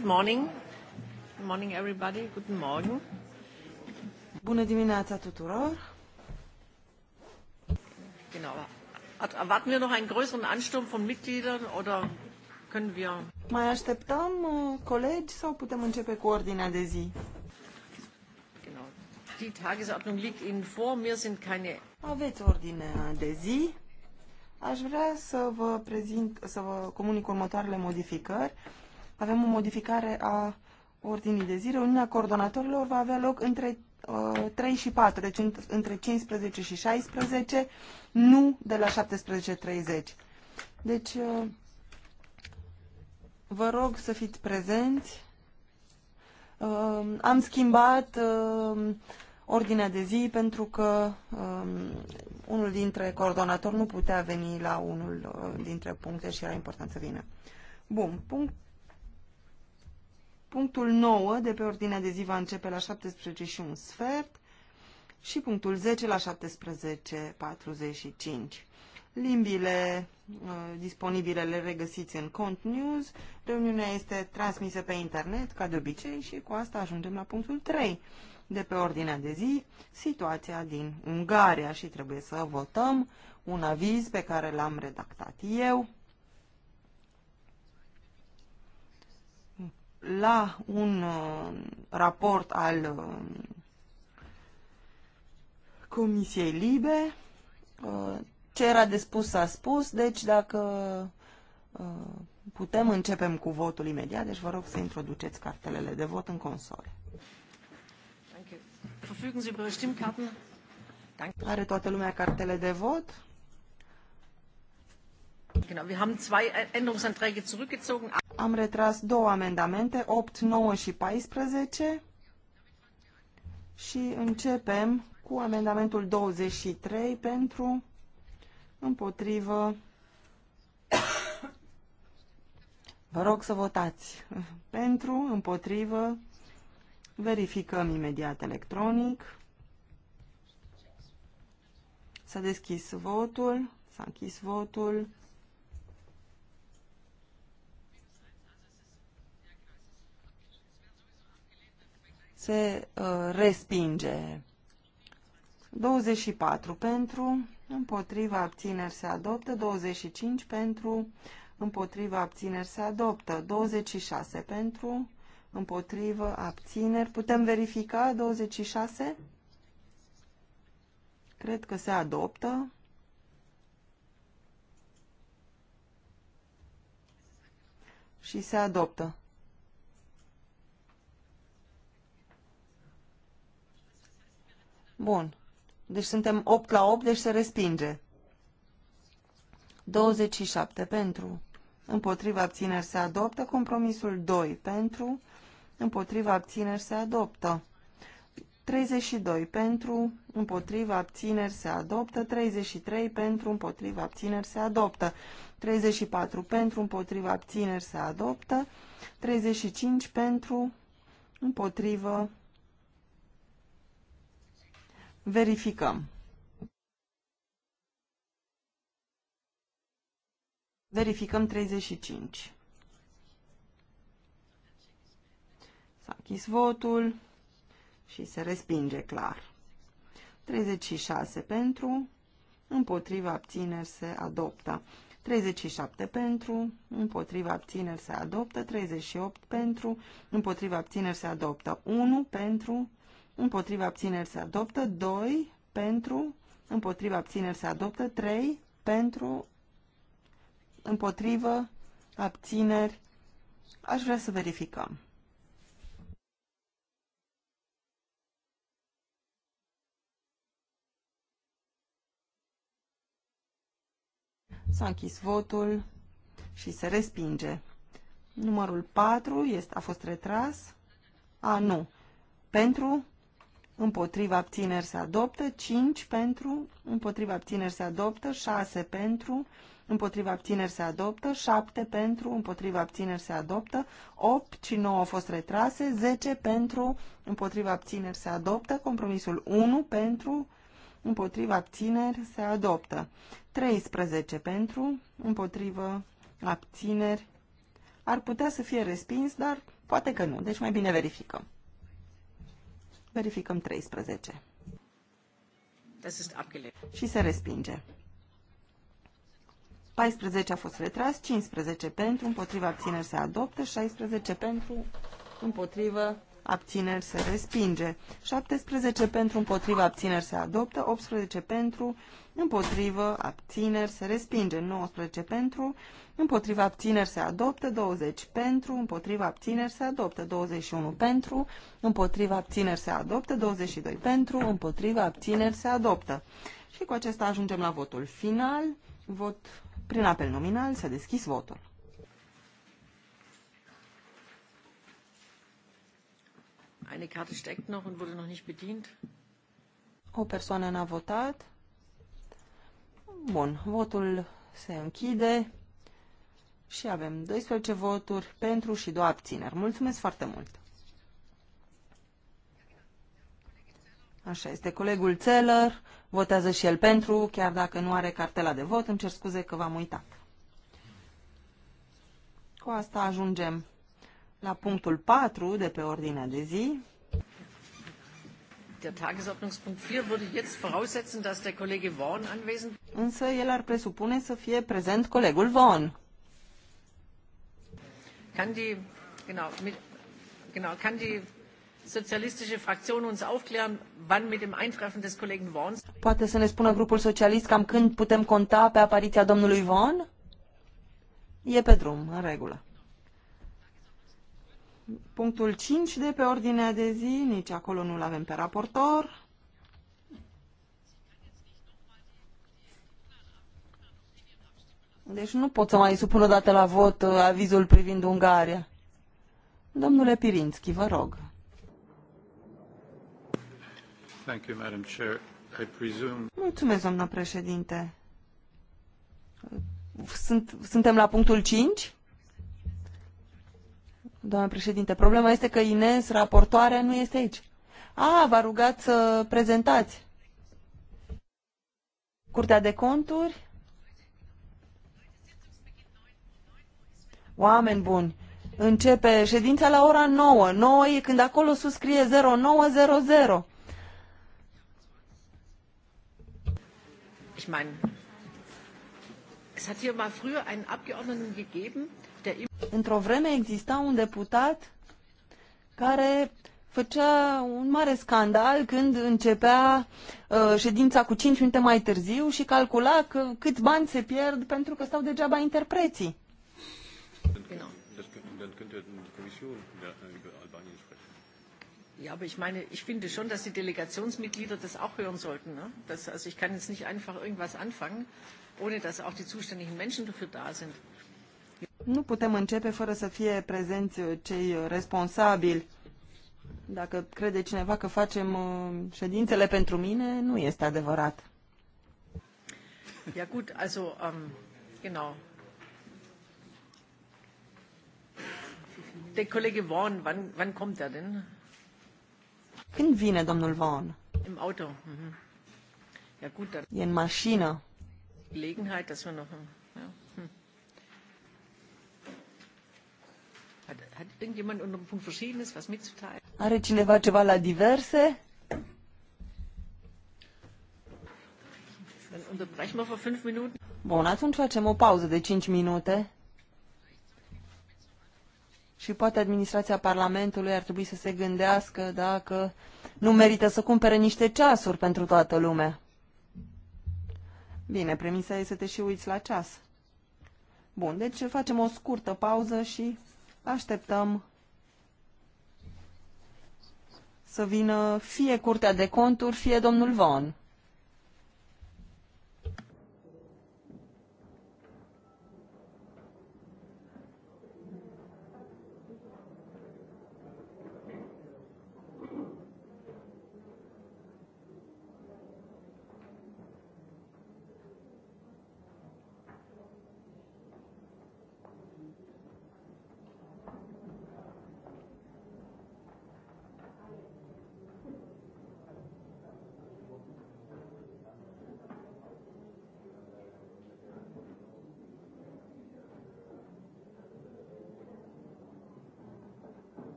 Good morning. Good morning everybody. Good morning. Bună dimineața tuturor. Genau. Erwarten wir noch einen größeren Ansturm von Mitgliedern oder können wir Mai așteptăm uh, colegi sau putem începe cu ordinea de zi? Genau. Die Tagesordnung liegt Ihnen vor. Mir sind keine Aveți ordinea de zi. Aș vrea să vă prezint, să vă comunic următoarele modificări avem o modificare a ordinii de zi. Reuniunea coordonatorilor va avea loc între uh, 3 și 4, deci între 15 și 16, nu de la 17.30. Deci, uh, vă rog să fiți prezenți. Uh, am schimbat uh, ordinea de zi pentru că uh, unul dintre coordonatori nu putea veni la unul uh, dintre puncte și era important să vină. Bun, punct Punctul 9 de pe ordinea de zi va începe la 17 și un sfert și punctul 10 la 17.45. Limbile uh, disponibile le regăsiți în Cont News. Reuniunea este transmisă pe internet, ca de obicei, și cu asta ajungem la punctul 3 de pe ordinea de zi, situația din Ungaria și trebuie să votăm un aviz pe care l-am redactat eu la un uh, raport al uh, Comisiei Libe. Uh, ce era de spus s-a spus, deci dacă uh, putem începem cu votul imediat, deci vă rog să introduceți cartelele de vot în console. Are toată lumea cartele de vot? Am retras două amendamente, 8, 9 și 14. Și începem cu amendamentul 23 pentru împotrivă. Vă rog să votați. Pentru, împotrivă, verificăm imediat electronic. S-a deschis votul, s-a închis votul. se uh, respinge. 24 pentru, împotriva abțineri se adoptă, 25 pentru, împotriva abțineri se adoptă, 26 pentru, împotrivă abțineri. Putem verifica 26? Cred că se adoptă. Și se adoptă. Bun. Deci suntem 8 la 8, deci se respinge. 27 pentru. Împotriva abțineri se adoptă. Compromisul 2 pentru. Împotriva abțineri se adoptă. 32 pentru, împotriva abțineri se adoptă, 33 pentru, împotriva abțineri se adoptă, 34 pentru, împotriva abțineri se adoptă, 35 pentru, împotriva Verificăm. Verificăm 35. S-a închis votul și se respinge clar. 36 pentru, împotriva abțineri se adoptă. 37 pentru, împotriva abțineri se adoptă, 38 pentru, împotriva abțineri se adoptă, 1 pentru, împotriva abțineri se adoptă, 2 pentru, împotriva abțineri se adoptă, 3 pentru, împotriva abțineri, aș vrea să verificăm. S-a închis votul și se respinge. Numărul 4 este, a fost retras. A, nu. Pentru, împotriva abțineri se adoptă, 5 pentru, împotriva abțineri se adoptă, 6 pentru, împotriva abțineri se adoptă, 7 pentru, împotriva abțineri se adoptă, 8 și 9 au fost retrase, 10 pentru, împotriva abțineri se adoptă, compromisul 1 pentru, împotriva abțineri se adoptă, 13 pentru, împotriva abțineri ar putea să fie respins, dar poate că nu, deci mai bine verificăm. Verificăm 13. Das ist Și se respinge. 14 a fost retras, 15 pentru, împotriva abțineri se adoptă, 16 pentru, împotrivă abțineri se respinge. 17 pentru, împotrivă, abțineri se adoptă. 18 pentru, împotrivă, abțineri se respinge. 19 pentru, împotrivă, abțineri se adoptă. 20 pentru, împotrivă, abțineri se adoptă. 21 pentru, împotrivă, abțineri se adoptă. 22 pentru, împotrivă, abțineri se adoptă. Și cu acesta ajungem la votul final. Vot prin apel nominal. S-a deschis votul. Eine Karte steckt noch und wurde noch nicht bedient. O persoană n-a votat. Bun, votul se închide și avem 12 voturi pentru și două abțineri. Mulțumesc foarte mult! Așa este, colegul Țelăr votează și el pentru, chiar dacă nu are cartela de vot, îmi cer scuze că v-am uitat. Cu asta ajungem la punctul 4 de pe ordinea de zi. Der Tagesordnungspunkt 4 würde jetzt voraussetzen, dass der Kollege Vaughan anwesend Însă el ar presupune să fie prezent colegul Vaughan. Kann die genau mit genau kann die sozialistische Fraktion uns aufklären, wann mit dem Eintreffen des Kollegen Vaughan Poate să ne spună grupul socialist cam când putem conta pe apariția domnului Vaughan? E pe drum, în regulă punctul 5 de pe ordinea de zi, nici acolo nu-l avem pe raportor. Deci nu pot să mai supun o dată la vot uh, avizul privind Ungaria. Domnule Pirinski, vă rog. Thank you, Madam Chair. I presume... Mulțumesc, doamnă președinte. Sunt, suntem la punctul 5? Doamne președinte, problema este că Ines, raportoarea, nu este aici. A, v-a rugat să prezentați. Curtea de conturi? Oameni buni, începe ședința la ora 9. 9 e când acolo sus scrie 0900. Ich meine, es hat hier mal früher einen Abgeordneten gegeben, Într-o vreme exista un deputat care făcea un mare scandal când începea uh, ședința cu 5 minute mai târziu și calcula că, cât bani se pierd pentru că stau degeaba interpreții. Genau. Dann Ja, aber ich meine, ich finde schon, dass die Delegationsmitglieder das auch hören sollten. Ne? Das, also ich kann jetzt nicht einfach irgendwas anfangen, ohne dass auch die zuständigen Menschen dafür da sind. Nu putem începe fără să fie prezenți uh, cei responsabili. Dacă crede cineva că facem uh, ședințele pentru mine, nu este adevărat. Ja gut, also um, genau. Der Kollege Vaughan, wann, wann kommt er denn? Când vine domnul Vaughan? Im Auto. Mhm. Ja gut, dann. in Maschine. Gelegenheit, dass wir noch. Ja. Are cineva ceva la diverse? Bun, atunci facem o pauză de 5 minute. Și poate administrația Parlamentului ar trebui să se gândească dacă nu merită să cumpere niște ceasuri pentru toată lumea. Bine, premisa este să te și uiți la ceas. Bun, deci facem o scurtă pauză și așteptăm să vină fie Curtea de Conturi, fie domnul Von.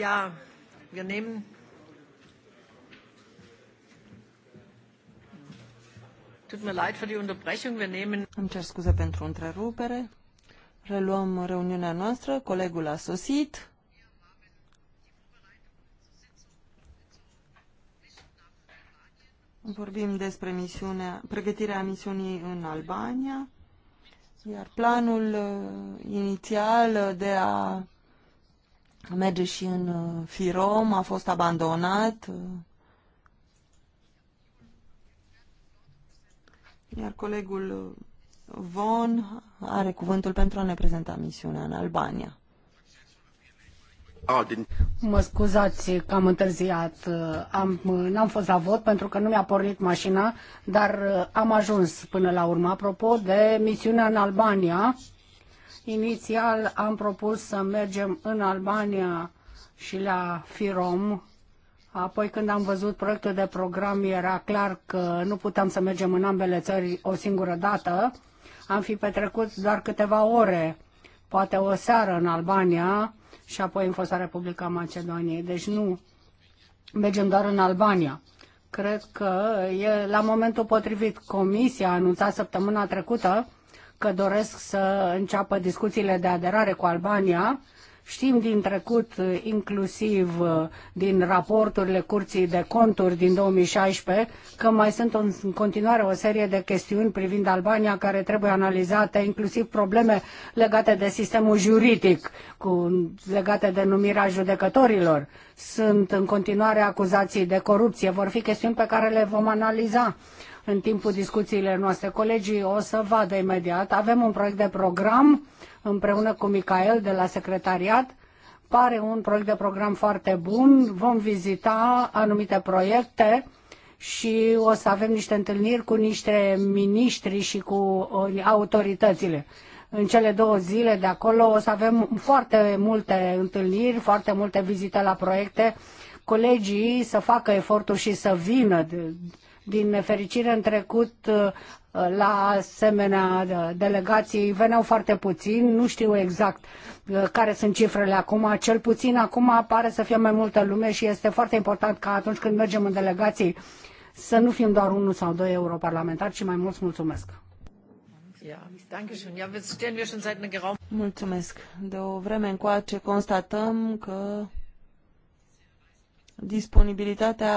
Ja, wir nehmen. Tut mir leid für die Unterbrechung. Wir nehmen. Îmi cer scuze pentru întrerupere. Reluăm reuniunea noastră. Colegul a sosit. Vorbim despre misiunea, pregătirea misiunii în Albania, iar planul uh, inițial de a merge și în uh, Firom, a fost abandonat. Uh. Iar colegul uh, Von are cuvântul pentru a ne prezenta misiunea în Albania. Ah, mă scuzați că am întârziat. Am, n-am fost la vot pentru că nu mi-a pornit mașina, dar am ajuns până la urmă. Apropo de misiunea în Albania, Inițial am propus să mergem în Albania și la Firom. Apoi când am văzut proiectul de program era clar că nu puteam să mergem în ambele țări o singură dată. Am fi petrecut doar câteva ore, poate o seară în Albania și apoi în fosta Republica Macedoniei. Deci nu mergem doar în Albania. Cred că e la momentul potrivit. Comisia a anunțat săptămâna trecută că doresc să înceapă discuțiile de aderare cu Albania. Știm din trecut, inclusiv uh, din raporturile Curții de Conturi din 2016, că mai sunt în continuare o serie de chestiuni privind Albania care trebuie analizate, inclusiv probleme legate de sistemul juridic, cu, legate de numirea judecătorilor. Sunt în continuare acuzații de corupție. Vor fi chestiuni pe care le vom analiza în timpul discuțiilor noastre. Colegii o să vadă imediat. Avem un proiect de program împreună cu Micael de la secretariat. Pare un proiect de program foarte bun. Vom vizita anumite proiecte și o să avem niște întâlniri cu niște miniștri și cu uh, autoritățile. În cele două zile de acolo o să avem foarte multe întâlniri, foarte multe vizite la proiecte, colegii să facă efortul și să vină din nefericire, în trecut, uh, la asemenea uh, delegații veneau foarte puțini, nu știu exact uh, care sunt cifrele acum, cel puțin acum apare să fie mai multă lume și este foarte important ca atunci când mergem în delegații să nu fim doar unul sau doi europarlamentari, ci mai mulți mulțumesc. Mulțumesc. De o vreme încoace constatăm că disponibilitatea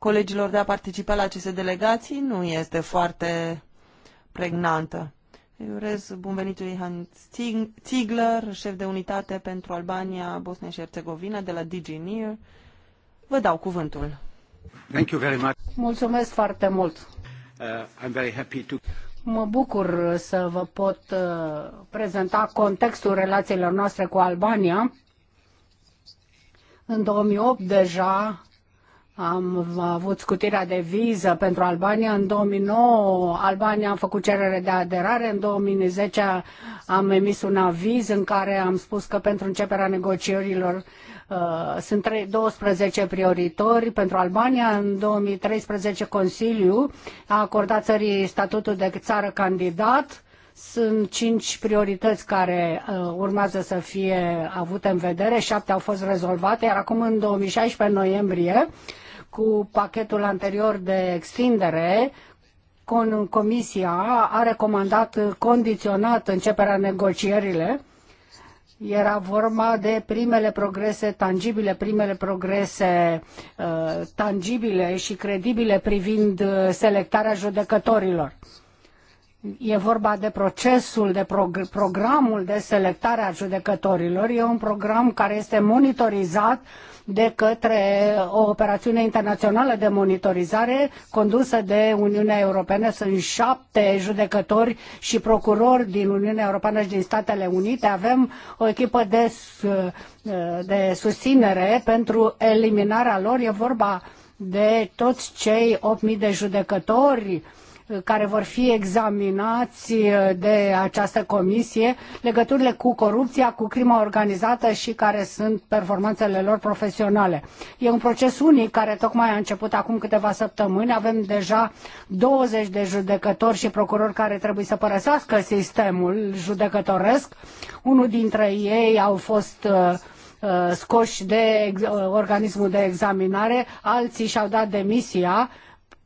colegilor de a participa la aceste delegații nu este foarte pregnantă. Îi urez bun venit lui Hans Ziegler, șef de unitate pentru Albania, Bosnia și Herțegovina de la DigiNear. Vă dau cuvântul. Thank you very much. Mulțumesc foarte mult. Uh, I'm very happy to... Mă bucur să vă pot uh, prezenta contextul relațiilor noastre cu Albania. În 2008 deja am avut scutirea de viză pentru Albania în 2009. Albania a făcut cerere de aderare. În 2010 am emis un aviz în care am spus că pentru începerea negocierilor uh, sunt 12 prioritori pentru Albania. În 2013 Consiliul a acordat țării statutul de țară candidat. Sunt cinci priorități care uh, urmează să fie avute în vedere, șapte au fost rezolvate, iar acum în 2016, în noiembrie, uh, cu pachetul anterior de extindere, Comisia a recomandat condiționat începerea negocierile. Era vorba de primele progrese tangibile, primele progrese uh, tangibile și credibile privind uh, selectarea judecătorilor. E vorba de procesul, de prog programul de selectare a judecătorilor. E un program care este monitorizat uh, de către o operațiune internațională de monitorizare condusă de Uniunea Europeană. Sunt șapte judecători și procurori din Uniunea Europeană și din Statele Unite. Avem o echipă de, de susținere pentru eliminarea lor. E vorba de toți cei 8.000 de judecători care vor fi examinați uh, de această comisie, legăturile cu corupția, cu crima organizată și care sunt performanțele lor profesionale. E un proces unic care tocmai a început acum câteva săptămâni. Avem deja 20 de judecători și procurori care trebuie să părăsească sistemul judecătoresc. Unul dintre ei au fost uh, uh, scoși de organismul de examinare, alții și-au dat demisia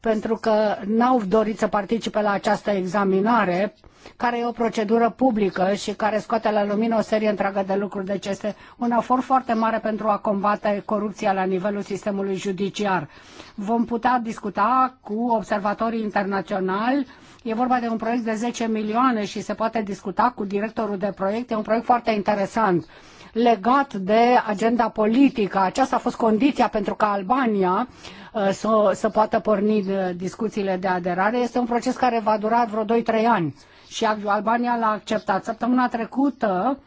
pentru că n-au dorit să participe la această examinare, care e o procedură publică și care scoate la lumină o serie întreagă de lucruri. Deci este un efort foarte mare pentru a combate corupția la nivelul sistemului judiciar. Vom putea discuta cu observatorii internaționali. E vorba de un proiect de 10 milioane și se poate discuta cu directorul de proiect. E un proiect foarte interesant legat de agenda politică. Aceasta a fost condiția pentru ca Albania uh, să, să poată porni uh, discuțiile de aderare. Este un proces care va dura vreo 2-3 ani și Albania l-a acceptat. Săptămâna trecută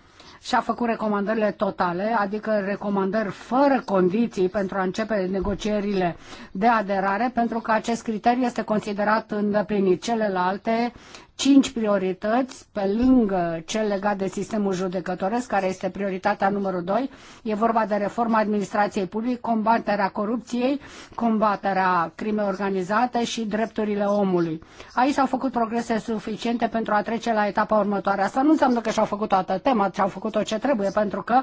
și-a făcut recomandările totale, adică recomandări fără condiții pentru a începe negocierile de aderare, pentru că acest criteriu este considerat îndeplinit. Celelalte cinci priorități pe lângă cel legat de sistemul judecătoresc, care este prioritatea numărul doi. E vorba de reforma administrației publice, combaterea corupției, combaterea crimei organizate și drepturile omului. Aici s-au făcut progrese suficiente pentru a trece la etapa următoare. Asta nu înseamnă că și-au făcut toată tema, ci au făcut tot ce trebuie, pentru că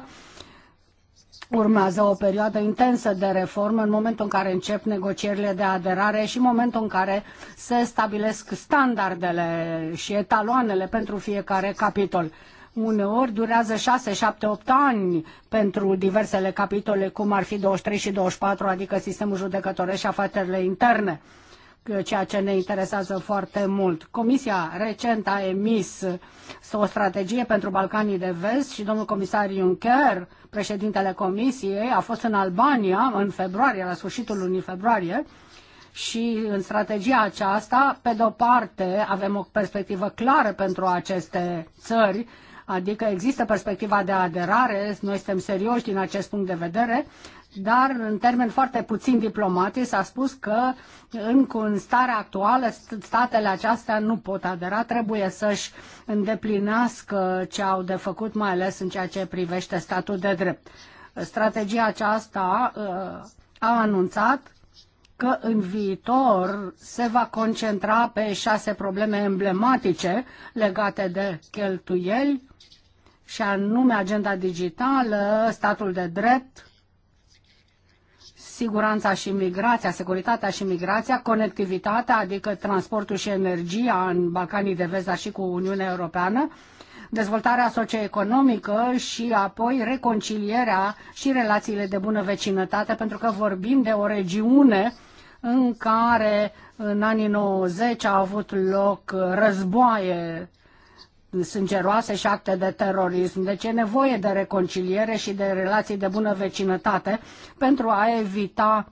Urmează o perioadă intensă de reformă în momentul în care încep negocierile de aderare și în momentul în care se stabilesc standardele și etaloanele pentru fiecare capitol. Uneori durează 6, 7, 8 ani pentru diversele capitole, cum ar fi 23 și 24, adică sistemul judecătoresc și afacerile interne, ceea ce ne interesează foarte mult. Comisia recent a emis o strategie pentru Balcanii de Vest și domnul comisar Juncker președintele Comisiei a fost în Albania în februarie, la sfârșitul lunii februarie, și în strategia aceasta, pe de-o parte, avem o perspectivă clară pentru aceste țări, adică există perspectiva de aderare, noi suntem serioși din acest punct de vedere, dar în termen foarte puțin diplomatic s-a spus că în starea actuală statele acestea nu pot adera, trebuie să-și îndeplinească ce au de făcut, mai ales în ceea ce privește statul de drept. Strategia aceasta uh, a anunțat că în viitor se va concentra pe șase probleme emblematice legate de cheltuieli, și anume agenda digitală, statul de drept, siguranța și migrația, securitatea și migrația, conectivitatea, adică transportul și energia în Balcanii de Vest, dar și cu Uniunea Europeană, dezvoltarea socioeconomică și apoi reconcilierea și relațiile de bună vecinătate, pentru că vorbim de o regiune în care în anii 90 a avut loc uh, războaie sângeroase și acte de terorism. Deci e nevoie de reconciliere și de relații de bună vecinătate pentru a evita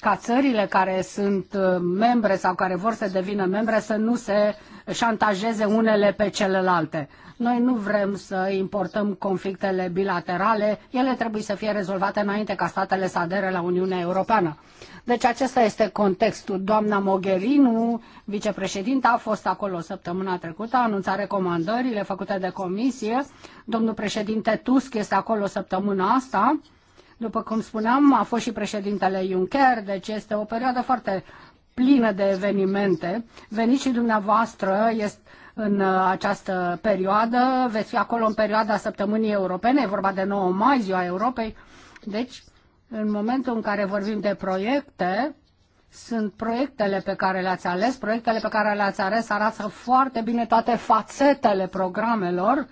ca țările care sunt uh, membre sau care vor să devină membre să nu se șantajeze unele pe celelalte. Noi nu vrem să importăm conflictele bilaterale, ele trebuie să fie rezolvate înainte ca statele să adere la Uniunea Europeană. Deci acesta este contextul. Doamna Mogherinu, vicepreședinta, a fost acolo săptămâna trecută, a anunțat recomandările făcute de comisie. Domnul președinte Tusk este acolo săptămâna asta după cum spuneam, a fost și președintele Juncker, deci este o perioadă foarte plină de evenimente. Veniți și dumneavoastră este în uh, această perioadă, veți fi acolo în perioada săptămânii europene, e vorba de 9 mai, ziua Europei. Deci, în momentul în care vorbim de proiecte, sunt proiectele pe care le-ați ales. Proiectele pe care le-ați ales arată foarte bine toate fațetele programelor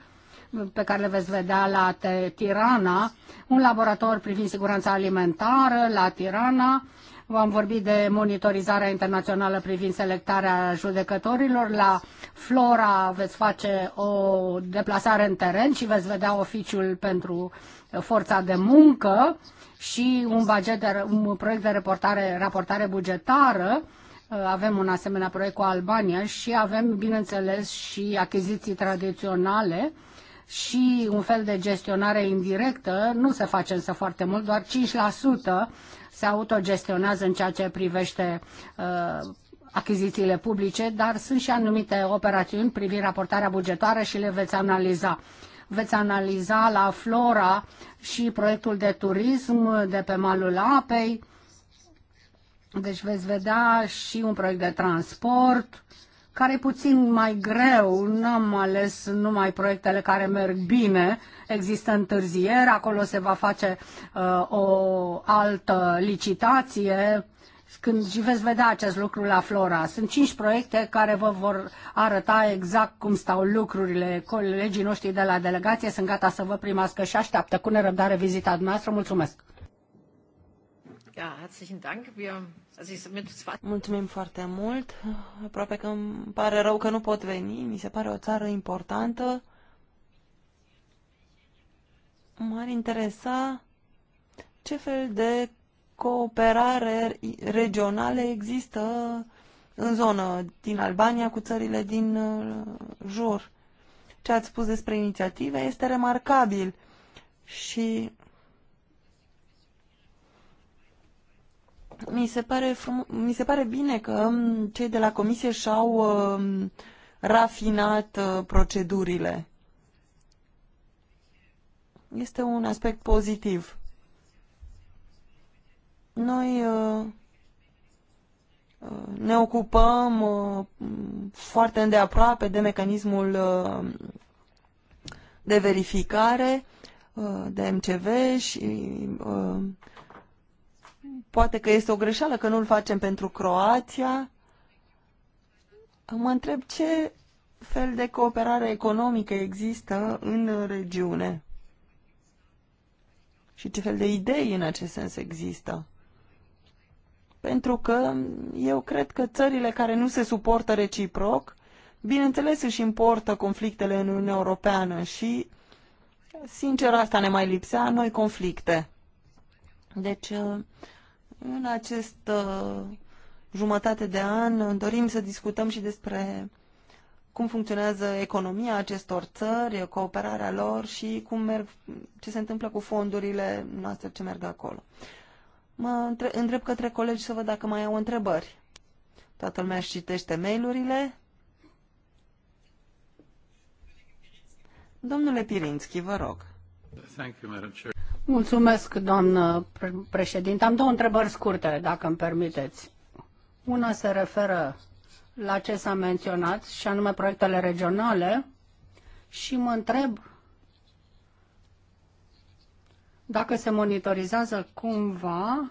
pe care le veți vedea la Tirana, un laborator privind siguranța alimentară la Tirana, V-am vorbit de monitorizarea internațională privind selectarea judecătorilor. La Flora veți face o deplasare în teren și veți vedea oficiul pentru forța de muncă și un, budget de, un proiect de reportare, raportare bugetară. Uh, avem un asemenea proiect cu Albania și avem, bineînțeles, și achiziții tradiționale și un fel de gestionare indirectă, nu se face însă foarte mult, doar 5% se autogestionează în ceea ce privește uh, achizițiile publice, dar sunt și anumite operațiuni privind raportarea bugetară și le veți analiza. Veți analiza la Flora și proiectul de turism de pe malul apei, deci veți vedea și un proiect de transport, care e puțin mai greu. N-am ales numai proiectele care merg bine, există întârzieri, acolo se va face uh, o altă licitație. Când și veți vedea acest lucru la Flora, sunt cinci proiecte care vă vor arăta exact cum stau lucrurile. Colegii noștri de la delegație sunt gata să vă primească și așteaptă cu nerăbdare vizita dumneavoastră. Mulțumesc! Mulțumim foarte mult. Aproape că îmi pare rău că nu pot veni. Mi se pare o țară importantă. M-ar interesa ce fel de cooperare regională există în zonă din Albania cu țările din uh, jur. Ce ați spus despre inițiative este remarcabil și Mi se pare, frum- mi se pare bine că um, cei de la comisie și-au uh, rafinat uh, procedurile. Este un aspect pozitiv. Noi uh, uh ne ocupăm uh, foarte îndeaproape de mecanismul uh, de verificare de MCV și poate că este o greșeală că nu-l facem pentru Croația. Mă întreb ce fel de cooperare economică există în regiune și ce fel de idei în acest sens există. Pentru că eu cred că țările care nu se suportă reciproc, bineînțeles își importă conflictele în Uniunea Europeană și, sincer, asta ne mai lipsea, noi conflicte. Deci, în acest uh, jumătate de an uh, dorim să discutăm și despre cum funcționează economia acestor țări, cooperarea lor și cum merg, ce se întâmplă cu fondurile noastre ce merg acolo. Mă întreb către colegi să văd dacă mai au întrebări. Toată lumea își citește mail-urile. Domnule Pirinski, vă rog. Thank you, Madam Chair. Mulțumesc, doamnă președinte. Am două întrebări scurte, dacă îmi permiteți. Una se referă la ce s-a menționat, și anume proiectele regionale, și mă întreb dacă se monitorizează cumva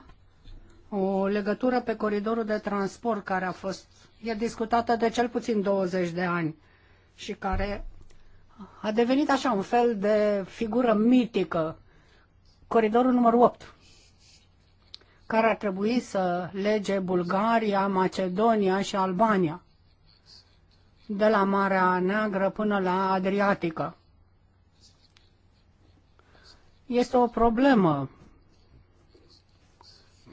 o legătură pe coridorul de transport care a fost, e discutată de cel puțin 20 de ani și care a devenit așa un fel de figură mitică coridorul numărul 8, care ar trebui să lege Bulgaria, Macedonia și Albania, de la Marea Neagră până la Adriatică. Este o problemă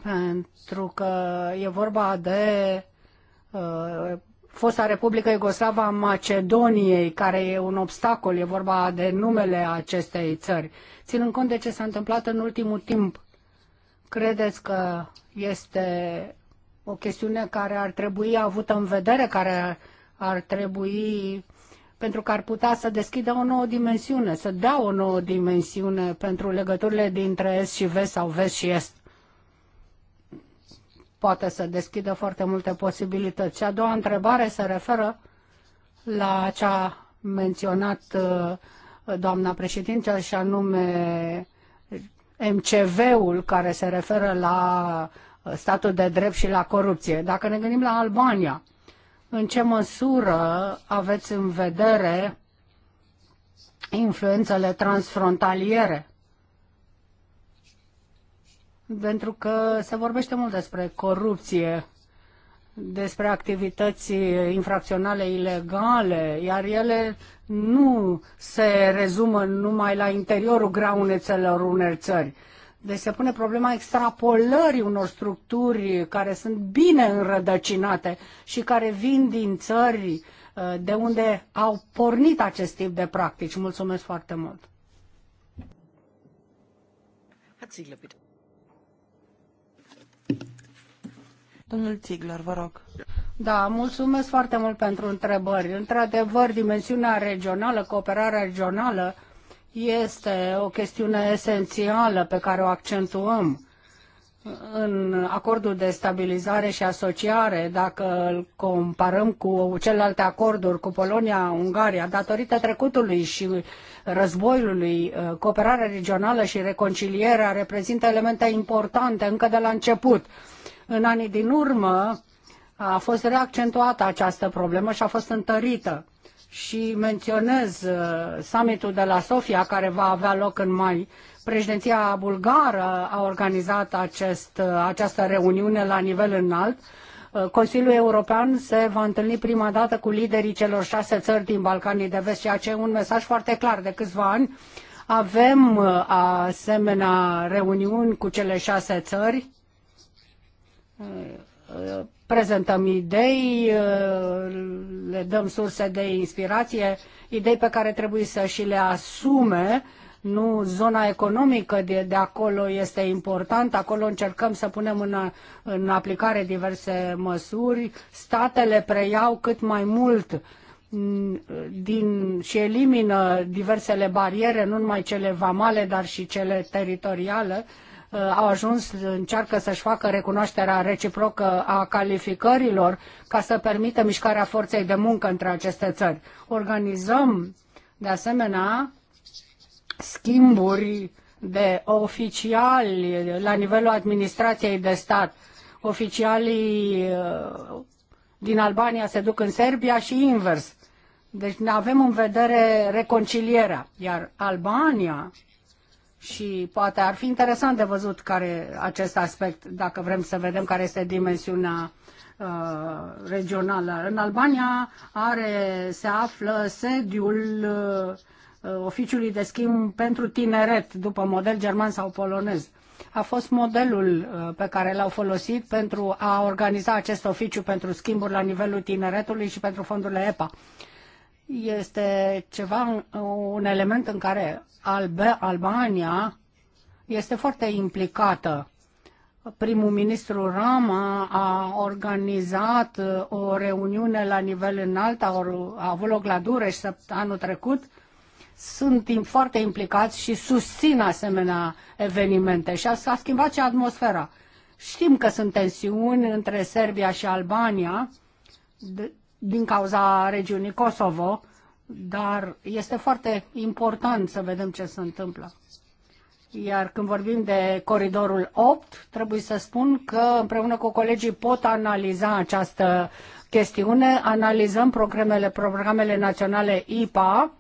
pentru că e vorba de uh, fosta Republică Iugoslava Macedoniei, care e un obstacol, e vorba de numele acestei țări. Ținând cont de ce s-a întâmplat în ultimul timp, credeți că este o chestiune care ar trebui avută în vedere, care ar trebui pentru că ar putea să deschidă o nouă dimensiune, să dea o nouă dimensiune pentru legăturile dintre Est și Vest sau Vest și Est poate să deschidă foarte multe posibilități. Și a doua întrebare se referă la cea menționat uh, doamna președintă și anume MCV-ul care se referă la uh, statul de drept și la corupție. Dacă ne gândim la Albania, în ce măsură aveți în vedere influențele transfrontaliere pentru că se vorbește mult despre corupție, despre activități infracționale ilegale, iar ele nu se rezumă numai la interiorul graunețelor unei țări. Deci se pune problema extrapolării unor structuri care sunt bine înrădăcinate și care vin din țări uh, de unde au pornit acest tip de practici. Mulțumesc foarte mult! Herzlichen Dank. Domnul vă rog. Da, mulțumesc foarte mult pentru întrebări. Într-adevăr, dimensiunea regională, cooperarea regională, este o chestiune esențială pe care o accentuăm în acordul de stabilizare și asociare, dacă îl comparăm cu celelalte acorduri, cu Polonia, Ungaria, datorită trecutului și războiului, cooperarea regională și reconcilierea reprezintă elemente importante încă de la început în anii din urmă a fost reaccentuată această problemă și a fost întărită. Și menționez uh, summitul de la Sofia, care va avea loc în mai. Președinția bulgară a organizat acest, uh, această reuniune la nivel înalt, uh, Consiliul European se va întâlni prima dată cu liderii celor șase țări din Balcanii de Vest, ceea ce e un mesaj foarte clar. De câțiva ani avem asemenea reuniuni cu cele șase țări prezentăm idei, le dăm surse de inspirație, idei pe care trebuie să și le asume, nu zona economică de, de acolo este importantă, acolo încercăm să punem în, în aplicare diverse măsuri, statele preiau cât mai mult mm, din, și elimină diversele bariere, nu numai cele vamale, dar și cele teritoriale, uh, Uh, au ajuns, încearcă să-și facă recunoașterea reciprocă a calificărilor ca să permită mișcarea forței de muncă între aceste țări. Organizăm, de asemenea, schimburi de oficiali la nivelul administrației de stat. Oficialii uh, din Albania se duc în Serbia și invers. Deci ne avem în vedere reconcilierea. Iar Albania și poate ar fi interesant de văzut care acest aspect, dacă vrem să vedem care este dimensiunea uh, regională. În Albania are, se află sediul uh, oficiului de schimb pentru tineret, după model german sau polonez. A fost modelul uh, pe care l-au folosit pentru a organiza acest oficiu pentru schimburi la nivelul tineretului și pentru fondurile EPA. Uh, este ceva, un element în care Albe, Albania este foarte implicată. Primul ministru Rama a organizat uh, o reuniune la nivel înalt, a, a avut loc la Dureș anul trecut. Sunt foarte implicați și susțin asemenea evenimente și s-a schimbat și atmosfera. Știm că sunt tensiuni între Serbia și Albania, din cauza regiunii Kosovo, dar este foarte important să vedem ce se întâmplă. Iar când vorbim de coridorul 8, trebuie să spun că împreună cu colegii pot analiza această chestiune. Analizăm programele, programele naționale IPA.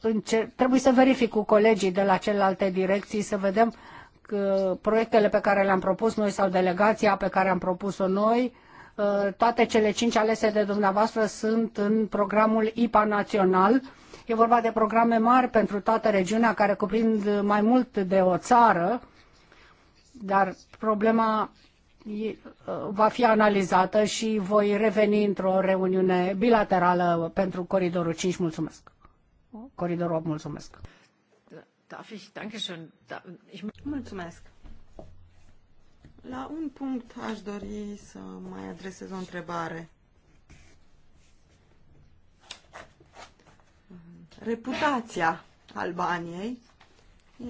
Înce- trebuie să verific cu colegii de la celelalte direcții să vedem că proiectele pe care le-am propus noi sau delegația pe care am propus-o noi Uh, toate cele cinci alese de dumneavoastră sunt în programul IPA național. E vorba de programe mari pentru toată regiunea, care cuprind mai mult de o țară, dar problema uh, va fi analizată și voi reveni într-o reuniune bilaterală pentru Coridorul 5. Mulțumesc. Coridorul 8, mulțumesc. Da, da, da, mulțumesc. La un punct aș dori să mai adresez o întrebare. Reputația Albaniei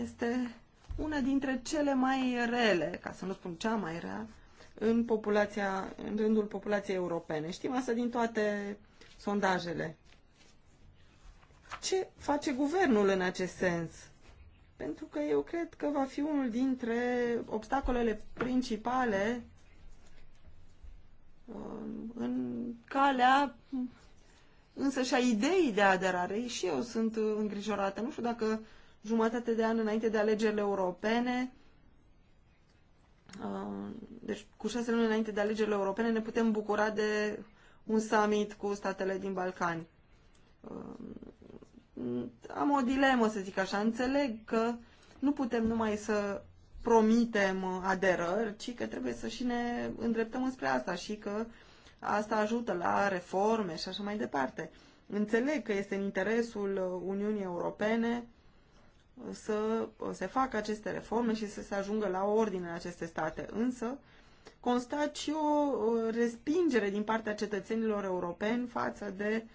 este una dintre cele mai rele, ca să nu spun cea mai rea, în, populația, în rândul populației europene. Știm asta din toate sondajele. Ce face guvernul în acest sens? pentru că eu cred că va fi unul dintre obstacolele principale uh, în calea însă și a ideii de aderare. Și eu sunt uh, îngrijorată. Nu știu dacă jumătate de an înainte de alegerile europene, uh, deci cu șase luni înainte de alegerile europene, ne putem bucura de un summit cu statele din Balcani am o dilemă, să zic așa. Înțeleg că nu putem numai să promitem aderări, ci că trebuie să și ne îndreptăm înspre asta și că asta ajută la reforme și așa mai departe. Înțeleg că este în interesul Uniunii Europene să se facă aceste reforme și să se ajungă la ordine în aceste state, însă constat și o respingere din partea cetățenilor europeni față de uh,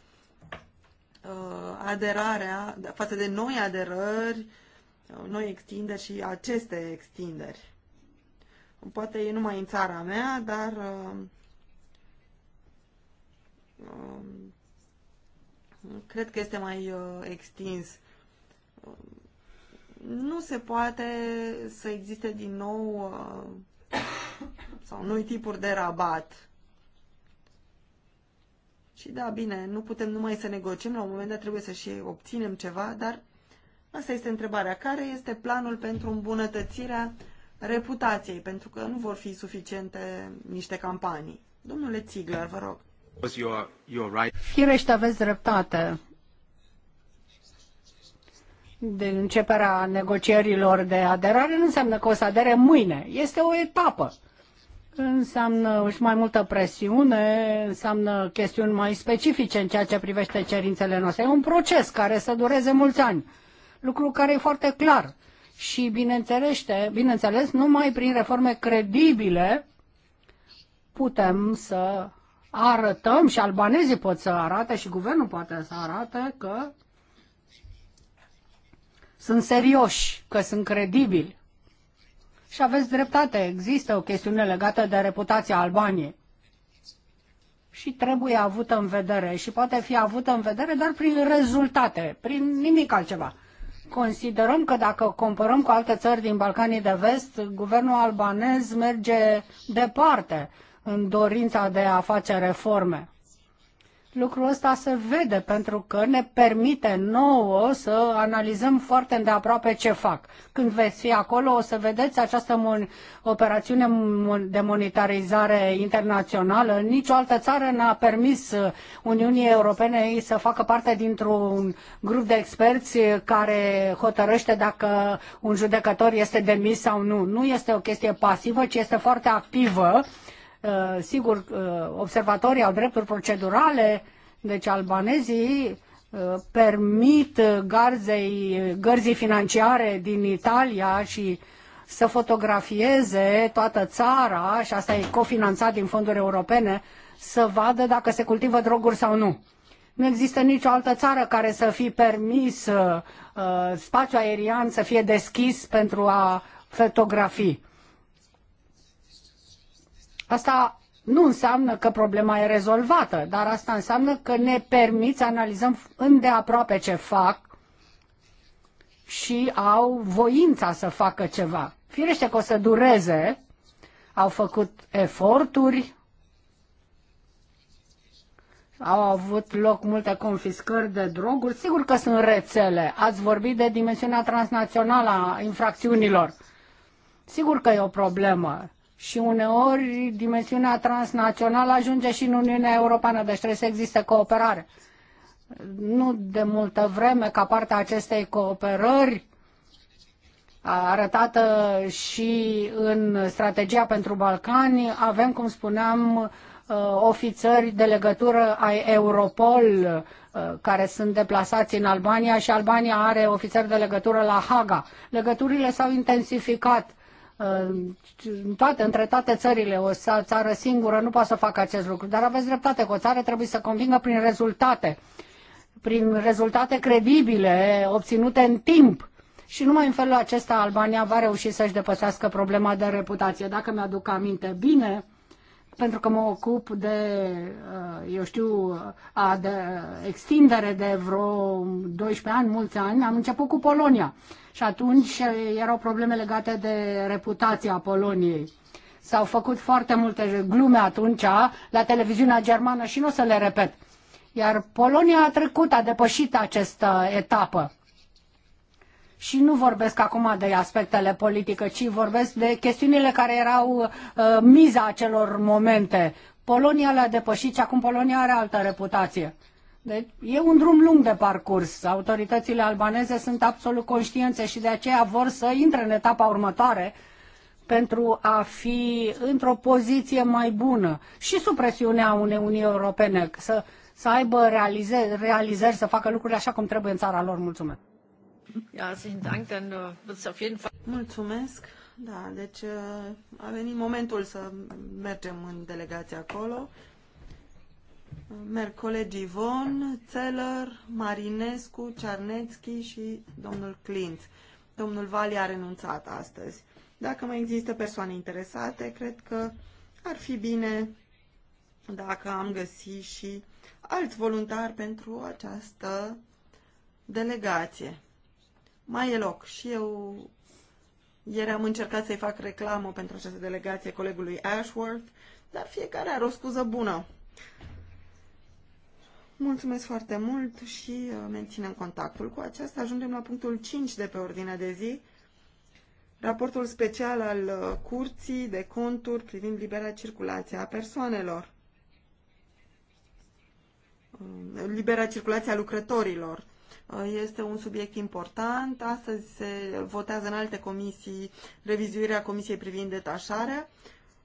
Uh, aderarea, față de noi aderări, uh, noi extinderi și aceste extinderi. Poate e numai în țara mea, dar uh, um, cred că este mai extins. Nu se poate să existe din nou sau noi tipuri de rabat și da, bine, nu putem numai să negociem, la un moment dat trebuie să și obținem ceva, dar asta este întrebarea. Care este planul pentru îmbunătățirea reputației? Pentru că nu vor fi suficiente niște campanii. Domnule Ziegler, vă rog. Firește, aveți dreptate. De începerea negocierilor de aderare nu înseamnă că o să adere mâine. Este o etapă înseamnă și mai multă presiune, înseamnă chestiuni mai specifice în ceea ce privește cerințele noastre. E un proces care să dureze mulți ani, lucru care e foarte clar. Și bineînțeles, bineînțeles numai prin reforme credibile putem să arătăm și albanezii pot să arate și guvernul poate să arate că sunt serioși, că sunt credibili și aveți dreptate, există o chestiune legată de reputația Albaniei. Și trebuie avută în vedere și poate fi avută în vedere doar prin rezultate, prin nimic altceva. Considerăm că dacă comparăm cu alte țări din Balcanii de Vest, guvernul albanez merge departe în dorința de a face reforme. Lucrul ăsta se vede pentru că ne permite nouă să analizăm foarte îndeaproape ce fac. Când veți fi acolo, o să vedeți această operațiune de monetarizare internațională. Nicio altă țară n-a permis Uniunii Europene să facă parte dintr-un grup de experți care hotărăște dacă un judecător este demis sau nu. Nu este o chestie pasivă, ci este foarte activă Uh, sigur, uh, observatorii au drepturi procedurale, deci albanezii uh, permit garzei, gărzii financiare din Italia și să fotografieze toată țara, și asta e cofinanțat din fonduri europene, să vadă dacă se cultivă droguri sau nu. Nu există nicio altă țară care să fi permis uh, spațiul aerian să fie deschis pentru a fotografii. Asta nu înseamnă că problema e rezolvată, dar asta înseamnă că ne permit să analizăm îndeaproape ce fac și au voința să facă ceva. Firește că o să dureze, au făcut eforturi, au avut loc multe confiscări de droguri. Sigur că sunt rețele. Ați vorbit de dimensiunea transnațională a infracțiunilor. Sigur că e o problemă și uneori dimensiunea transnațională ajunge și în Uniunea Europeană, deci trebuie să existe cooperare. Nu de multă vreme, ca partea acestei cooperări, arătată uh, și în strategia pentru Balcani, avem, cum spuneam, uh, ofițeri de legătură ai Europol uh, care sunt deplasați în Albania și Albania are ofițeri de legătură la Haga. Legăturile s-au intensificat toate, între toate țările, o țară singură nu poate să facă acest lucru. Dar aveți dreptate că o țară trebuie să convingă prin rezultate, prin rezultate credibile, obținute în timp. Și numai în felul acesta Albania va reuși să-și depăsească problema de reputație. Dacă mi-aduc aminte bine, pentru că mă ocup de, uh, eu știu, a, de uh, extindere de vreo 12 ani, mulți ani, am început cu Polonia și atunci erau probleme legate de reputația Poloniei. S-au făcut foarte multe glume atunci la televiziunea germană și nu o să le repet. Iar Polonia a trecut, a depășit această etapă. Și nu vorbesc acum de aspectele politice, ci vorbesc de chestiunile care erau uh, miza acelor momente. Polonia le-a depășit și acum Polonia are altă reputație. Deci e un drum lung de parcurs. Autoritățile albaneze sunt absolut conștiențe și de aceea vor să intre în etapa următoare pentru a fi într-o poziție mai bună și sub presiunea Uniunii Europene să, să aibă realize, realizări, să facă lucrurile așa cum trebuie în țara lor. Mulțumesc! Äh, Mulțumesc! Da, deci äh, a venit momentul să mergem în delegația acolo. Merg Givon, Von, Marinescu, Cernețchi și domnul Clint. Domnul Vali a renunțat astăzi. Dacă mai există persoane interesate, cred că ar fi bine dacă am găsit și alți voluntari pentru această delegație. Mai e loc și eu ieri am încercat să-i fac reclamă pentru această delegație colegului Ashworth, dar fiecare are o scuză bună. Mulțumesc foarte mult și uh, menținem contactul. Cu aceasta ajungem la punctul 5 de pe ordinea de zi, raportul special al uh, Curții de Conturi privind libera circulație a persoanelor. Um, libera circulație a lucrătorilor. Uh, este un subiect important. Astăzi se votează în alte comisii revizuirea Comisiei privind detașarea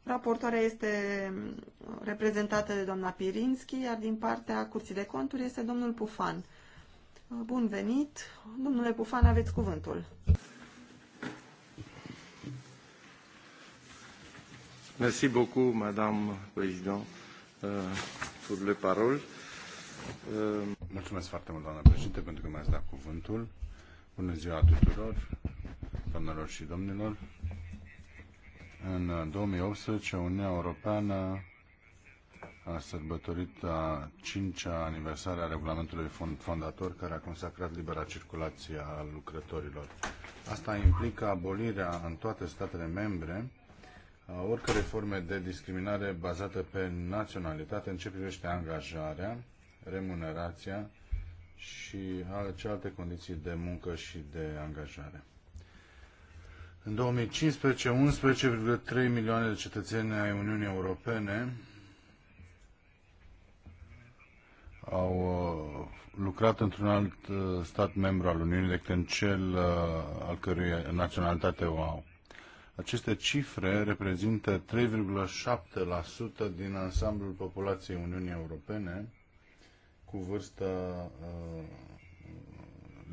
Raportoarea este mm, reprezentată de doamna Pirinski, iar din partea Curții de Conturi este domnul Pufan. Uh, bun venit! Domnule Pufan, aveți cuvântul. Merci beaucoup, Madame Président, euh, pour le parole. Euh, Mulțumesc foarte mult, doamna președinte, pentru că mi-ați dat cuvântul. Bună ziua tuturor, doamnelor și domnilor. În 2018, Uniunea Europeană a sărbătorit a cincea aniversare a regulamentului fondator care a consacrat libera circulație a lucrătorilor. Asta implică abolirea în toate statele membre a oricărei forme de discriminare bazată pe naționalitate în ce privește angajarea, remunerația și alte condiții de muncă și de angajare. În 2015, 11,3 milioane de cetățeni ai Uniunii Europene au uh, lucrat într-un alt uh, stat membru al Uniunii decât în cel uh, al cărui naționalitate o au. Aceste cifre reprezintă 3,7% din ansamblul populației Uniunii Europene cu vârstă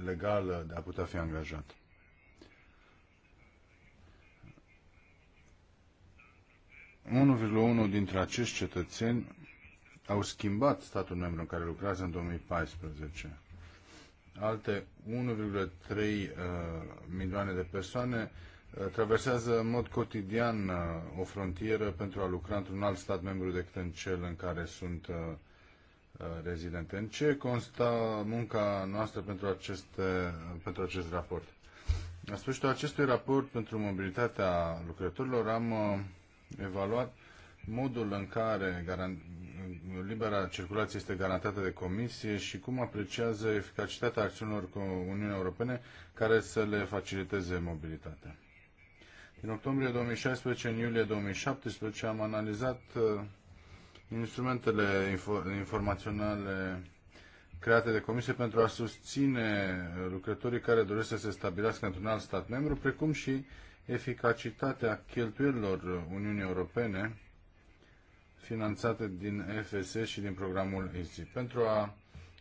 legală de a putea fi angajat. 1,1 dintre acești cetățeni au schimbat statul membru în care lucrează în 2014. Alte 1,3 uh, milioane de persoane uh, traversează în mod cotidian uh, o frontieră pentru a lucra într-un alt stat membru decât în cel în care sunt rezidente. În ce consta munca noastră pentru, aceste, pentru acest raport? La sfârșitul acestui raport pentru mobilitatea lucrătorilor am evaluat modul în care libera circulație este garantată de comisie și cum apreciază eficacitatea acțiunilor cu Uniunea Europene care să le faciliteze mobilitatea. În octombrie 2016 în iulie 2017 am analizat uh, instrumentele info- informaționale create de comisie pentru a susține lucrătorii care doresc să se stabilească într-un alt stat membru, precum și eficacitatea cheltuielilor Uniunii Europene finanțate din FS și din programul ISI. Pentru a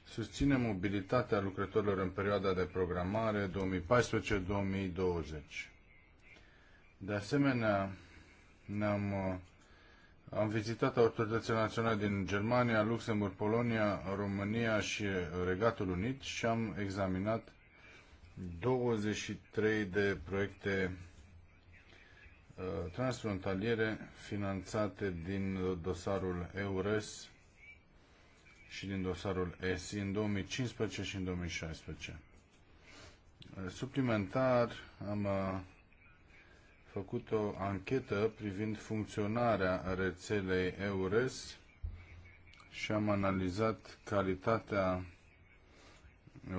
susține mobilitatea lucrătorilor în perioada de programare 2014-2020. De asemenea, ne-am uh, am vizitat autoritățile naționale din Germania, Luxemburg, Polonia, România și Regatul Unit și am examinat 23 de proiecte Uh, transfrontaliere finanțate din dosarul EURES și din dosarul ESI în 2015 și în 2016. Uh, suplimentar am uh, făcut o anchetă privind funcționarea rețelei EURES și am analizat calitatea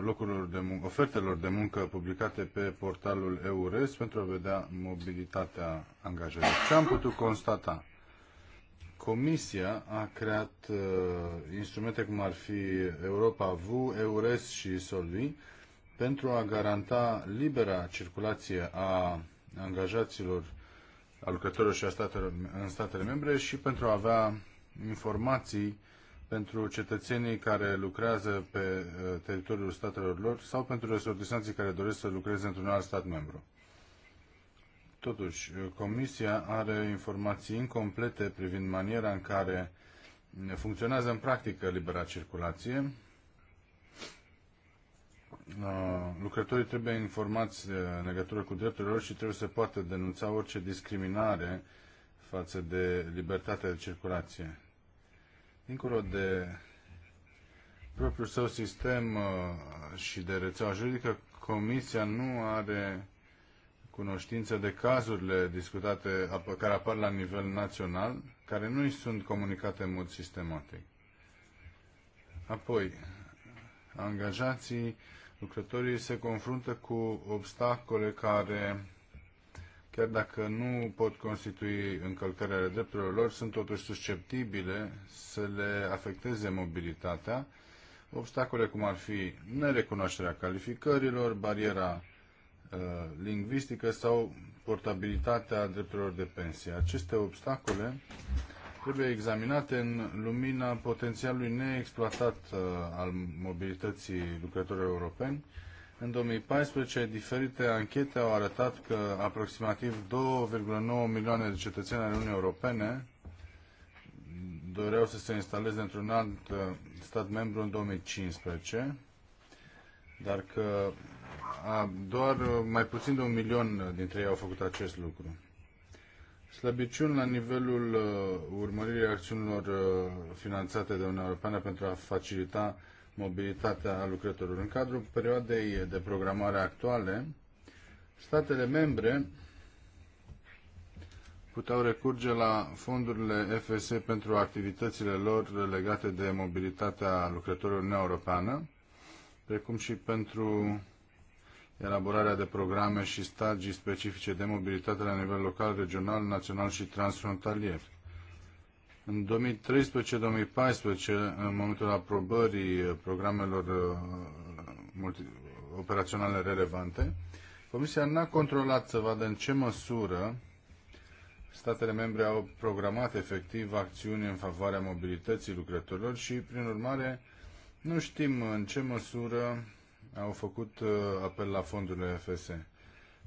locurilor de muncă, ofertelor de muncă publicate pe portalul EURES pentru a vedea mobilitatea angajării. Ce am putut constata? Comisia a creat uh, instrumente cum ar fi Europa VU, EURES și SOLVI pentru a garanta libera circulație a angajaților, a lucrătorilor și a statelor, în statele membre și pentru a avea informații pentru cetățenii care lucrează pe uh, teritoriul statelor lor sau pentru resortisanții care doresc să lucreze într-un alt stat membru. Totuși, Comisia are informații incomplete privind maniera în care funcționează în practică libera circulație. Uh, lucrătorii trebuie informați uh, în legătură cu drepturile lor și trebuie să poată denunța orice discriminare față de libertatea de circulație dincolo de propriul său sistem uh, și de rețeaua juridică, Comisia nu are cunoștință de cazurile discutate care apar la nivel național, care nu îi sunt comunicate în mod sistematic. Apoi, angajații, lucrătorii se confruntă cu obstacole care chiar dacă nu pot constitui încălcări ale drepturilor lor, sunt totuși susceptibile să le afecteze mobilitatea, obstacole cum ar fi nerecunoașterea calificărilor, bariera uh, lingvistică sau portabilitatea drepturilor de pensie. Aceste obstacole trebuie examinate în lumina potențialului neexploatat uh, al mobilității lucrătorilor europeni, în 2014, diferite anchete au arătat că aproximativ 2,9 milioane de cetățeni ale Uniunii Europene doreau să se instaleze într-un alt uh, stat membru în 2015, dar că doar uh, mai puțin de un milion dintre ei au făcut acest lucru. Slăbiciuni la nivelul uh, urmăririi acțiunilor finanțate de Uniunea Europeană pentru a facilita mobilitatea lucrătorilor. În cadrul perioadei de programare actuale, statele membre puteau recurge la fondurile FS pentru activitățile lor legate de mobilitatea lucrătorilor europeană, precum și pentru elaborarea de programe și stagii specifice de mobilitate la nivel local, regional, național și transfrontalier. În 2013-2014, în momentul aprobării programelor uh, multi, operaționale relevante, Comisia n-a controlat să vadă în ce măsură statele membre au programat efectiv acțiuni în favoarea mobilității lucrătorilor și, prin urmare, nu știm în ce măsură au făcut uh, apel la fondurile FSE.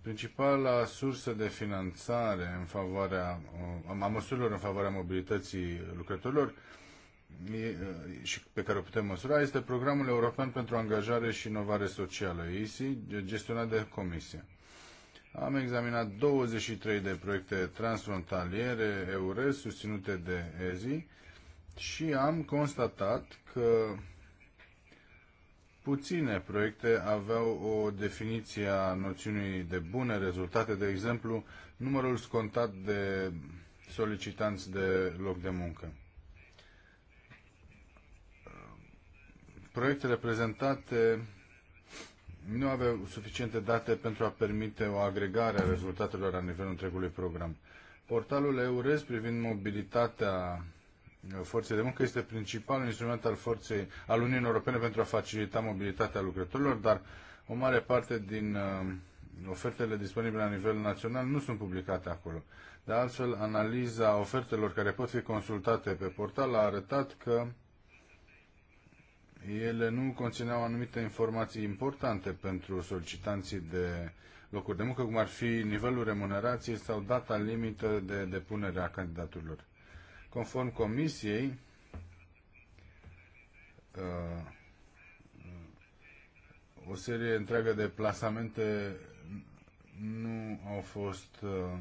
Principala sursă de finanțare în favoarea, uh, a măsurilor în favoarea mobilității lucrătorilor uh, și pe care o putem măsura este Programul European pentru Angajare și Inovare Socială, ISI, gestionat de Comisie. Am examinat 23 de proiecte transfrontaliere EURES susținute de EZI și am constatat că puține proiecte aveau o definiție a noțiunii de bune rezultate, de exemplu, numărul scontat de solicitanți de loc de muncă. Proiectele prezentate nu aveau suficiente date pentru a permite o agregare a rezultatelor la nivelul întregului program. Portalul EURES privind mobilitatea forței de muncă este principalul instrument al forței al Uniunii Europene pentru a facilita mobilitatea lucrătorilor, dar o mare parte din uh, ofertele disponibile la nivel național nu sunt publicate acolo. De altfel, analiza ofertelor care pot fi consultate pe portal a arătat că ele nu conțineau anumite informații importante pentru solicitanții de locuri de muncă, cum ar fi nivelul remunerației sau data limită de depunere a candidaturilor. Conform Comisiei, uh, uh, o serie întreagă de plasamente nu au fost uh,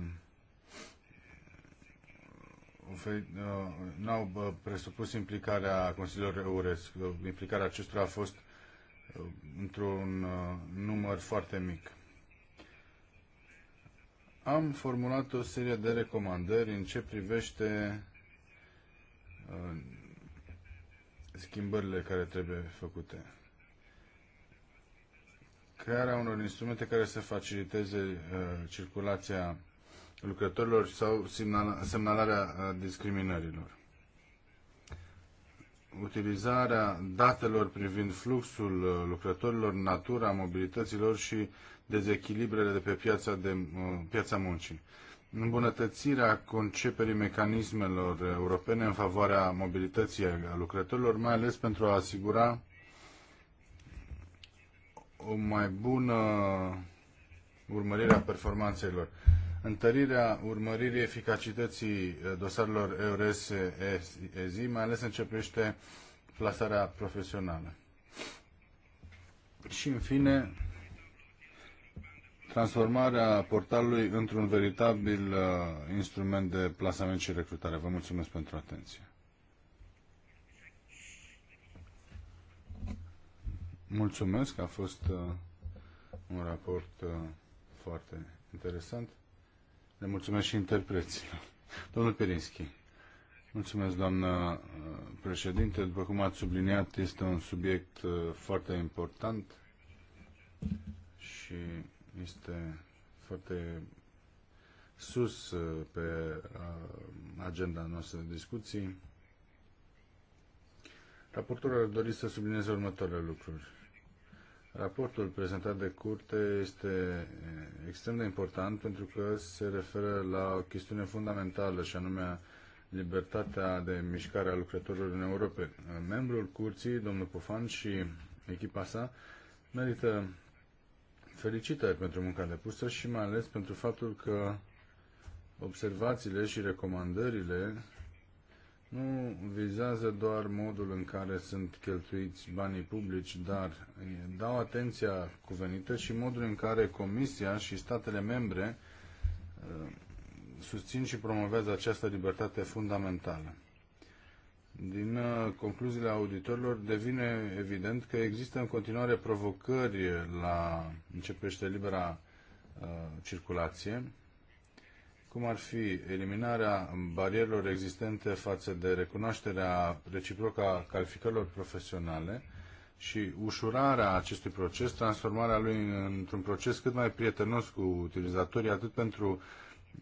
Nu au presupus implicarea Consiliului Euresc. Implicarea acestora a fost într-un număr foarte mic. Am formulat o serie de recomandări în ce privește schimbările care trebuie făcute. Crearea unor instrumente care să faciliteze uh, circulația lucrătorilor sau semnalarea uh, discriminărilor. Utilizarea datelor privind fluxul uh, lucrătorilor, natura mobilităților și dezechilibrele de pe piața, de, piața muncii îmbunătățirea conceperii mecanismelor europene în favoarea mobilității a lucrătorilor, mai ales pentru a asigura o mai bună urmărire a performanțelor. Întărirea urmăririi eficacității eh, dosarelor EURES-EZI, mai ales începește plasarea profesională. Și, în fine, transformarea portalului într-un veritabil uh, instrument de plasament și recrutare. Vă mulțumesc pentru atenție. Mulțumesc, a fost uh, un raport uh, foarte interesant. Le mulțumesc și interpreților. Domnul Perinski. Mulțumesc, doamnă președinte. După cum ați subliniat, este un subiect foarte important și este foarte sus uh, pe uh, agenda noastră de discuții. Raportul ar dori să sublinieze următoarele lucruri. Raportul prezentat de curte este uh, extrem de important pentru că se referă la o chestiune fundamentală și anume libertatea de mișcare a lucrătorilor în Europa. Membrul curții, domnul Pofan și echipa sa, merită felicitări pentru munca depusă și mai ales pentru faptul că observațiile și recomandările nu vizează doar modul în care sunt cheltuiți banii publici, dar dau atenția cuvenită și modul în care Comisia și statele membre uh, susțin și promovează această libertate fundamentală. Din uh, concluziile auditorilor devine evident că există în continuare provocări la începește libera uh, circulație, cum ar fi eliminarea barierelor existente față de recunoașterea reciprocă a calificărilor profesionale și ușurarea acestui proces, transformarea lui într-un proces cât mai prietenos cu utilizatorii, atât pentru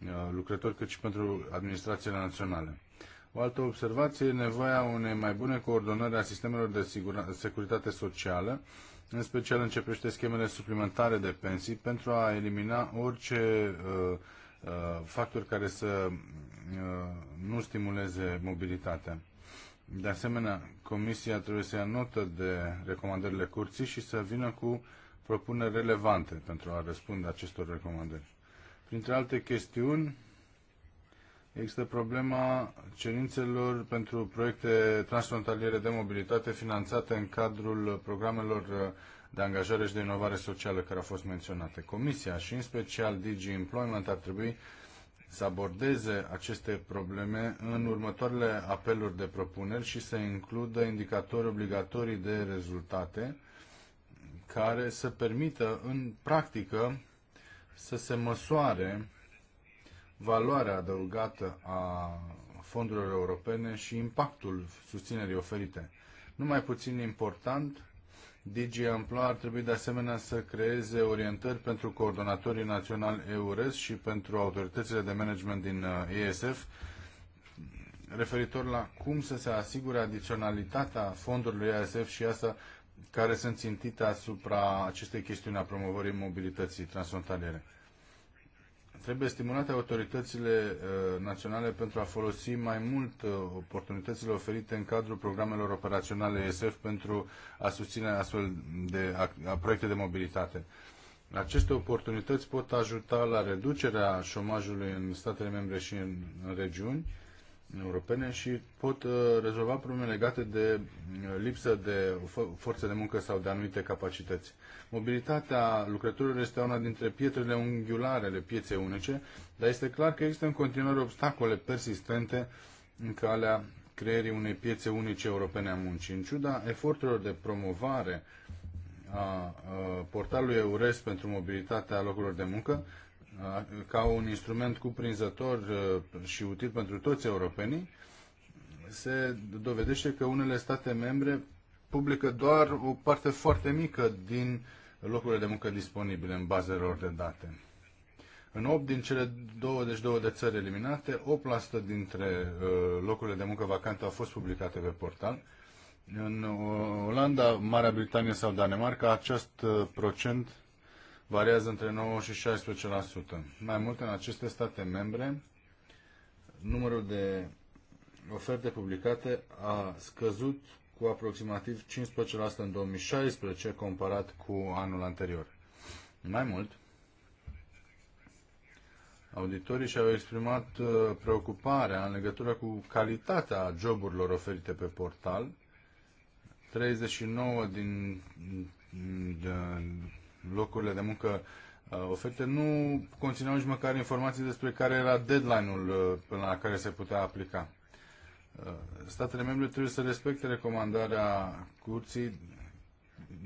uh, lucrători cât și pentru administrațiile naționale. O altă observație e nevoia unei mai bune coordonări a sistemelor de securitate socială, în special începește schemele suplimentare de pensii, pentru a elimina orice uh, uh, factor care să uh, nu stimuleze mobilitatea. De asemenea, Comisia trebuie să ia notă de recomandările curții și să vină cu propuneri relevante pentru a răspunde acestor recomandări. Printre alte chestiuni, Există problema cerințelor pentru proiecte transfrontaliere de mobilitate finanțate în cadrul programelor de angajare și de inovare socială care au fost menționate. Comisia și în special DG Employment ar trebui să abordeze aceste probleme în următoarele apeluri de propuneri și să includă indicatori obligatorii de rezultate care să permită în practică să se măsoare valoarea adăugată a fondurilor europene și impactul susținerii oferite. Nu mai puțin important, DG Amplo ar trebui de asemenea să creeze orientări pentru coordonatorii naționali EURES și pentru autoritățile de management din uh, ESF referitor la cum să se asigure adiționalitatea fondurilor ESF și asta care sunt țintite asupra acestei chestiuni a promovării mobilității transfrontaliere. Trebuie stimulate autoritățile uh, naționale pentru a folosi mai mult uh, oportunitățile oferite în cadrul programelor operaționale ESF pentru a susține astfel de proiecte de mobilitate. Aceste oportunități pot ajuta la reducerea șomajului în statele membre și în, în regiuni, europene și pot uh, rezolva probleme legate de uh, lipsă de forță de muncă sau de anumite capacități. Mobilitatea lucrătorilor este una dintre pietrele unghiulare ale pieței unice, dar este clar că există în continuare obstacole persistente în calea creierii unei piețe unice europene a muncii. În ciuda eforturilor de promovare a uh, portalului EURES pentru mobilitatea locurilor de muncă, ca un instrument cuprinzător uh, și util pentru toți europenii, se dovedește că unele state membre publică doar o parte foarte mică din locurile de muncă disponibile în bazelor de date. În 8 din cele 22 de țări eliminate, 8% dintre uh, locurile de muncă vacante au fost publicate pe portal. În uh, Olanda, Marea Britanie sau Danemarca, acest procent variază între 9 și 16%. Mai mult, în aceste state membre, numărul de oferte publicate a scăzut cu aproximativ 15% în 2016 comparat cu anul anterior. Mai mult, auditorii și-au exprimat uh, preocuparea în legătură cu calitatea joburilor oferite pe portal. 39 din, din locurile de muncă uh, oferte nu conțineau nici măcar informații despre care era deadline-ul uh, până la care se putea aplica. Uh, statele membre trebuie să respecte recomandarea curții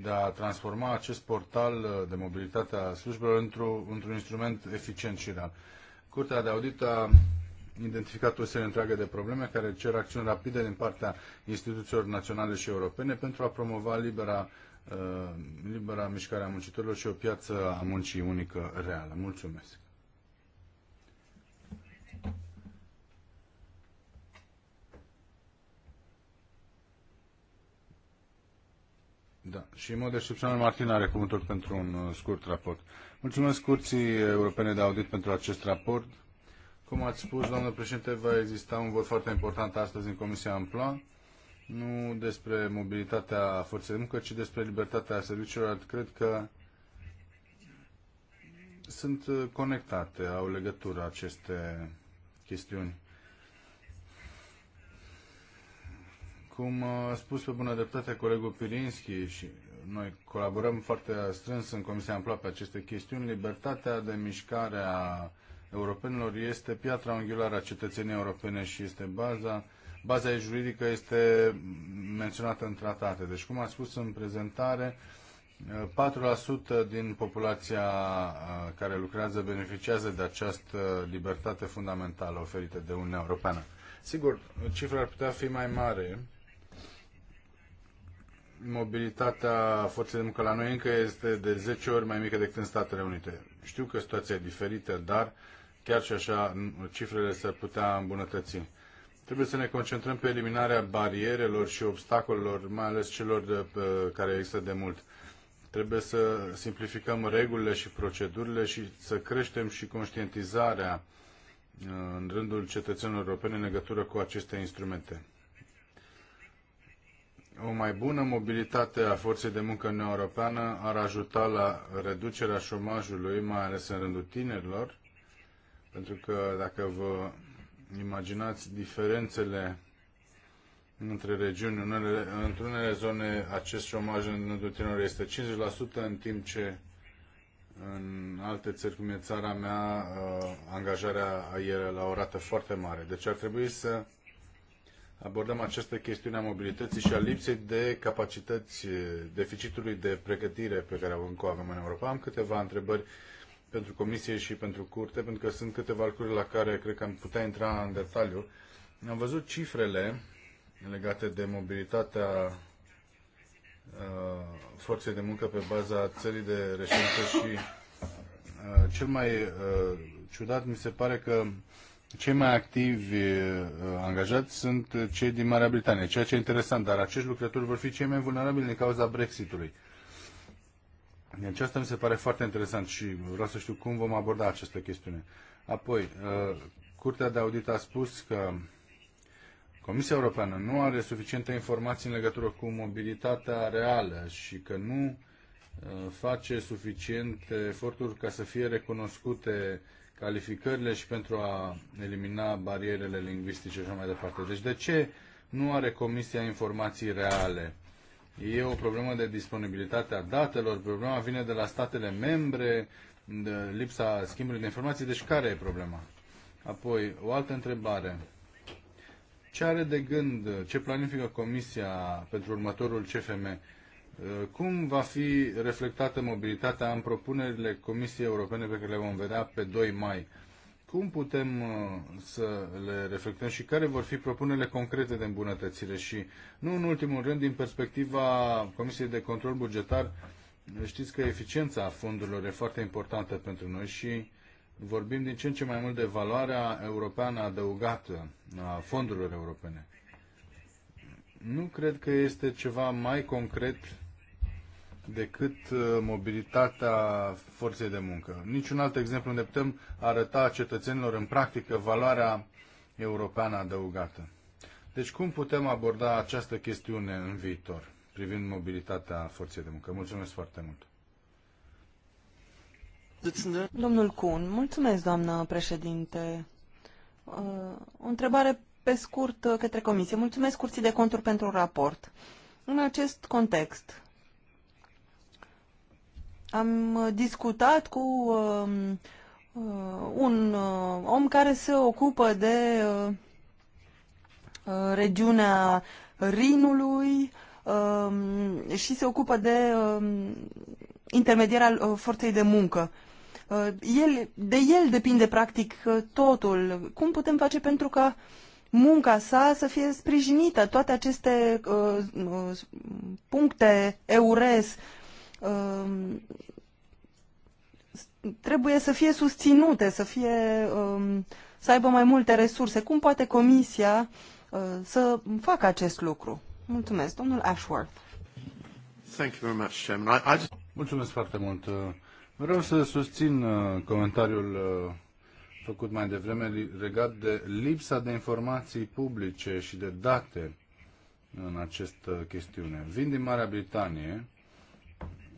de a transforma acest portal de mobilitate a slujbelor într-un într instrument eficient și real. Curtea de audit a identificat o serie întreagă de probleme care cer acțiuni rapide din partea instituțiilor naționale și europene pentru a promova libera Uh, libera mișcare a muncitorilor și o piață a muncii unică reală. Mulțumesc! Da. Și în mod excepțional, Martin are cuvântul pentru un uh, scurt raport. Mulțumesc Curții Europene de Audit pentru acest raport. Cum ați spus, doamnă președinte, va exista un vot foarte important astăzi în Comisia Amploa nu despre mobilitatea forței de muncă, ci despre libertatea serviciilor, cred că sunt conectate, au legătură aceste chestiuni. Cum a spus pe bună dreptate colegul Pirinski și noi colaborăm foarte strâns în Comisia Ampla pe aceste chestiuni, libertatea de mișcare a europenilor este piatra angulară a cetățeniei europene și este baza baza juridică este menționată în tratate. Deci, cum am spus în prezentare, 4% din populația care lucrează beneficiază de această libertate fundamentală oferită de Uniunea Europeană. Sigur, cifra ar putea fi mai mare. Mobilitatea forței de muncă la noi încă este de 10 ori mai mică decât în Statele Unite. Știu că situația e diferită, dar chiar și așa cifrele s-ar putea îmbunătăți. Trebuie să ne concentrăm pe eliminarea barierelor și obstacolelor, mai ales celor de, pe, care există de mult. Trebuie să simplificăm regulile și procedurile și să creștem și conștientizarea uh, în rândul cetățenilor europene în legătură cu aceste instrumente. O mai bună mobilitate a forței de muncă în europeană ar ajuta la reducerea șomajului, mai ales în rândul tinerilor, pentru că dacă vă imaginați diferențele între regiuni. Unele, într-unele zone acest șomaj în rândul tinerilor este 50%, în timp ce în alte țări, cum e țara mea, uh, angajarea e la o rată foarte mare. Deci ar trebui să abordăm această chestiune a mobilității și a lipsei de capacități, deficitului de pregătire pe care încă o avem în Europa. Am câteva întrebări pentru comisie și pentru curte, pentru că sunt câteva lucruri la care cred că am putea intra în detaliu. Am văzut cifrele legate de mobilitatea uh, forței de muncă pe baza țării de reședință și uh, cel mai uh, ciudat mi se pare că cei mai activi angajați sunt cei din Marea Britanie, ceea ce e interesant, dar acești lucrători vor fi cei mai vulnerabili din cauza Brexitului. Deci asta mi se pare foarte interesant și vreau să știu cum vom aborda această chestiune. Apoi, uh, Curtea de Audit a spus că Comisia Europeană nu are suficiente informații în legătură cu mobilitatea reală și că nu uh, face suficiente eforturi ca să fie recunoscute calificările și pentru a elimina barierele lingvistice și așa mai departe. Deci de ce nu are Comisia informații reale? E o problemă de disponibilitate a datelor, problema vine de la statele membre, de lipsa schimbului de informații, deci care e problema? Apoi, o altă întrebare. Ce are de gând, ce planifică Comisia pentru următorul CFM? Uh, cum va fi reflectată mobilitatea în propunerile Comisiei Europene pe care le vom vedea pe 2 mai? cum putem uh, să le reflectăm și care vor fi propunerile concrete de îmbunătățire și, nu în ultimul rând, din perspectiva Comisiei de Control Bugetar, știți că eficiența fondurilor e foarte importantă pentru noi și vorbim din ce în ce mai mult de valoarea europeană adăugată a fondurilor europene. Nu cred că este ceva mai concret decât uh, mobilitatea forței de muncă. Niciun alt exemplu unde putem arăta cetățenilor în practică valoarea europeană adăugată. Deci cum putem aborda această chestiune în viitor privind mobilitatea forței de muncă? Mulțumesc foarte mult! Domnul Kuhn, mulțumesc, doamnă președinte. Uh, o întrebare pe scurt uh, către comisie. Mulțumesc Curții de Conturi pentru raport. În acest context, am uh, discutat cu um, uh, un uh, om care se ocupă de regiunea Rinului um, și se ocupă de um, intermedierea forței de muncă. El, de el depinde practic totul. Cum putem face pentru ca munca sa să fie sprijinită? Toate aceste puncte EURES Um, trebuie să fie susținute, să, fie, um, să aibă mai multe resurse. Cum poate Comisia uh, să facă acest lucru? Mulțumesc. Domnul Ashworth. Thank you very much, Chairman. I, I just... Mulțumesc foarte mult. Vreau să susțin uh, comentariul uh, făcut mai devreme legat de lipsa de informații publice și de date în această chestiune. Vin din Marea Britanie,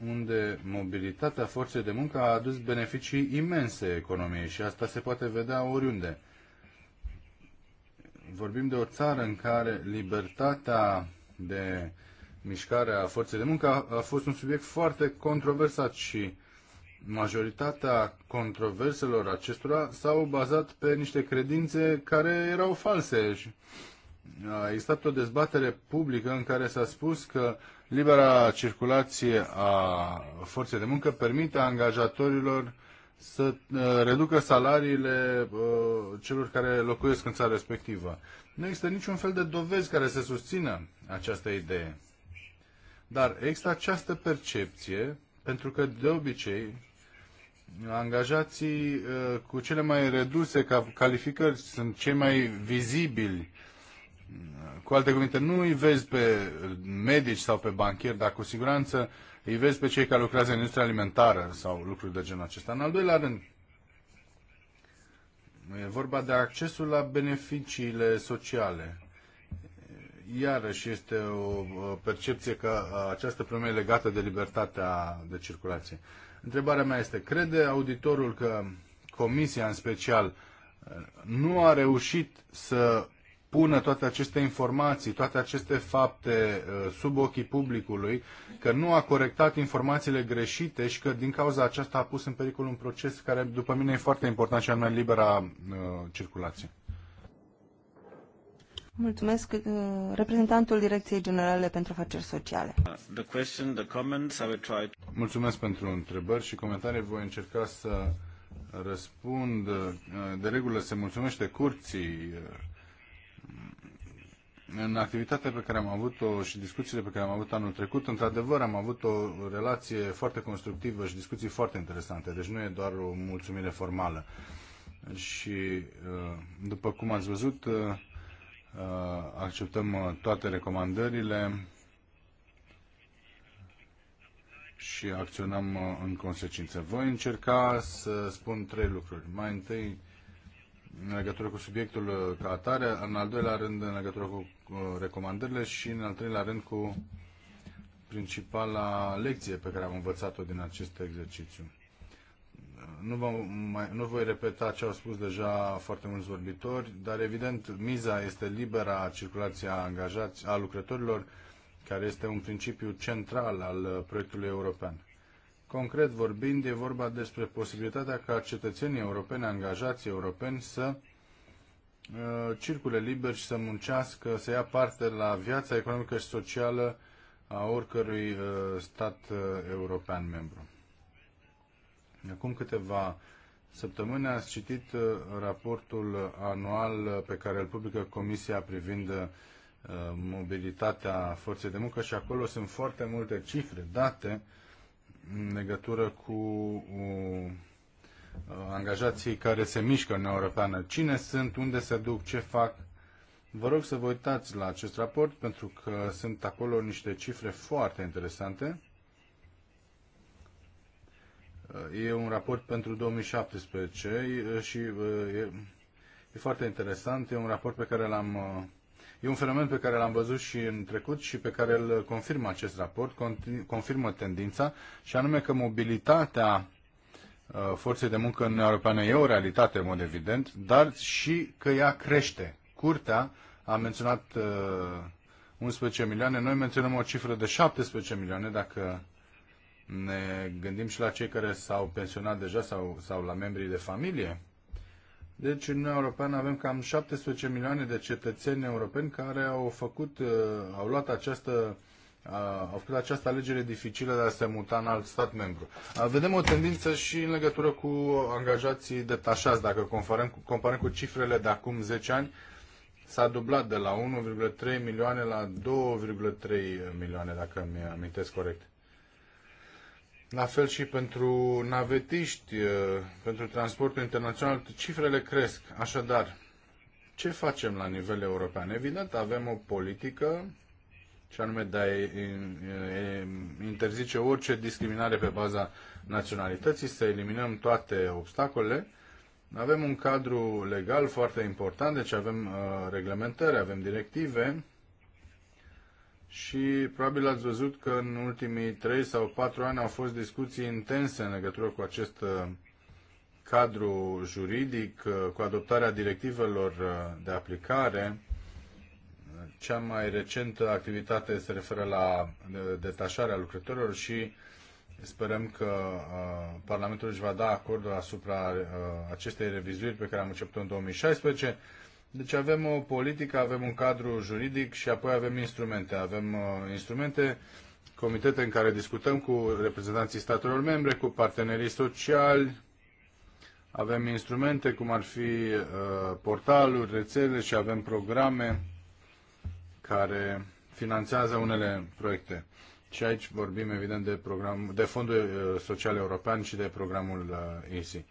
unde mobilitatea forței de muncă a adus beneficii imense economiei și asta se poate vedea oriunde. Vorbim de o țară în care libertatea de mișcare a forței de muncă a, a fost un subiect foarte controversat și majoritatea controverselor acestora s-au bazat pe niște credințe care erau false. A existat o dezbatere publică în care s-a spus că uh, Libera circulație a forței de muncă permite angajatorilor să uh, reducă salariile uh, celor care locuiesc în țara respectivă. Nu există niciun fel de dovezi care să susțină această idee. Dar există această percepție, pentru că de obicei angajații uh, cu cele mai reduse calificări sunt cei mai vizibili cu alte cuvinte, nu îi vezi pe medici sau pe banchieri, dar cu siguranță îi vezi pe cei care lucrează în industria alimentară sau lucruri de genul acesta. În al doilea rând, e vorba de accesul la beneficiile sociale. Iarăși este o percepție că această problemă e legată de libertatea de circulație. Întrebarea mea este, crede auditorul că Comisia în special nu a reușit să pună toate aceste informații, toate aceste fapte uh, sub ochii publicului, că nu a corectat informațiile greșite și că din cauza aceasta a pus în pericol un proces care, după mine, e foarte important și anume libera uh, circulație. Mulțumesc, uh, reprezentantul Direcției Generale pentru Afaceri Sociale. The question, the comments, I will try to... Mulțumesc pentru întrebări și comentarii. Voi încerca să răspund. De regulă se mulțumește curții în activitatea pe care am avut-o și discuțiile pe care am avut anul trecut, într-adevăr am avut o relație foarte constructivă și discuții foarte interesante, deci nu e doar o mulțumire formală. Și uh, după cum ați văzut, uh, uh, acceptăm toate recomandările și acționăm în consecință. Voi încerca să spun trei lucruri. Mai întâi, în legătură cu subiectul uh, ca atare, în al doilea rând în legătură cu uh, recomandările și în al treilea rând cu principala lecție pe care am învățat-o din acest exercițiu. Uh, nu, vă mai, nu voi repeta ce au spus deja foarte mulți vorbitori, dar evident miza este libera circulația angajați a lucrătorilor, care este un principiu central al proiectului european. Concret vorbind, e vorba despre posibilitatea ca cetățenii europeni, angajați europeni să uh, circule liber și să muncească, să ia parte la viața economică și socială a oricărui uh, stat uh, european membru. Acum câteva săptămâni ați citit raportul anual pe care îl publică Comisia privind mobilitatea forței de muncă și acolo sunt foarte multe cifre, date în legătură cu uh, uh, angajații care se mișcă în Europeană. Cine sunt, unde se duc, ce fac. Vă rog să vă uitați la acest raport pentru că sunt acolo niște cifre foarte interesante. Uh, e un raport pentru 2017 și e, e foarte interesant. E un raport pe care l-am E un fenomen pe care l-am văzut și în trecut și pe care îl confirmă acest raport, confirmă tendința, și anume că mobilitatea uh, forței de muncă în Europeană e o realitate, în mod evident, dar și că ea crește. Curtea a menționat 11 uh, milioane, noi menționăm o cifră de 17 milioane, dacă ne gândim și la cei care s-au pensionat deja sau, sau la membrii de familie deci, în Uniunea Europeană avem cam 17 milioane de cetățeni europeni care au făcut, uh, au luat această uh, au făcut această alegere dificilă de a se muta în alt stat membru. Uh, vedem o tendință și în legătură cu angajații detașați. Dacă comparăm comparăm cu cifrele de acum 10 ani, s-a dublat de la 1,3 milioane la 2,3 milioane, dacă mi amintesc corect. La fel și pentru navetiști, eh, pentru transportul internațional, cifrele cresc. Așadar, ce facem la nivel european? Evident, avem o politică ce anume de a interzice orice discriminare pe baza naționalității, să eliminăm toate obstacolele. Avem un cadru legal foarte important, deci avem eh, reglementări, avem directive, și probabil ați văzut că în ultimii 3 sau 4 ani au fost discuții intense în legătură cu acest uh, cadru juridic, uh, cu adoptarea directivelor uh, de aplicare. Cea mai recentă activitate se referă la detașarea lucrătorilor și sperăm că Parlamentul își va da acordul asupra acestei revizuiri pe care am început-o în 2016. Deci avem o uh, politică, avem un cadru juridic și apoi avem instrumente. Avem uh, instrumente, comitete în care discutăm cu reprezentanții statelor membre, cu partenerii sociali, avem instrumente cum ar fi uh, portaluri, rețele și avem programe care finanțează unele proiecte. Și aici vorbim evident de, program, de Fondul Social European și de programul EASY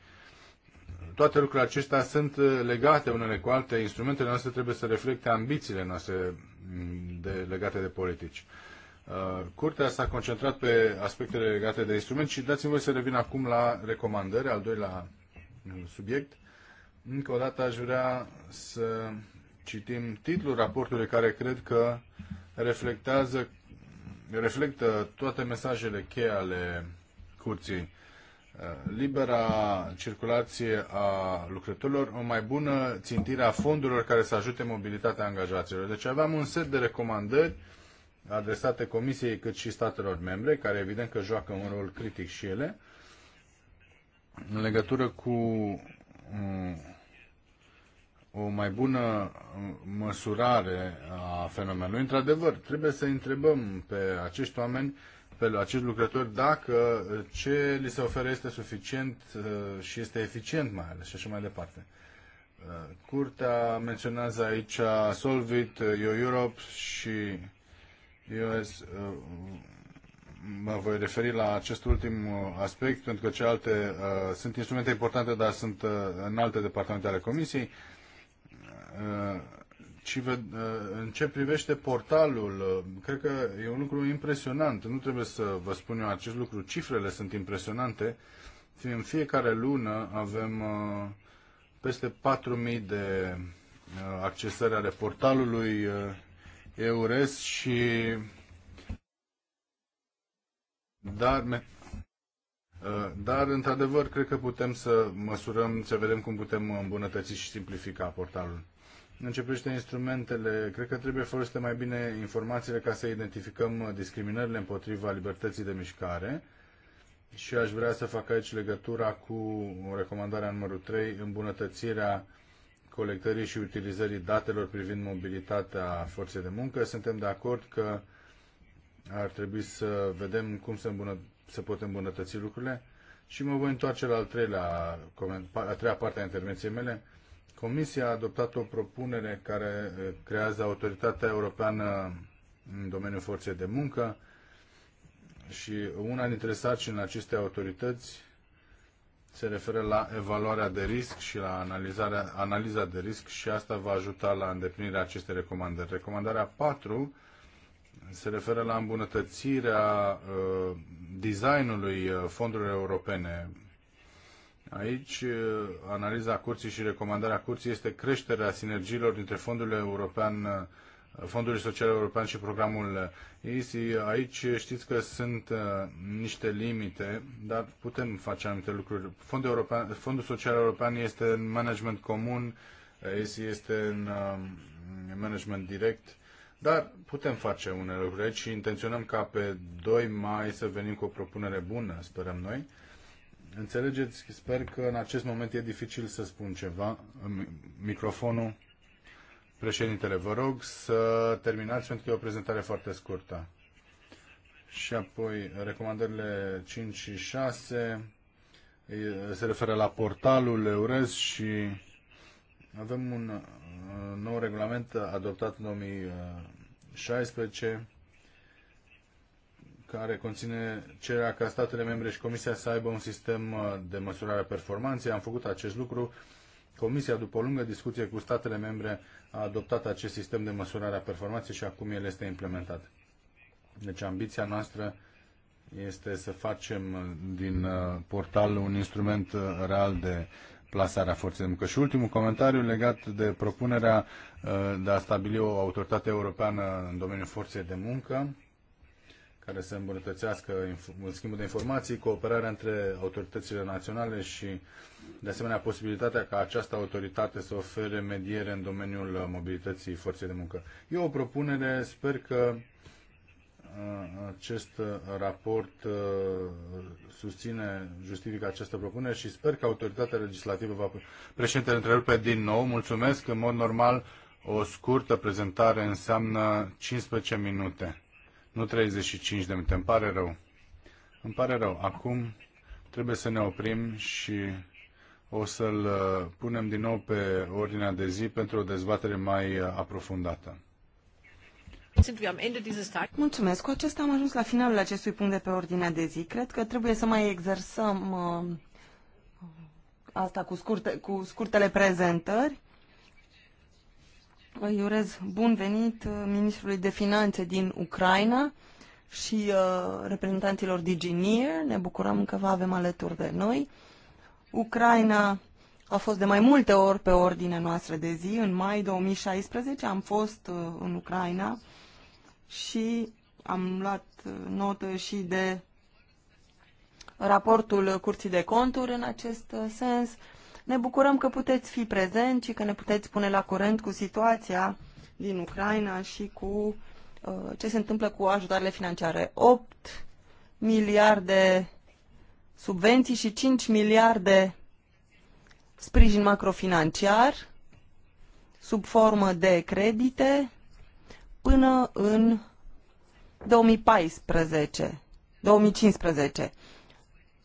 toate lucrurile acestea sunt uh, legate unele cu alte. Instrumentele noastre trebuie să reflecte ambițiile noastre mm, de, legate de politici. Uh, curtea s-a concentrat pe aspectele legate de instrument și dați-mi voi să revin acum la recomandări, al doilea mm, subiect. Încă o dată aș vrea să citim titlul raportului care cred că reflectează, reflectă toate mesajele cheie ale curții libera circulație a lucrătorilor, o mai bună țintire a fondurilor care să ajute mobilitatea angajaților. Deci aveam un set de recomandări adresate Comisiei cât și statelor membre, care evident că joacă un rol critic și ele, în legătură cu um, o mai bună um, măsurare a fenomenului. Într-adevăr, trebuie să întrebăm pe acești oameni uh, pe acești lucrători dacă uh, ce li se oferă este suficient uh, și este eficient mai ales și așa mai departe. Uh, curtea menționează aici Solvit, EU Europe și US. Mă voi referi la acest ultim aspect, pentru că celelalte sunt instrumente importante, dar sunt în alte departamente ale Comisiei. Și uh, în ce privește portalul, uh, cred că e un lucru impresionant. Nu trebuie să vă spun eu acest lucru. Cifrele sunt impresionante. În fiecare lună avem uh, peste 4.000 de accesări ale portalului EURES și dar, dar într-adevăr cred că putem să măsurăm, să vedem cum putem îmbunătăți și simplifica portalul. Începește instrumentele. Cred că trebuie folosite mai bine informațiile ca să identificăm discriminările împotriva libertății de mișcare. Și aș vrea să fac aici legătura cu recomandarea numărul 3, îmbunătățirea colectării și utilizării datelor privind mobilitatea forței de muncă. Suntem de acord că ar trebui să vedem cum se, îmbună- se pot îmbunătăți lucrurile. Și mă voi întoarce la al treilea, a treia parte a intervenției mele, Comisia a adoptat o propunere care eh, creează Autoritatea Europeană în domeniul forței de muncă și una dintre sarcinile acestei autorități se referă la evaluarea de risc și la analizarea, analiza de risc și asta va ajuta la îndeplinirea acestei recomandări. Recomandarea 4 se referă la îmbunătățirea uh, designului eh, fondurilor europene Aici, uh, analiza curții și recomandarea curții este creșterea sinergiilor dintre fondurile european uh, Fondul Social European și programul ISI. Aici știți că sunt uh, niște limite, dar putem face anumite lucruri. Fondul, European, Fondul Social European este în management comun, ISI este în um, management direct, dar putem face unele lucruri și intenționăm ca pe 2 mai să venim cu o propunere bună, sperăm noi. Înțelegeți, sper că în acest moment e dificil să spun ceva. Microfonul, președintele, vă rog să terminați pentru că e o prezentare foarte scurtă. Și apoi recomandările 5 și 6 se referă la portalul Eurez și avem un uh, nou regulament adoptat în 2016 care conține cererea ca statele membre și Comisia să aibă un sistem uh, de măsurare a performanței. Am făcut acest lucru. Comisia, după o lungă discuție cu statele membre, a adoptat acest sistem de măsurare a performanței și acum el este implementat. Deci ambiția noastră este să facem uh, din uh, portal un instrument real de plasarea forței de muncă. Și ultimul comentariu legat de propunerea de a stabili o autoritate europeană în domeniul forței de muncă care să îmbunătățească schimbul de informații, cooperarea între autoritățile naționale și, de asemenea, posibilitatea ca această autoritate să ofere mediere în domeniul mobilității forței de muncă. E o propunere, sper că uh, acest raport uh, susține, justifică această propunere și sper că autoritatea legislativă va... Președintele întrerupe din nou, mulțumesc, în mod normal o scurtă prezentare înseamnă 15 minute. Nu 35 de minute, îmi pare rău. Îmi pare rău. Acum trebuie să ne oprim și o să-l uh, punem din nou pe ordinea de zi pentru o dezbatere mai uh, aprofundată. Mulțumesc. Cu acesta am ajuns la finalul acestui punct de pe ordinea de zi. Cred că trebuie să mai exersăm uh, asta cu, scurte, cu scurtele prezentări. Îi urez bun venit uh, ministrului de finanțe din Ucraina și uh, reprezentanților DigiNear. Ne bucurăm că vă avem alături de noi. Ucraina a fost de mai multe ori pe ordine noastră de zi. În mai 2016 am fost uh, în Ucraina și am luat notă și de raportul Curții de Conturi în acest sens. Ne bucurăm că puteți fi prezenți și că ne puteți pune la curent cu situația din Ucraina și cu uh, ce se întâmplă cu ajutoarele financiare. 8 miliarde subvenții și 5 miliarde sprijin macrofinanciar sub formă de credite până în 2014, 2015.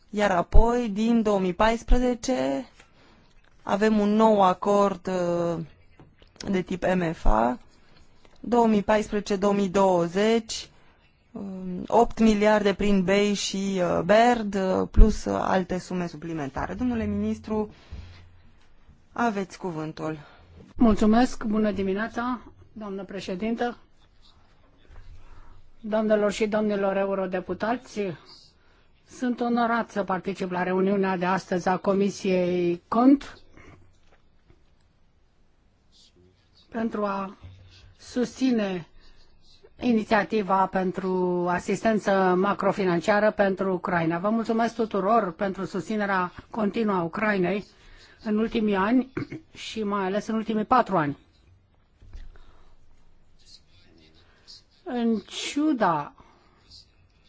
Iar apoi, din 2014, avem un nou acord uh, de tip MFA, 2014-2020, 8 miliarde prin BEI și uh, BERD, uh, plus alte sume suplimentare. Domnule ministru, aveți cuvântul. Mulțumesc, bună dimineața, doamnă președintă, doamnelor și domnilor eurodeputați. Sunt onorat să particip la reuniunea de astăzi a Comisiei CONT pentru a susține inițiativa pentru asistență macrofinanciară pentru Ucraina. Vă mulțumesc tuturor pentru susținerea continuă a Ucrainei în ultimii ani și mai ales în ultimii patru ani. În ciuda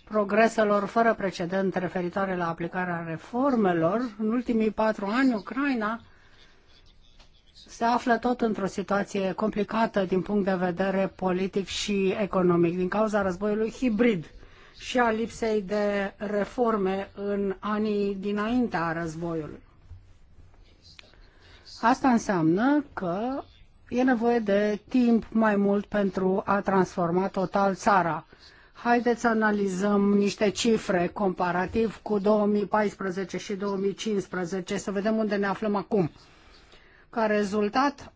progreselor fără precedent referitoare la aplicarea reformelor, în ultimii patru ani Ucraina se află tot într-o situație complicată din punct de vedere politic și economic, din cauza războiului hibrid și a lipsei de reforme în anii dinaintea războiului. Asta înseamnă că e nevoie de timp mai mult pentru a transforma total țara. Haideți să analizăm niște cifre comparativ cu 2014 și 2015, să vedem unde ne aflăm acum. Ca rezultat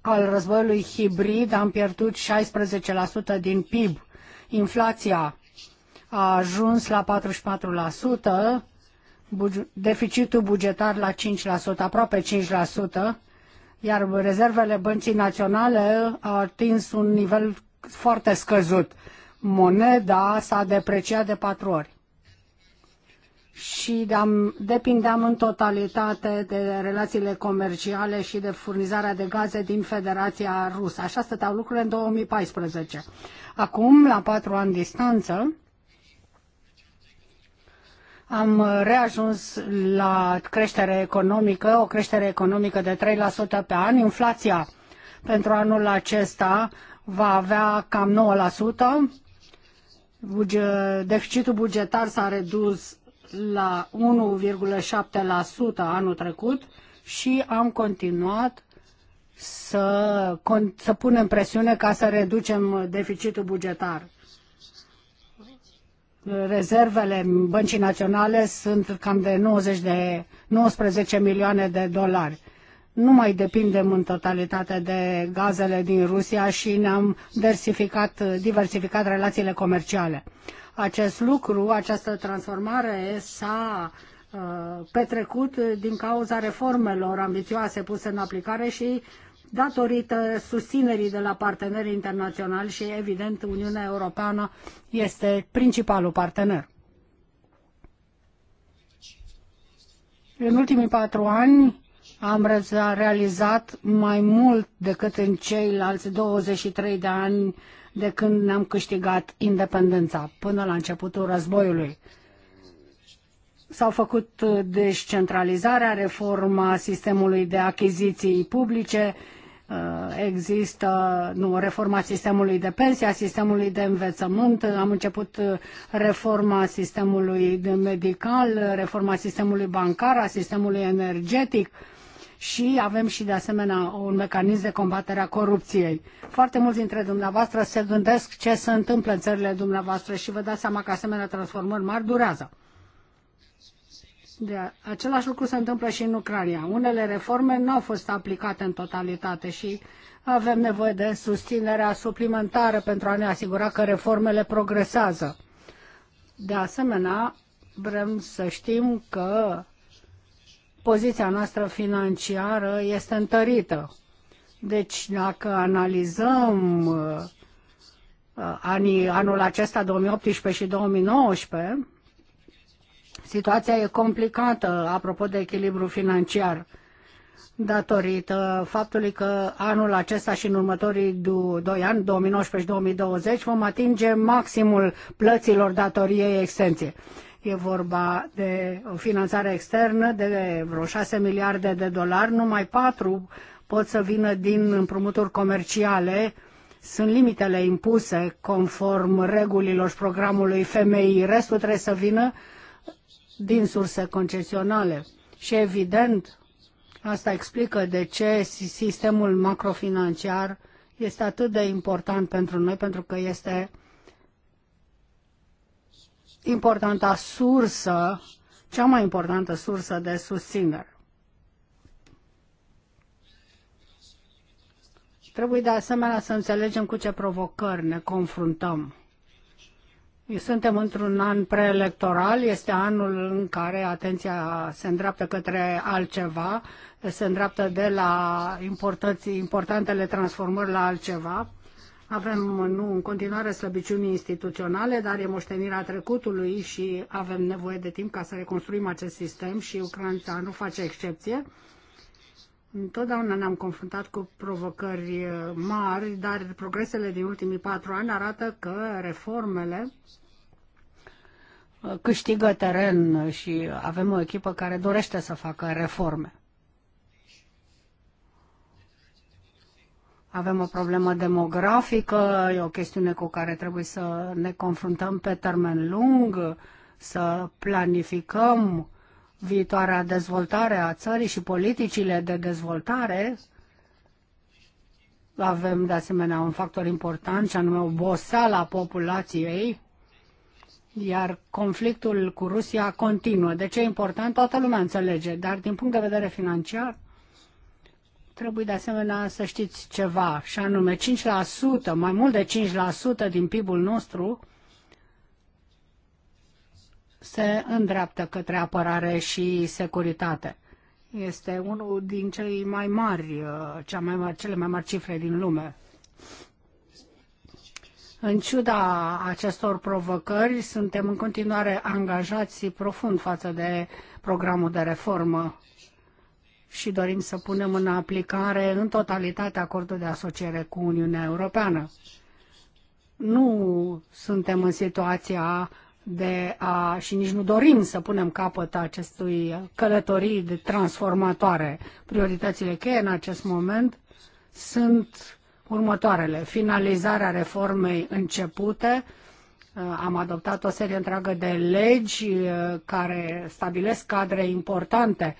al războiului hibrid am pierdut 16% din PIB. Inflația a ajuns la 44%, deficitul bugetar la 5%, aproape 5%, iar rezervele băncii naționale au atins un nivel foarte scăzut. Moneda s-a depreciat de patru ori și depindeam în totalitate de relațiile comerciale și de furnizarea de gaze din Federația Rusă. Așa stăteau lucrurile în 2014. Acum, la patru ani distanță, am reajuns la creștere economică, o creștere economică de 3% pe an. Inflația pentru anul acesta va avea cam 9%. deficitul bugetar s-a redus la 1,7% anul trecut și am continuat să, să punem presiune ca să reducem deficitul bugetar. Rezervele băncii naționale sunt cam de 90 de 19 milioane de dolari. Nu mai depindem în totalitate de gazele din Rusia și ne-am diversificat, diversificat relațiile comerciale. Acest lucru, această transformare s-a uh, petrecut din cauza reformelor ambițioase puse în aplicare și datorită susținerii de la partenerii internaționali și, evident, Uniunea Europeană este principalul partener. În ultimii patru ani am realizat mai mult decât în ceilalți 23 de ani de când ne-am câștigat independența, până la începutul războiului. S-au făcut uh, descentralizarea, reforma sistemului de achiziții publice, uh, există nu, reforma sistemului de pensie, a sistemului de învățământ, am început uh, reforma sistemului medical, reforma sistemului bancar, a sistemului energetic, și avem și de asemenea un mecanism de combatere a corupției. Foarte mulți dintre dumneavoastră se gândesc ce se întâmplă în țările dumneavoastră și vă dați seama că asemenea transformări mari durează. De același lucru se întâmplă și în Ucraina. Unele reforme nu au fost aplicate în totalitate și avem nevoie de susținerea suplimentară pentru a ne asigura că reformele progresează. De asemenea, vrem să știm că poziția noastră financiară este întărită. Deci, dacă analizăm uh, anii, anul acesta, 2018 și 2019, situația e complicată apropo de echilibru financiar datorită faptului că anul acesta și în următorii doi ani, 2019 și 2020, vom atinge maximul plăților datoriei extenției. E vorba de o finanțare externă de vreo 6 miliarde de dolari, numai 4 pot să vină din împrumuturi comerciale. Sunt limitele impuse conform regulilor și programului FMI. Restul trebuie să vină din surse concesionale. Și evident, asta explică de ce sistemul macrofinanciar este atât de important pentru noi, pentru că este importanta sursă, cea mai importantă sursă de susținere. Trebuie de asemenea să înțelegem cu ce provocări ne confruntăm. Suntem într-un an preelectoral, este anul în care atenția se îndreaptă către altceva, se îndreaptă de la importantele transformări la altceva. Avem nu în continuare slăbiciuni instituționale, dar e moștenirea trecutului și avem nevoie de timp ca să reconstruim acest sistem și Ucraina nu face excepție. Întotdeauna ne-am confruntat cu provocări eh, mari, dar progresele din ultimii patru ani arată că reformele eh, câștigă teren și avem o echipă care dorește să facă reforme. Avem o problemă demografică, e o chestiune cu care trebuie să ne confruntăm pe termen lung, să planificăm viitoarea dezvoltare a țării și politicile de dezvoltare. Avem de asemenea un factor important, și anume oboseala populației, iar conflictul cu Rusia continuă. De deci ce e important? Toată lumea înțelege, dar din punct de vedere financiar Trebuie de asemenea să știți ceva, și anume 5%, mai mult de 5% din PIB-ul nostru se îndreaptă către apărare și securitate. Este unul din cei mai mari, uh, cea mai mari, cele mai mari cifre din lume. În ciuda acestor provocări, suntem în continuare angajați profund față de programul de reformă și dorim să punem în aplicare în totalitate acordul de asociere cu Uniunea Europeană. Nu suntem în situația de a, și nici nu dorim să punem capăt acestui călătorii de transformatoare. Prioritățile cheie în acest moment sunt următoarele. Finalizarea reformei începute, uh, am adoptat o serie întreagă de legi uh, care stabilesc cadre importante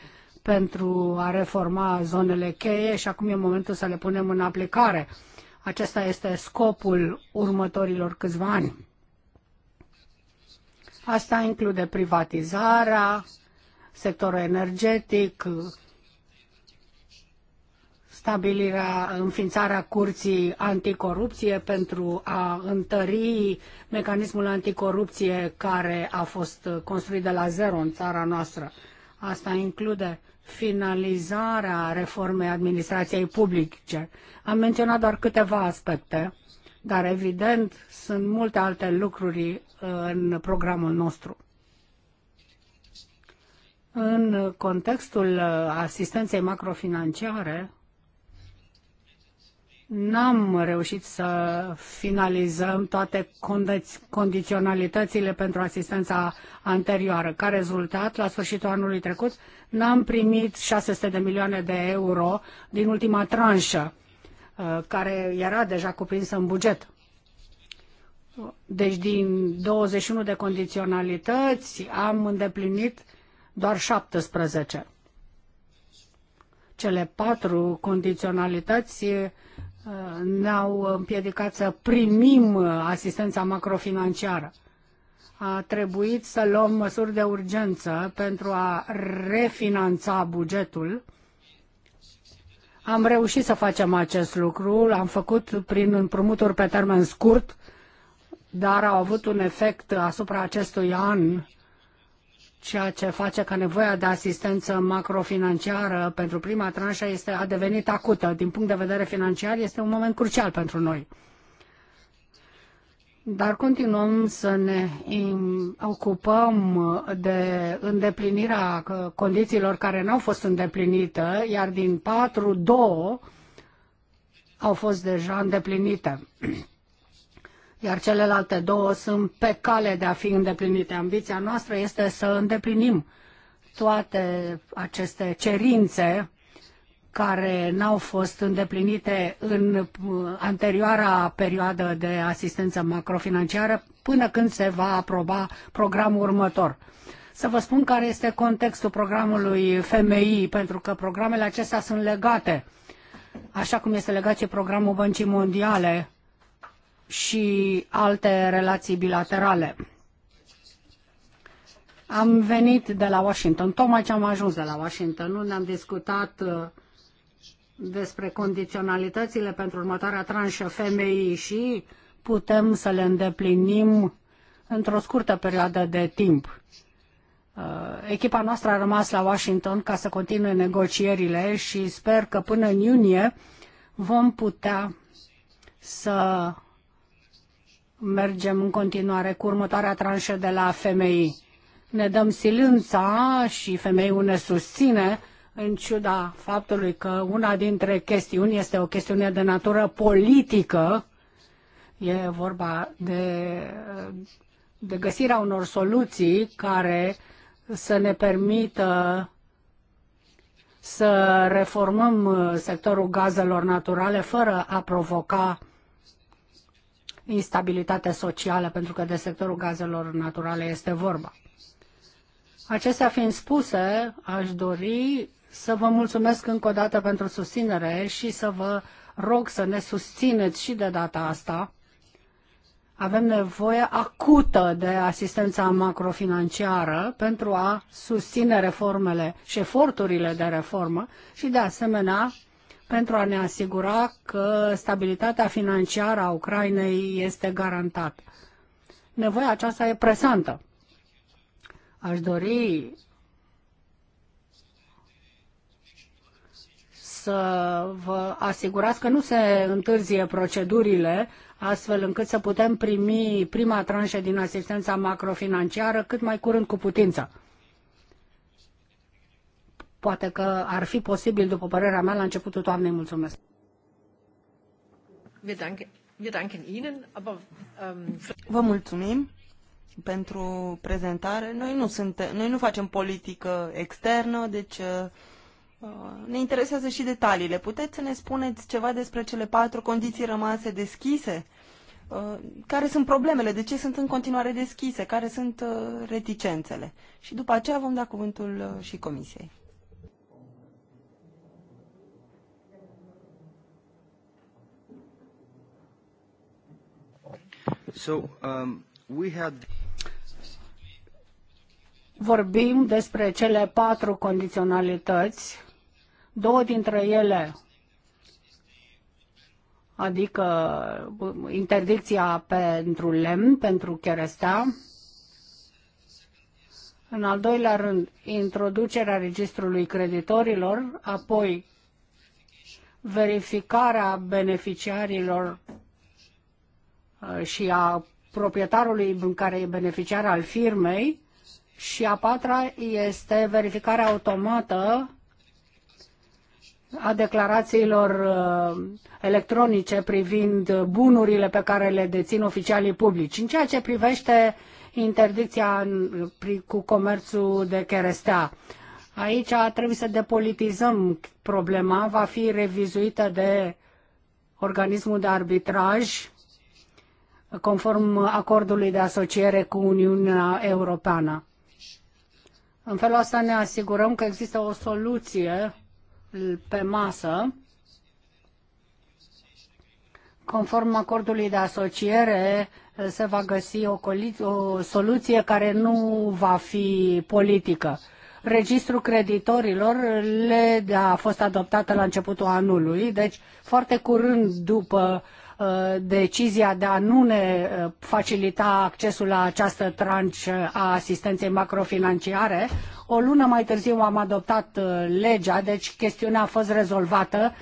pentru a reforma zonele cheie și acum e momentul să le punem în aplicare. Acesta este scopul următorilor câțiva ani. Asta include privatizarea, sectorul energetic, stabilirea, înființarea curții anticorupție pentru a întări mecanismul anticorupție care a fost construit de la zero în țara noastră. Asta include finalizarea reformei administrației publice. Am menționat doar câteva aspecte, dar evident sunt multe alte lucruri uh, în programul nostru. În contextul uh, asistenței macrofinanciare, N-am reușit să finalizăm toate condiționalitățile pentru asistența anterioară. Ca rezultat, la sfârșitul anului trecut, n-am primit 600 de milioane de euro din ultima tranșă, uh, care era deja cuprinsă în buget. Deci din 21 de condiționalități am îndeplinit doar 17. Cele patru condiționalități ne-au împiedicat să primim asistența macrofinanciară. A trebuit să luăm măsuri de urgență pentru a refinanța bugetul. Am reușit să facem acest lucru, l-am făcut prin împrumuturi pe termen scurt, dar au avut un efect asupra acestui an ceea ce face ca nevoia de asistență macrofinanciară pentru prima tranșă este, a devenit acută. Din punct de vedere financiar este un moment crucial pentru noi. Dar continuăm să ne ocupăm de îndeplinirea condițiilor care nu au fost îndeplinite, iar din patru, două au fost deja îndeplinite. iar celelalte două sunt pe cale de a fi îndeplinite. Ambiția noastră este să îndeplinim toate aceste cerințe care n-au fost îndeplinite în anterioara perioadă de asistență macrofinanciară până când se va aproba programul următor. Să vă spun care este contextul programului FMI, pentru că programele acestea sunt legate, așa cum este legat și programul Băncii Mondiale, și alte relații bilaterale. Am venit de la Washington, tocmai ce am ajuns de la Washington, unde am discutat uh, despre condiționalitățile pentru următoarea tranșă femeii și putem să le îndeplinim într-o scurtă perioadă de timp. Uh, echipa noastră a rămas la Washington ca să continue negocierile și sper că până în iunie vom putea să mergem în continuare cu următoarea tranșă de la femei. Ne dăm silința și femeiul ne susține în ciuda faptului că una dintre chestiuni este o chestiune de natură politică, e vorba de, de găsirea unor soluții care să ne permită să reformăm sectorul gazelor naturale fără a provoca instabilitate socială, pentru că de sectorul gazelor naturale este vorba. Acestea fiind spuse, aș dori să vă mulțumesc încă o dată pentru susținere și să vă rog să ne susțineți și de data asta. Avem nevoie acută de asistența macrofinanciară pentru a susține reformele și eforturile de reformă și, de asemenea, pentru a ne asigura că stabilitatea financiară a Ucrainei este garantată. Nevoia aceasta e presantă. Aș dori să vă asigurați că nu se întârzie procedurile, astfel încât să putem primi prima tranșă din asistența macrofinanciară cât mai curând cu putință. Poate că ar fi posibil, după părerea mea, la începutul toamnei. Mulțumesc. Ähm, Vă mulțumim pentru prezentare. Noi nu, suntem, noi nu facem politică externă, deci uh, ne interesează și detaliile. Puteți să ne spuneți ceva despre cele patru condiții rămase deschise? Uh, care sunt problemele? De ce sunt în continuare deschise? Care sunt uh, reticențele? Și după aceea vom da cuvântul și comisiei. Um, Vorbim despre cele patru condiționalități, două dintre ele, adică uh, interdicția pentru lemn, pentru cherestea, în al doilea rând, introducerea registrului creditorilor, apoi verificarea beneficiarilor Uh, și a proprietarului în care e beneficiar al firmei și a patra este verificarea automată a declarațiilor uh, electronice privind bunurile pe care le dețin oficialii publici. În ceea ce privește interdicția cu comerțul de cherestea, aici trebuie să depolitizăm problema, va fi revizuită de organismul de arbitraj conform acordului de asociere cu Uniunea Europeană. În felul ăsta ne asigurăm că există o soluție pe masă conform acordului de asociere, se va găsi o, o soluție care nu va fi politică. Registrul creditorilor le a fost adoptată la începutul anului, deci foarte curând după Uh, decizia de a nu ne uh, facilita accesul la această tranșă a asistenței macrofinanciare. O lună mai târziu am adoptat uh, legea, deci chestiunea a fost rezolvată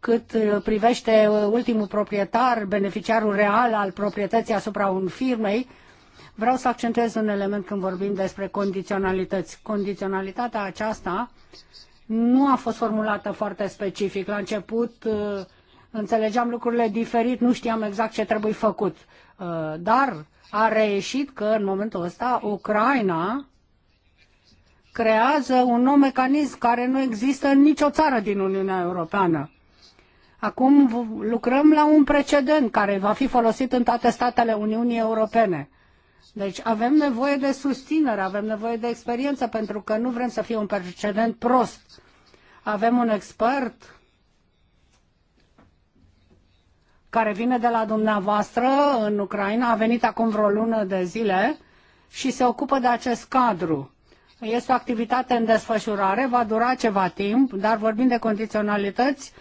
cât privește ultimul proprietar, beneficiarul real al proprietății asupra un firmei, vreau să accentuez un element când vorbim despre condiționalități. Condiționalitatea aceasta nu a fost formulată foarte specific. La început înțelegeam lucrurile diferit, nu știam exact ce trebuie făcut. Uh, dar a reieșit că în momentul ăsta Ucraina creează un nou mecanism care nu există în nicio țară din Uniunea Europeană. Acum lucrăm la un precedent care va fi folosit în toate statele Uniunii Europene. Deci avem nevoie de susținere, avem nevoie de experiență, pentru că nu vrem să fie un precedent prost. Avem un expert care vine de la dumneavoastră în Ucraina, a venit acum vreo lună de zile și se ocupă de acest cadru. Este o activitate în desfășurare, va dura ceva timp, dar vorbim de condiționalități.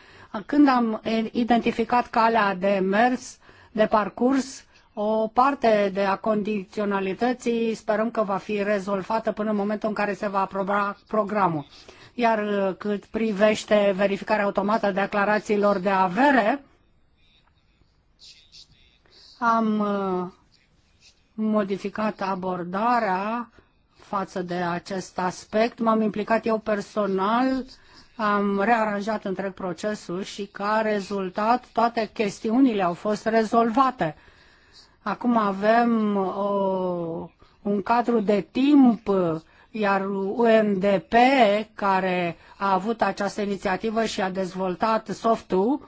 Când am identificat calea de mers, de parcurs, o parte de a condiționalității sperăm că va fi rezolvată până în momentul în care se va aproba programul. Iar cât privește verificarea automată a declarațiilor de avere, am uh, modificat abordarea față de acest aspect. M-am implicat eu personal, am rearanjat întreg procesul și ca rezultat toate chestiunile au fost rezolvate. Acum avem o, un cadru de timp, iar UNDP, care a avut această inițiativă și a dezvoltat softul,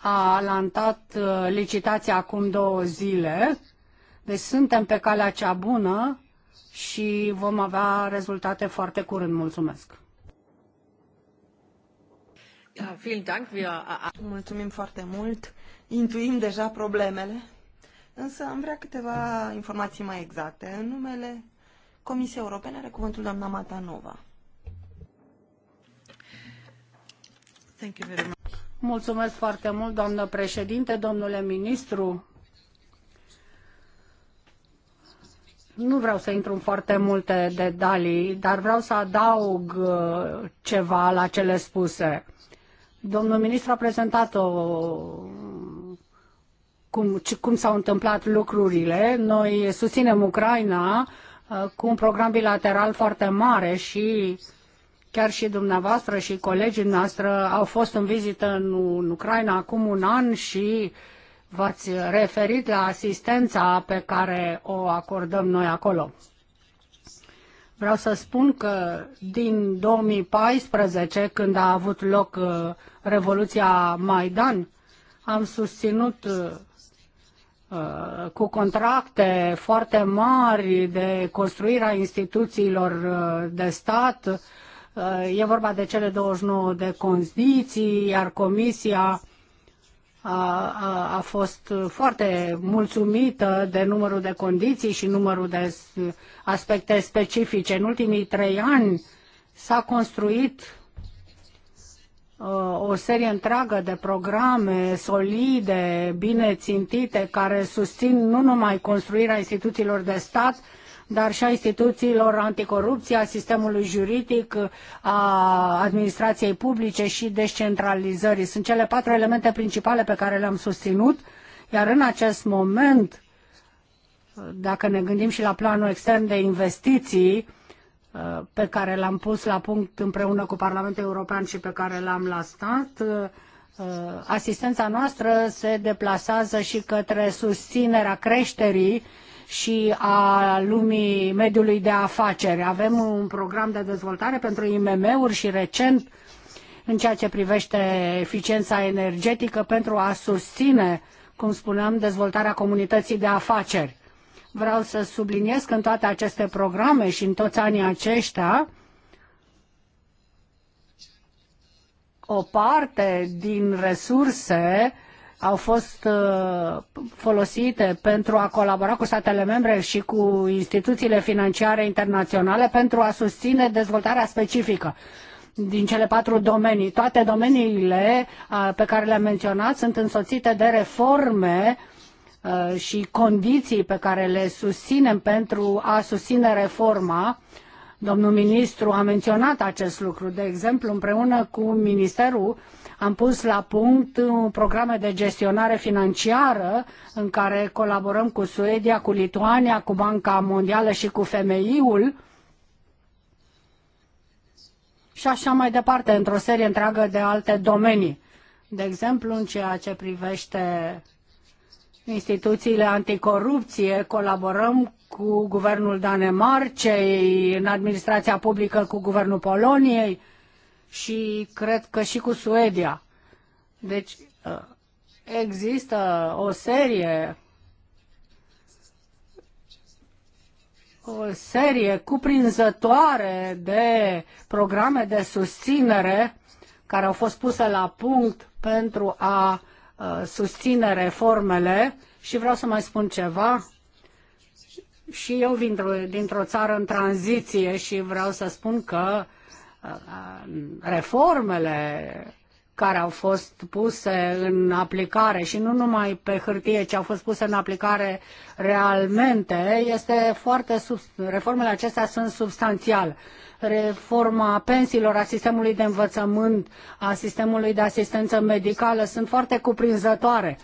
a lantat uh, licitația acum două zile, deci suntem pe calea cea bună și vom avea rezultate foarte curând. Mulțumesc! Mulțumim foarte mult. Intuim deja problemele, însă am vrea câteva informații mai exacte. În numele Comisiei Europene are cuvântul doamna Matanova. Thank you very much. Mulțumesc foarte mult, doamnă președinte, domnule ministru. Nu vreau să intru în foarte multe detalii, dar vreau să adaug uh, ceva la cele spuse. Domnul ministru a prezentat o, cum, cum s-au întâmplat lucrurile. Noi susținem Ucraina uh, cu un program bilateral foarte mare și uh, Chiar și dumneavoastră și colegii noastre au fost în vizită în, în Ucraina acum un an și v-ați referit la asistența pe care o acordăm noi acolo. Vreau să spun că din 2014, când a avut loc uh, Revoluția Maidan, am susținut uh, uh, cu contracte foarte mari de construirea instituțiilor de stat, E vorba de cele 29 de condiții, iar comisia a, a, a fost foarte mulțumită de numărul de condiții și numărul de aspecte specifice. În ultimii trei ani s-a construit uh, o serie întreagă de programe solide, bine țintite, care susțin nu numai construirea instituțiilor de stat, dar și a instituțiilor anticorupție, a sistemului juridic, a administrației publice și descentralizării. Sunt cele patru elemente principale pe care le-am susținut, iar în acest moment, dacă ne gândim și la planul extern de investiții, pe care l-am pus la punct împreună cu Parlamentul European și pe care l-am lansat, asistența noastră se deplasează și către susținerea creșterii și a lumii mediului de afaceri. Avem un program de dezvoltare pentru IMM-uri și recent în ceea ce privește eficiența energetică pentru a susține, cum spuneam, dezvoltarea comunității de afaceri. Vreau să subliniez că în toate aceste programe și în toți anii aceștia, o parte din resurse au fost uh, folosite pentru a colabora cu statele membre și cu instituțiile financiare internaționale pentru a susține dezvoltarea specifică din cele patru domenii. Toate domeniile uh, pe care le-am menționat sunt însoțite de reforme uh, și condiții pe care le susținem pentru a susține reforma Domnul ministru a menționat acest lucru. De exemplu, împreună cu ministerul am pus la punct programe de gestionare financiară în care colaborăm cu Suedia, cu Lituania, cu Banca Mondială și cu FMI-ul și așa mai departe, într-o serie întreagă de alte domenii. De exemplu, în ceea ce privește instituțiile anticorupție, colaborăm cu guvernul Danemarcei, în administrația publică cu guvernul Poloniei și cred că și cu Suedia. Deci ă, există o serie o serie cuprinzătoare de programe de susținere care au fost puse la punct pentru a ă, susține reformele și vreau să mai spun ceva și eu vin dintr-o țară în tranziție și vreau să spun că reformele care au fost puse în aplicare și nu numai pe hârtie, ci au fost puse în aplicare realmente, este foarte sub... reformele acestea sunt substanțiale. Reforma pensiilor, a sistemului de învățământ, a sistemului de asistență medicală sunt foarte cuprinzătoare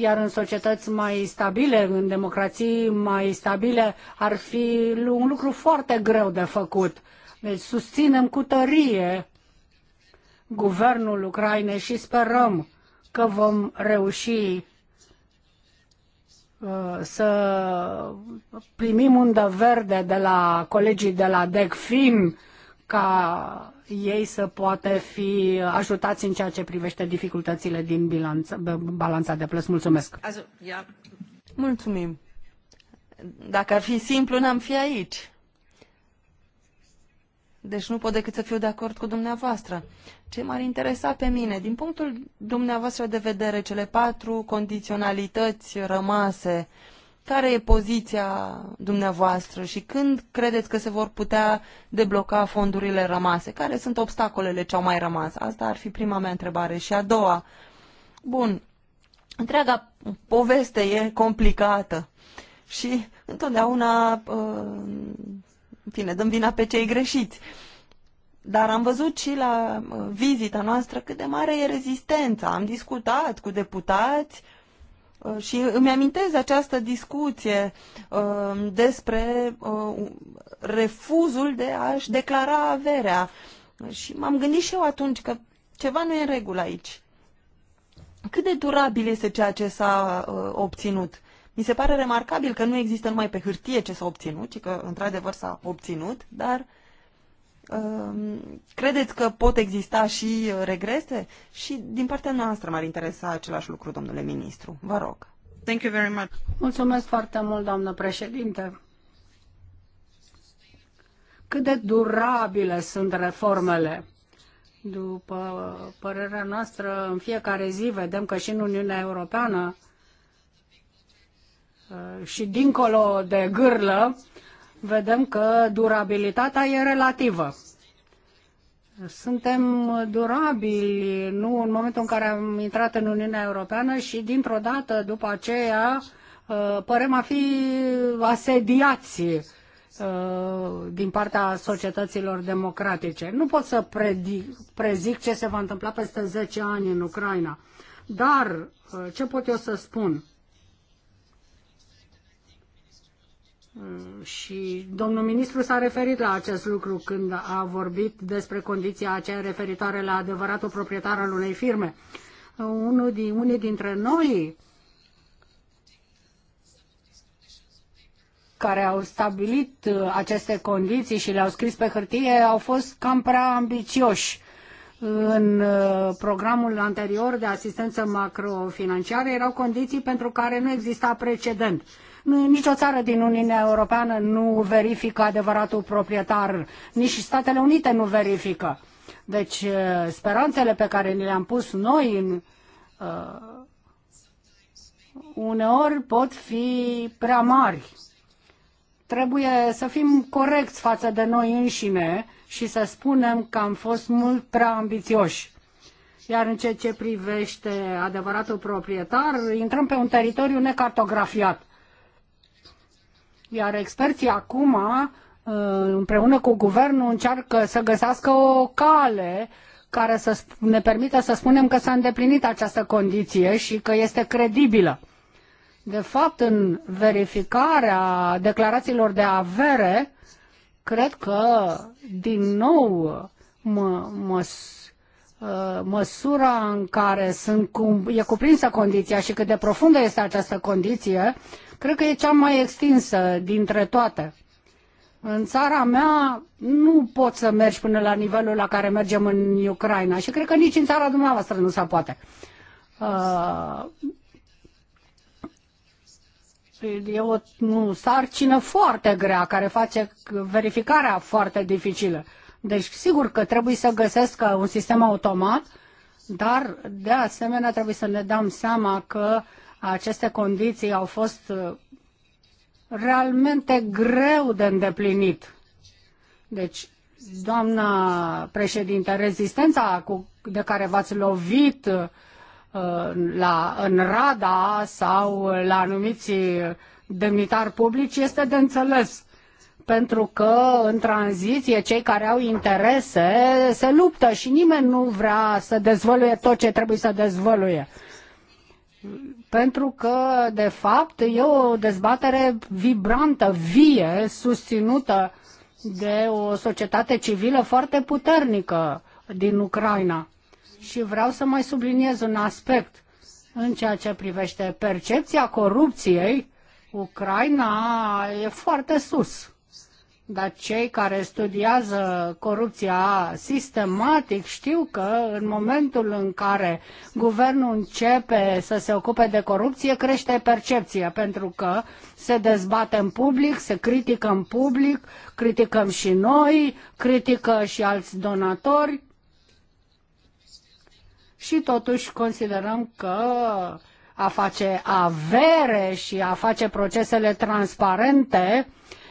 iar în societăți mai stabile, în democrații mai stabile, ar fi un lucru foarte greu de făcut. Deci susținem cu tărie guvernul Ucrainei și sperăm că vom reuși uh, să primim undă verde de la colegii de la DECFIM ca ei să poată fi ajutați în ceea ce privește dificultățile din bilanț, balanța de plăți. Mulțumesc! Mulțumim! Dacă ar fi simplu, n-am fi aici. Deci nu pot decât să fiu de acord cu dumneavoastră. Ce m-ar interesa pe mine, din punctul dumneavoastră de vedere, cele patru condiționalități rămase uh, care e poziția dumneavoastră și când credeți că se vor putea debloca fondurile rămase? Care sunt obstacolele ce au mai rămas? Asta ar fi prima mea întrebare. Și a doua, bun, întreaga poveste e complicată și întotdeauna, uh, în fine, dăm vina pe cei greșiți. Dar am văzut și la uh, vizita noastră cât de mare e rezistența. Am discutat cu deputați, uh, Uh, și îmi amintez această discuție uh, despre uh, refuzul de a-și declara averea. Și m-am gândit și eu atunci că ceva nu e în regulă aici. Cât de durabil este ceea ce s-a obținut? Mi se pare remarcabil că nu există numai pe hârtie ce s-a obținut, ci că într-adevăr s-a obținut, dar uh, Ehm, credeți că pot exista și regrese? Și din partea noastră m-ar interesa același lucru, domnule ministru. Vă rog. Thank you very much. Mulțumesc foarte mult, doamnă președinte. Cât de durabile sunt reformele? După părerea noastră, în fiecare zi vedem că și în Uniunea Europeană eh, și dincolo de gârlă, vedem că durabilitatea e relativă. Suntem durabili, nu în momentul în care am intrat în Uniunea Europeană și dintr-o dată după aceea uh, părem a fi asediați uh, din partea societăților democratice. Nu pot să predic, prezic ce se va întâmpla peste 10 ani în Ucraina, dar uh, ce pot eu să spun? Mm, și domnul ministru s-a referit la acest lucru când a vorbit despre condiția aceea referitoare la adevăratul proprietar al unei firme. Unul din, unii dintre noi care au stabilit uh, aceste condiții și le-au scris pe hârtie au fost cam prea ambițioși. În uh, programul anterior de asistență macrofinanciară erau condiții pentru care nu exista precedent Nicio țară din Uniunea Europeană nu verifică adevăratul proprietar, nici Statele Unite nu verifică. Deci eh, speranțele pe care ni le-am pus noi în, uh, uneori pot fi prea mari. Trebuie să fim corecți față de noi înșine și să spunem că am fost mult prea ambițioși. Iar în ceea ce privește adevăratul proprietar, intrăm pe un teritoriu necartografiat. Iar experții acum, uh, împreună cu guvernul, încearcă să găsească o cale care să ne permită să spunem că s-a îndeplinit această condiție și că este credibilă. De fapt, în verificarea declarațiilor de avere, cred că, din nou, mă, mă, uh, măsura în care sunt, e cuprinsă condiția și cât de profundă este această condiție, Cred că e cea mai extinsă dintre toate. În țara mea nu poți să mergi până la nivelul la care mergem în Ucraina și cred că nici în țara dumneavoastră nu se poate. Uh, e o nu, sarcină foarte grea care face verificarea foarte dificilă. Deci sigur că trebuie să găsesc un sistem automat, dar de asemenea trebuie să ne dăm seama că aceste condiții au fost uh, realmente greu de îndeplinit. Deci, doamna președinte, rezistența cu, de care v-ați lovit uh, la, în Rada sau la anumiți demnitari publici este de înțeles. Pentru că în tranziție cei care au interese se luptă și nimeni nu vrea să dezvăluie tot ce trebuie să dezvăluie pentru că, de fapt, e o dezbatere vibrantă, vie, susținută de o societate civilă foarte puternică din Ucraina. Și vreau să mai subliniez un aspect în ceea ce privește percepția corupției. Ucraina e foarte sus dar cei care studiază corupția sistematic știu că în momentul în care guvernul începe să se ocupe de corupție, crește percepția, pentru că se dezbate în public, se critică în public, criticăm și noi, critică și alți donatori și totuși considerăm că a face avere și a face procesele transparente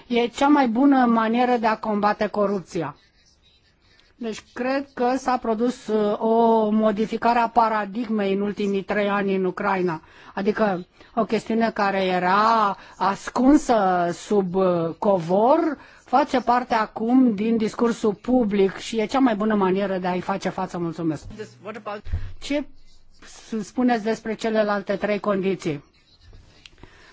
e cea mai bună manieră de a combate corupția. Deci cred că s-a produs uh, o modificare a paradigmei în ultimii trei ani în Ucraina. Adică o chestiune care era ascunsă sub uh, covor face parte acum din discursul public și e cea mai bună manieră de a-i face față. Mulțumesc. Ce spuneți despre celelalte trei condiții?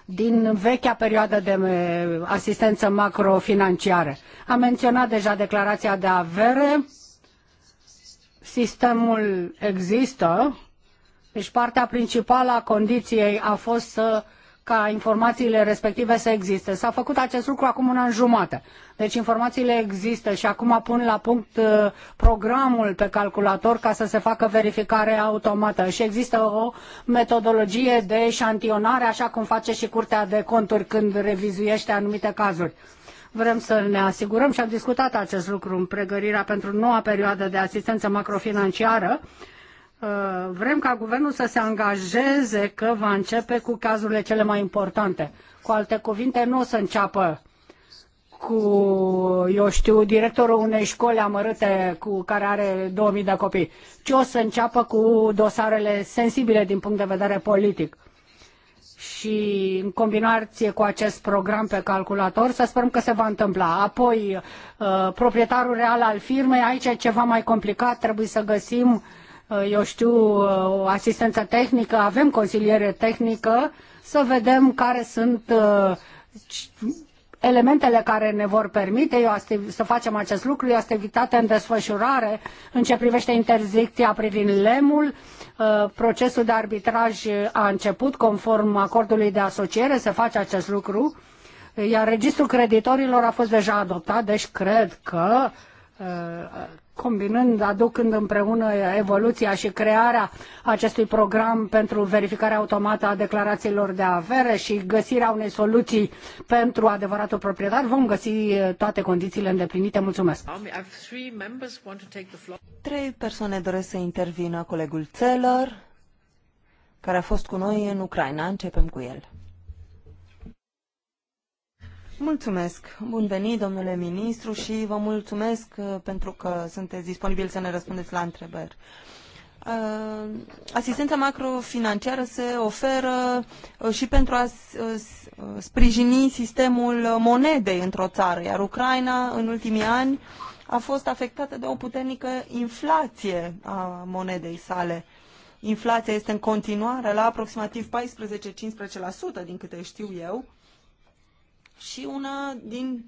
din vechea perioadă de eh, asistență macrofinanciară. Am menționat deja declarația de avere, sistemul există, deci partea principală a condiției a fost să ca informațiile respective să existe. S-a făcut acest lucru acum un an jumate. Deci informațiile există și acum pun la punct uh, programul pe calculator ca să se facă verificare automată. Și există o metodologie de șantionare, așa cum face și Curtea de Conturi când revizuiește anumite cazuri. Vrem să ne asigurăm și am discutat acest lucru în pregărirea pentru noua perioadă de asistență macrofinanciară, Uh, vrem ca guvernul să se angajeze că va începe cu cazurile cele mai importante. Cu alte cuvinte, nu o să înceapă cu, eu știu, directorul unei școli amărâte cu care are 2000 de copii, ci o să înceapă cu dosarele sensibile din punct de vedere politic. Și în combinație cu acest program pe calculator, să sperăm că se va întâmpla. Apoi, uh, proprietarul real al firmei, aici e ceva mai complicat, trebuie să găsim uh, Eh, eu știu, eh, o asistență tehnică, avem consiliere tehnică, să vedem care sunt eh, elementele care ne vor permite să facem acest lucru, este activitate în desfășurare în ce privește interzicția privind lemul. Procesul de arbitraj a început conform acordului de asociere, se face acest lucru, iar registrul creditorilor a fost deja adoptat, deci cred că combinând, aducând împreună evoluția și crearea acestui program pentru verificarea automată a declarațiilor de avere și găsirea unei soluții pentru adevăratul proprietar, vom găsi eh, toate condițiile îndeplinite. Mulțumesc! Um, Trei persoane doresc să intervină. Colegul Țelăr, care a fost cu noi în Ucraina. Începem cu el. Mulțumesc. Bun venit, domnule ministru, și vă mulțumesc uh, pentru că sunteți disponibil să ne răspundeți la întrebări. Uh, asistența macrofinanciară se oferă uh, și pentru a sprijini sistemul monedei într-o țară, iar Ucraina în ultimii ani a fost afectată de o puternică inflație a monedei sale. Inflația este în continuare la aproximativ 14-15% din câte știu eu și una din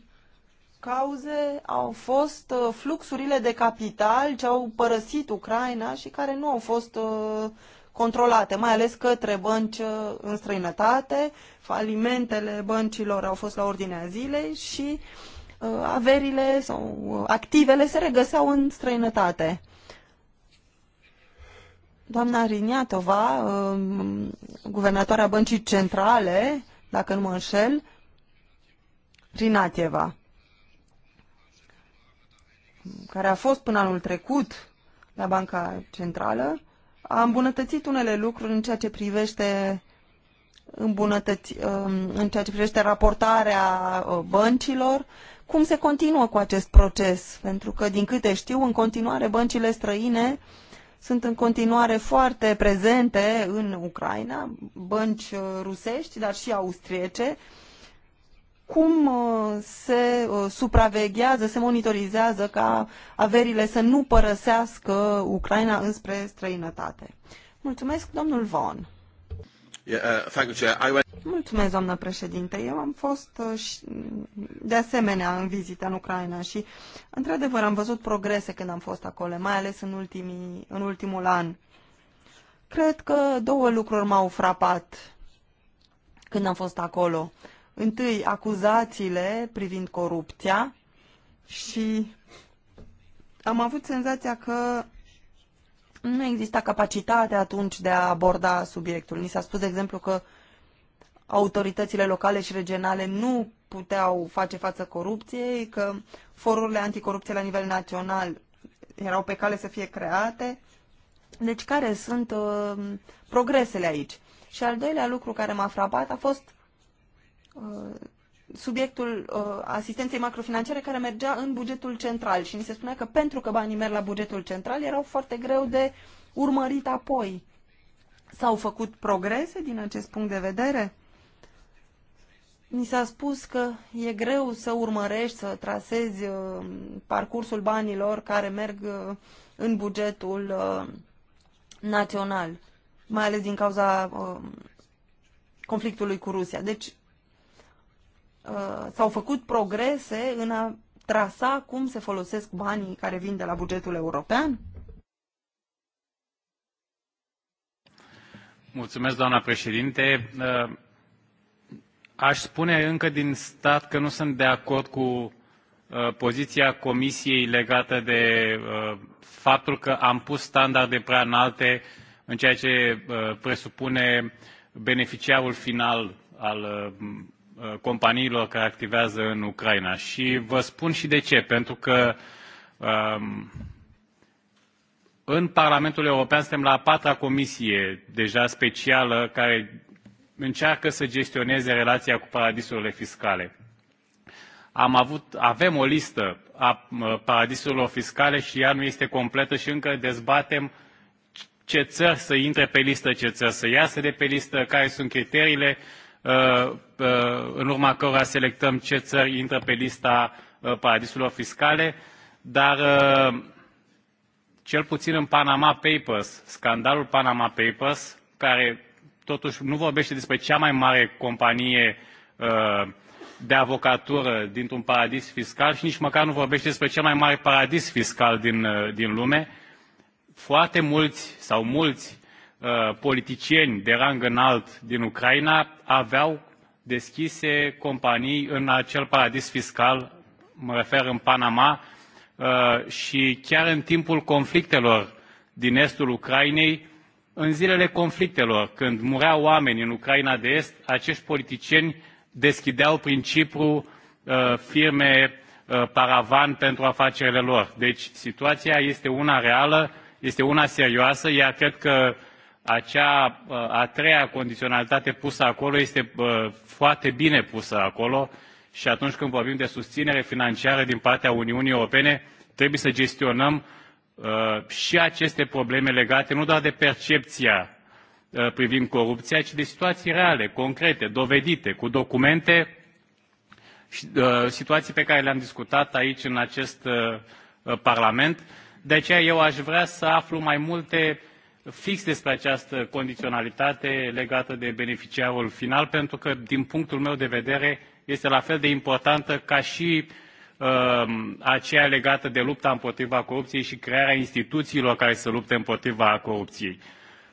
cauze au fost uh, fluxurile de capital ce au părăsit Ucraina și care nu au fost uh, controlate, mai ales către bănci uh, în străinătate, falimentele băncilor au fost la ordinea zilei și averile sau activele se regăseau în străinătate. Doamna Riniatova, guvernatoarea băncii centrale, dacă nu mă înșel, Rinateva, care a fost până anul trecut la Banca Centrală, a îmbunătățit unele lucruri în ceea ce privește îmbunătăți, um, în ceea ce privește raportarea uh, băncilor. Cum se continuă cu acest proces? Pentru că, din câte știu, în continuare băncile străine sunt în continuare foarte prezente în Ucraina, bănci uh, rusești, dar și austriece, cum uh, se uh, supraveghează, se monitorizează ca averile să nu părăsească Ucraina înspre străinătate. Mulțumesc, domnul Vaughan. Uh, Mulțumesc, doamnă președinte. Eu am fost de asemenea în vizită în Ucraina și, într-adevăr, am văzut progrese când am fost acolo, mai ales în, ultimii, în ultimul an. Cred că două lucruri m-au frapat când am fost acolo întâi acuzațiile privind corupția și am avut senzația că nu exista capacitate atunci de a aborda subiectul. Ni s-a spus, de exemplu, că autoritățile locale și regionale nu puteau face față corupției, că forurile anticorupție la nivel național erau pe cale să fie create. Deci care sunt uh, progresele aici? Și al doilea lucru care m-a frapat a fost Uh, subiectul uh, asistenței macrofinanciare care mergea în bugetul central și ni se spunea că pentru că banii merg la bugetul central erau foarte greu de urmărit apoi. S-au făcut progrese din acest punct de vedere? Ni s-a spus că e greu să urmărești, să trasezi uh, parcursul banilor care merg uh, în bugetul uh, național, mai ales din cauza uh, conflictului cu Rusia. Deci Uh, s-au făcut progrese în a trasa cum se folosesc banii care vin de la bugetul european? Mulțumesc, doamna președinte. Uh, aș spune încă din stat că nu sunt de acord cu uh, poziția Comisiei legată de faptul că am pus standarde prea înalte în ceea ce presupune beneficiarul final al Uh, companiilor care activează în Ucraina. Și vă spun și de ce. Pentru că um, în Parlamentul European suntem la a patra comisie deja specială care încearcă să gestioneze relația cu paradisurile fiscale. Am avut, avem o listă a uh, paradisurilor fiscale și ea nu este completă și încă dezbatem ce țări să intre pe listă, ce țări să iasă de pe listă, care sunt criteriile Uh, uh, în urma cărora selectăm ce țări intră pe lista uh, paradisurilor fiscale, dar cel puțin în Panama Papers, scandalul Panama Papers, care totuși nu vorbește despre cea mai mare companie de avocatură dintr-un paradis fiscal și nici măcar nu vorbește despre cel mai mare paradis fiscal din, din lume, foarte mulți sau mulți Uh, politicieni de rang înalt din Ucraina aveau deschise companii în acel paradis fiscal, mă refer în Panama, uh, și chiar în timpul conflictelor din estul Ucrainei, în zilele conflictelor, când mureau oameni în Ucraina de Est, acești politicieni deschideau prin Cipru uh, firme paravan pentru afacerile lor. Deci situația este una reală, este una serioasă, iar cred că acea a treia condiționalitate pusă acolo este foarte bine pusă acolo și atunci când vorbim de susținere financiară din partea Uniunii Europene, trebuie să gestionăm ă, și aceste probleme legate nu doar de percepția ă, privind corupția, ci de situații reale, concrete, dovedite, cu documente, ă, situații pe care le-am discutat aici în acest Parlament. De aceea eu aș vrea să aflu mai multe fix despre această condiționalitate legată de beneficiarul final, pentru că, din punctul meu de vedere, este la fel de importantă ca și uh, aceea legată de lupta împotriva corupției și crearea instituțiilor care să lupte împotriva corupției.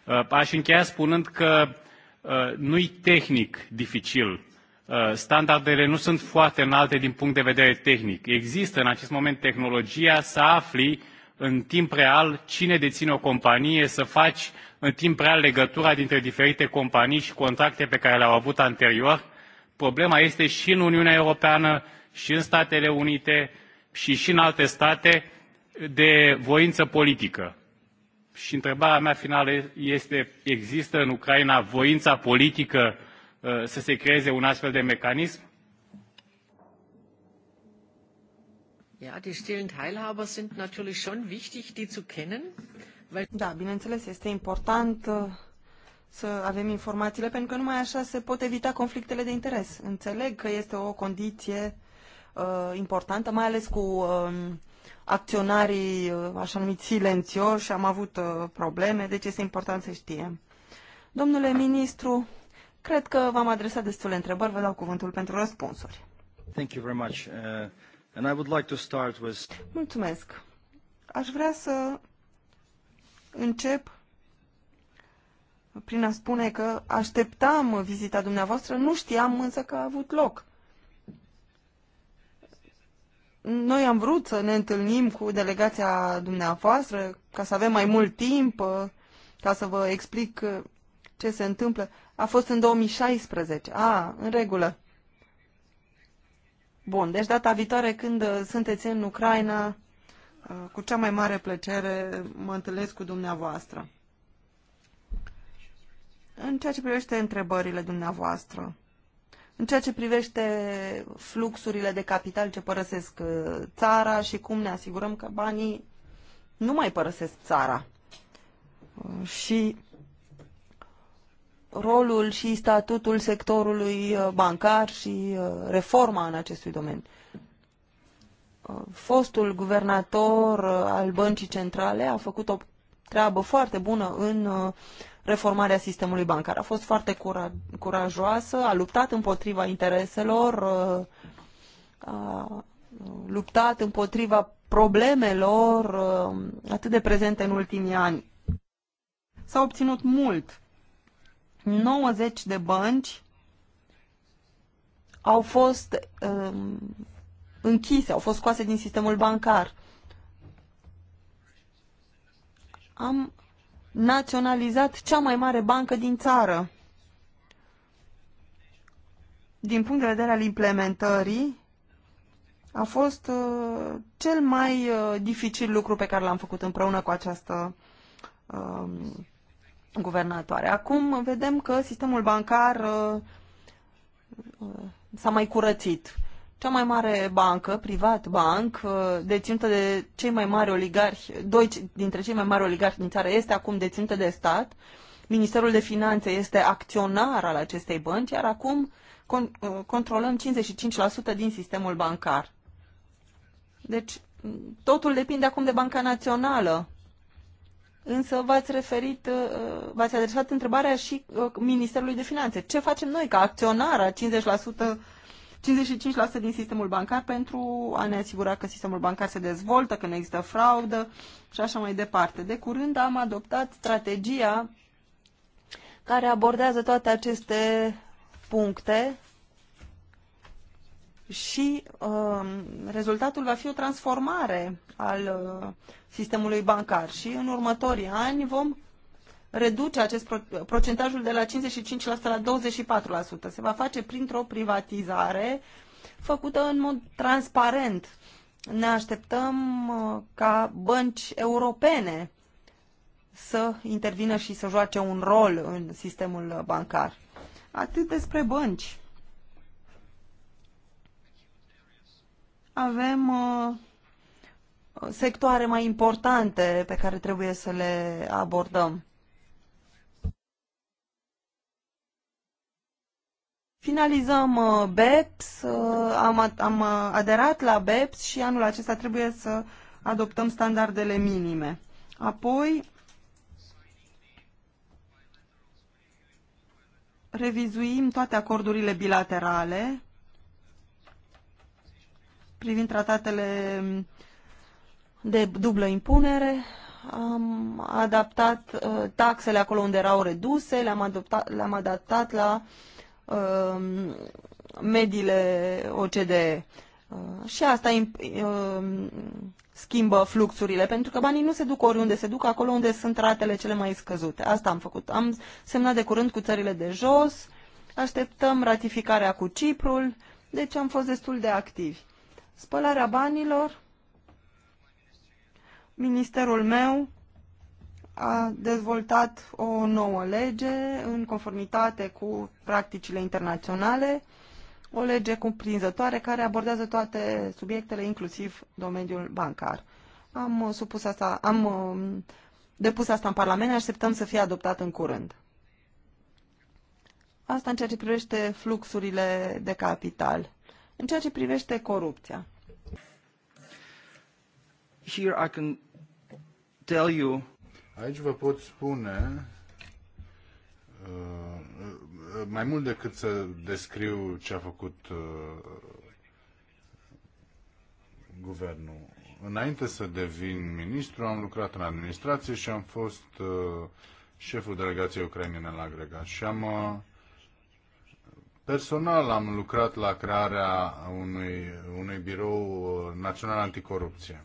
Uh, aș încheia spunând că uh, nu-i tehnic dificil. Uh, standardele nu sunt foarte înalte din punct de vedere tehnic. Există în acest moment tehnologia să afli în timp real cine deține o companie, să faci în timp real legătura dintre diferite companii și contracte pe care le-au avut anterior. Problema este și în Uniunea Europeană, și în Statele Unite, și și în alte state de voință politică. Și întrebarea mea finală este, există în Ucraina voința politică uh, să se creeze un astfel de mecanism? Ja, die stillen Teilhaber sind natürlich schon wichtig, die zu kennen. Weil... Da, bineînțeles, este important uh, să avem informațiile, pentru că numai așa se pot evita conflictele de interes. Înțeleg că este o condiție uh, importantă, mai ales cu uh, acționarii uh, așa numiți silențioși, am avut uh, probleme, deci este important să știem. Domnule ministru, cred că v-am adresat destule întrebări, vă dau cuvântul pentru răspunsuri. Thank you very much. Uh... And I would like to start with... Mulțumesc. Aș vrea să încep prin a spune că așteptam vizita dumneavoastră, nu știam însă că a avut loc. Noi am vrut să ne întâlnim cu delegația dumneavoastră ca să avem mai mult timp, ca să vă explic ce se întâmplă. A fost în 2016. A, în regulă. Bun, deci data viitoare când uh, sunteți în Ucraina, uh, cu cea mai mare plăcere mă întâlnesc cu dumneavoastră. În ceea ce privește întrebările dumneavoastră, în ceea ce privește fluxurile de capital ce părăsesc uh, țara și cum ne asigurăm că banii nu mai părăsesc țara. Și rolul și statutul sectorului uh, bancar și uh, reforma în acestui domeniu. Uh, fostul guvernator al Băncii Centrale a făcut o treabă foarte bună în reformarea sistemului bancar. A fost foarte curajoasă, a luptat împotriva intereselor, a luptat împotriva problemelor atât de prezente în ultimii ani. S-a obținut mult 90 de bănci au fost uh, închise, au fost scoase din sistemul bancar. Am naționalizat cea mai mare bancă din țară. Din punct de vedere al implementării, a fost uh, cel mai uh, dificil lucru pe care l-am făcut împreună cu această uh, guvernatoare. Acum vedem că sistemul bancar uh, uh, s-a mai curățit. Cea mai mare bancă, privat banc, uh, deținută de cei mai mari oligarhi, doi dintre cei mai mari oligarhi din țară, este acum deținută de stat. Ministerul de Finanțe este acționar al acestei bănci, iar acum con controlăm 55% din sistemul bancar. Deci, totul depinde acum de Banca Națională Însă v-ați referit, uh, uh, v-ați adresat întrebarea și uh, Ministerului de Finanțe. Ce facem noi ca acționar a 50%, 55% din sistemul bancar pentru a ne asigura că sistemul bancar se dezvoltă, că nu există fraudă și așa mai departe. De curând am adoptat strategia care abordează toate aceste puncte și uh, rezultatul va fi o transformare al uh, sistemului bancar și în următorii ani vom reduce acest pro procentajul de la 55% la 24%. Se va face printr-o privatizare făcută în mod transparent. Ne așteptăm uh, ca bănci europene să intervină și să joace un rol în sistemul bancar. Atât despre bănci. avem uh, sectoare mai importante pe care trebuie să le abordăm. Finalizăm uh, BEPS, uh, am, am aderat la BEPS și anul acesta trebuie să adoptăm standardele minime. Apoi revizuim toate acordurile bilaterale privind tratatele de dublă impunere, am adaptat uh, taxele acolo unde erau reduse, le-am adaptat, le-am adaptat la uh, mediile OCDE. Uh, și asta uh, schimbă fluxurile, pentru că banii nu se duc oriunde, se duc acolo unde sunt ratele cele mai scăzute. Asta am făcut. Am semnat de curând cu țările de jos, așteptăm ratificarea cu Ciprul, deci am fost destul de activi. Spălarea banilor, ministerul meu a dezvoltat o nouă lege în conformitate cu practicile internaționale, o lege cuprinzătoare care abordează toate subiectele, inclusiv domeniul bancar. Am uh, supus asta, am uh, depus asta în Parlament, așteptăm să fie adoptat în curând. Asta în ceea ce privește fluxurile de capital. În ceea ce privește corupția. Here I can tell you. Aici vă pot spune uh, mai mult decât să descriu ce a făcut uh, guvernul. Înainte să devin ministru, am lucrat în administrație și am fost uh, șeful delegației ucrainene la Grega și am Personal am lucrat la crearea unui, unui birou uh, național anticorupție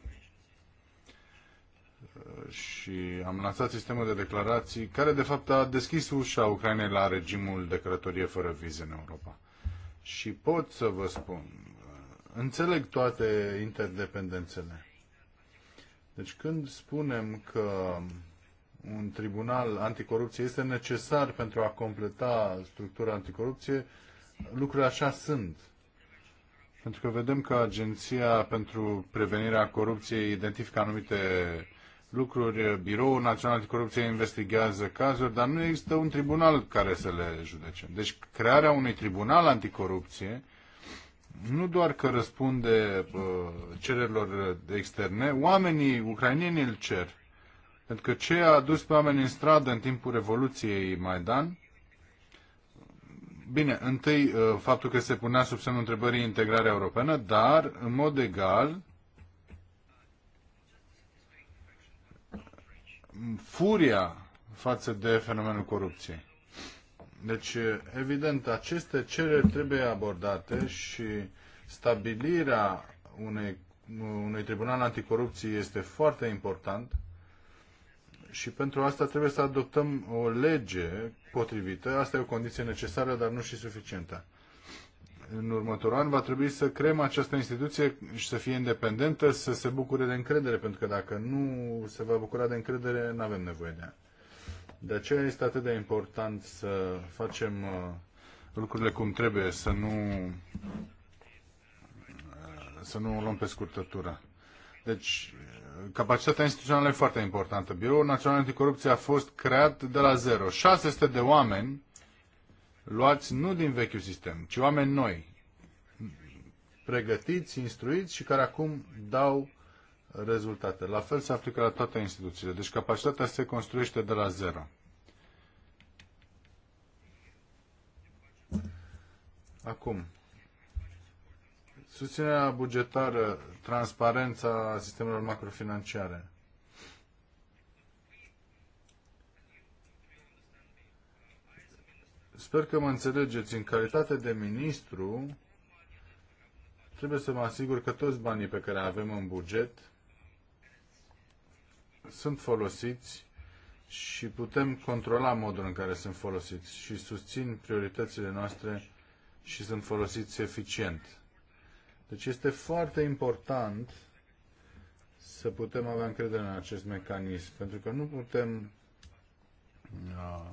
uh, și am lansat sistemul de declarații care de fapt a deschis ușa Ucrainei la regimul de călătorie fără vize în Europa. Și pot să vă spun, uh, înțeleg toate interdependențele. Deci când spunem că un tribunal anticorupție este necesar pentru a completa structura anticorupție, lucrurile așa sunt. Pentru că vedem că Agenția pentru Prevenirea Corupției identifică anumite lucruri, Biroul Național de Corupție investigează cazuri, dar nu există un tribunal care să le judece. Deci crearea unui tribunal anticorupție nu doar că răspunde uh, cererilor externe, oamenii ucrainieni îl cer. Pentru că ce a dus pe oameni în stradă în timpul Revoluției Maidan Bine, întâi uh, faptul că se punea sub semnul întrebării integrarea europeană, dar în mod egal furia față de fenomenul corupției. Deci, evident, aceste cereri trebuie abordate și stabilirea unei, unui tribunal anticorupție este foarte important și pentru asta trebuie să adoptăm o lege potrivită. Asta e o condiție necesară, dar nu și suficientă. În următorul an va trebui să creăm această instituție și să fie independentă, să se bucure de încredere, pentru că dacă nu se va bucura de încredere, nu avem nevoie de ea. De aceea este atât de important să facem uh, lucrurile cum trebuie, să nu, uh, să nu o luăm pe scurtătură. Deci, Capacitatea instituțională e foarte importantă. Biroul Național Anticorupție a fost creat de la zero. 600 de oameni luați nu din vechiul sistem, ci oameni noi, pregătiți, instruiți și care acum dau rezultate. La fel se aplică la toate instituțiile. Deci capacitatea se construiește de la zero. Acum, Susținerea bugetară, transparența sistemelor macrofinanciare. Sper că mă înțelegeți. În calitate de ministru, trebuie să mă asigur că toți banii pe care avem în buget sunt folosiți și putem controla modul în care sunt folosiți și susțin prioritățile noastre și sunt folosiți eficient. Deci este foarte important să putem avea încredere în acest mecanism, pentru că nu putem uh,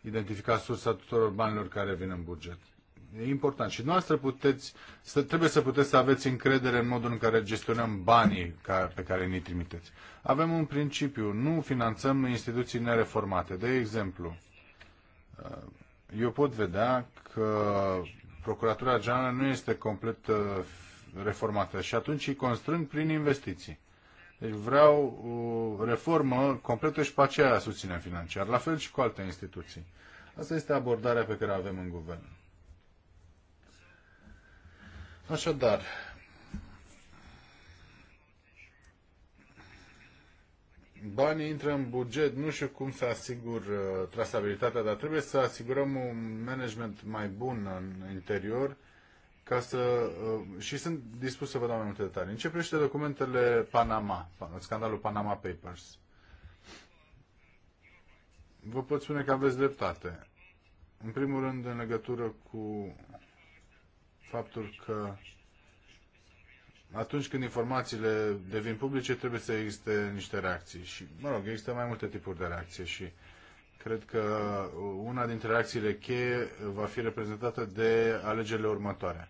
identifica sursa tuturor banilor care vin în buget. E important. Și noastră puteți, să, trebuie să puteți să aveți încredere în modul în care gestionăm banii ca, pe care ni trimiteți. Avem un principiu. Nu finanțăm instituții nereformate. De exemplu, uh, eu pot vedea că Procuratura Generală nu este complet uh, reformată și atunci îi constrâng prin investiții. Deci vreau o reformă completă și pe aceea susținem financiar, la fel și cu alte instituții. Asta este abordarea pe care o avem în guvern. Așadar, banii intră în buget, nu știu cum să asigur trasabilitatea, dar trebuie să asigurăm un management mai bun în interior ca să, uh, și sunt dispus să vă dau mai multe detalii. În ce privește documentele Panama, scandalul Panama Papers, vă pot spune că aveți dreptate. În primul rând, în legătură cu faptul că atunci când informațiile devin publice, trebuie să existe niște reacții. Și, mă rog, există mai multe tipuri de reacție și cred că una dintre reacțiile cheie va fi reprezentată de alegerile următoare.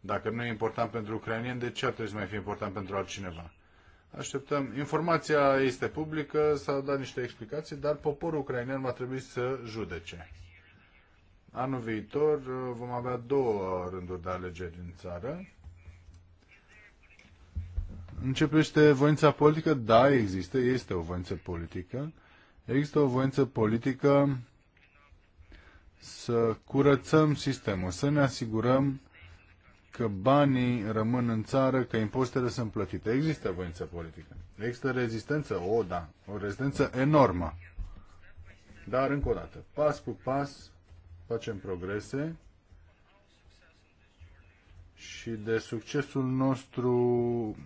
Dacă nu e important pentru ucrainieni, de ce ar trebui să mai fie important pentru altcineva? Așteptăm. Informația este publică, s-au dat niște explicații, dar poporul ucrainean va trebui să judece. Anul viitor uh, vom avea două rânduri de alegeri în țară. Începește voința politică? Da, există, este o voință politică. Există o voință politică să curățăm sistemul, să ne asigurăm că banii rămân în țară, că impozitele sunt plătite. Există voință politică. Există rezistență, o, da, o rezistență enormă. Dar, încă o dată, pas cu pas facem progrese și de succesul nostru,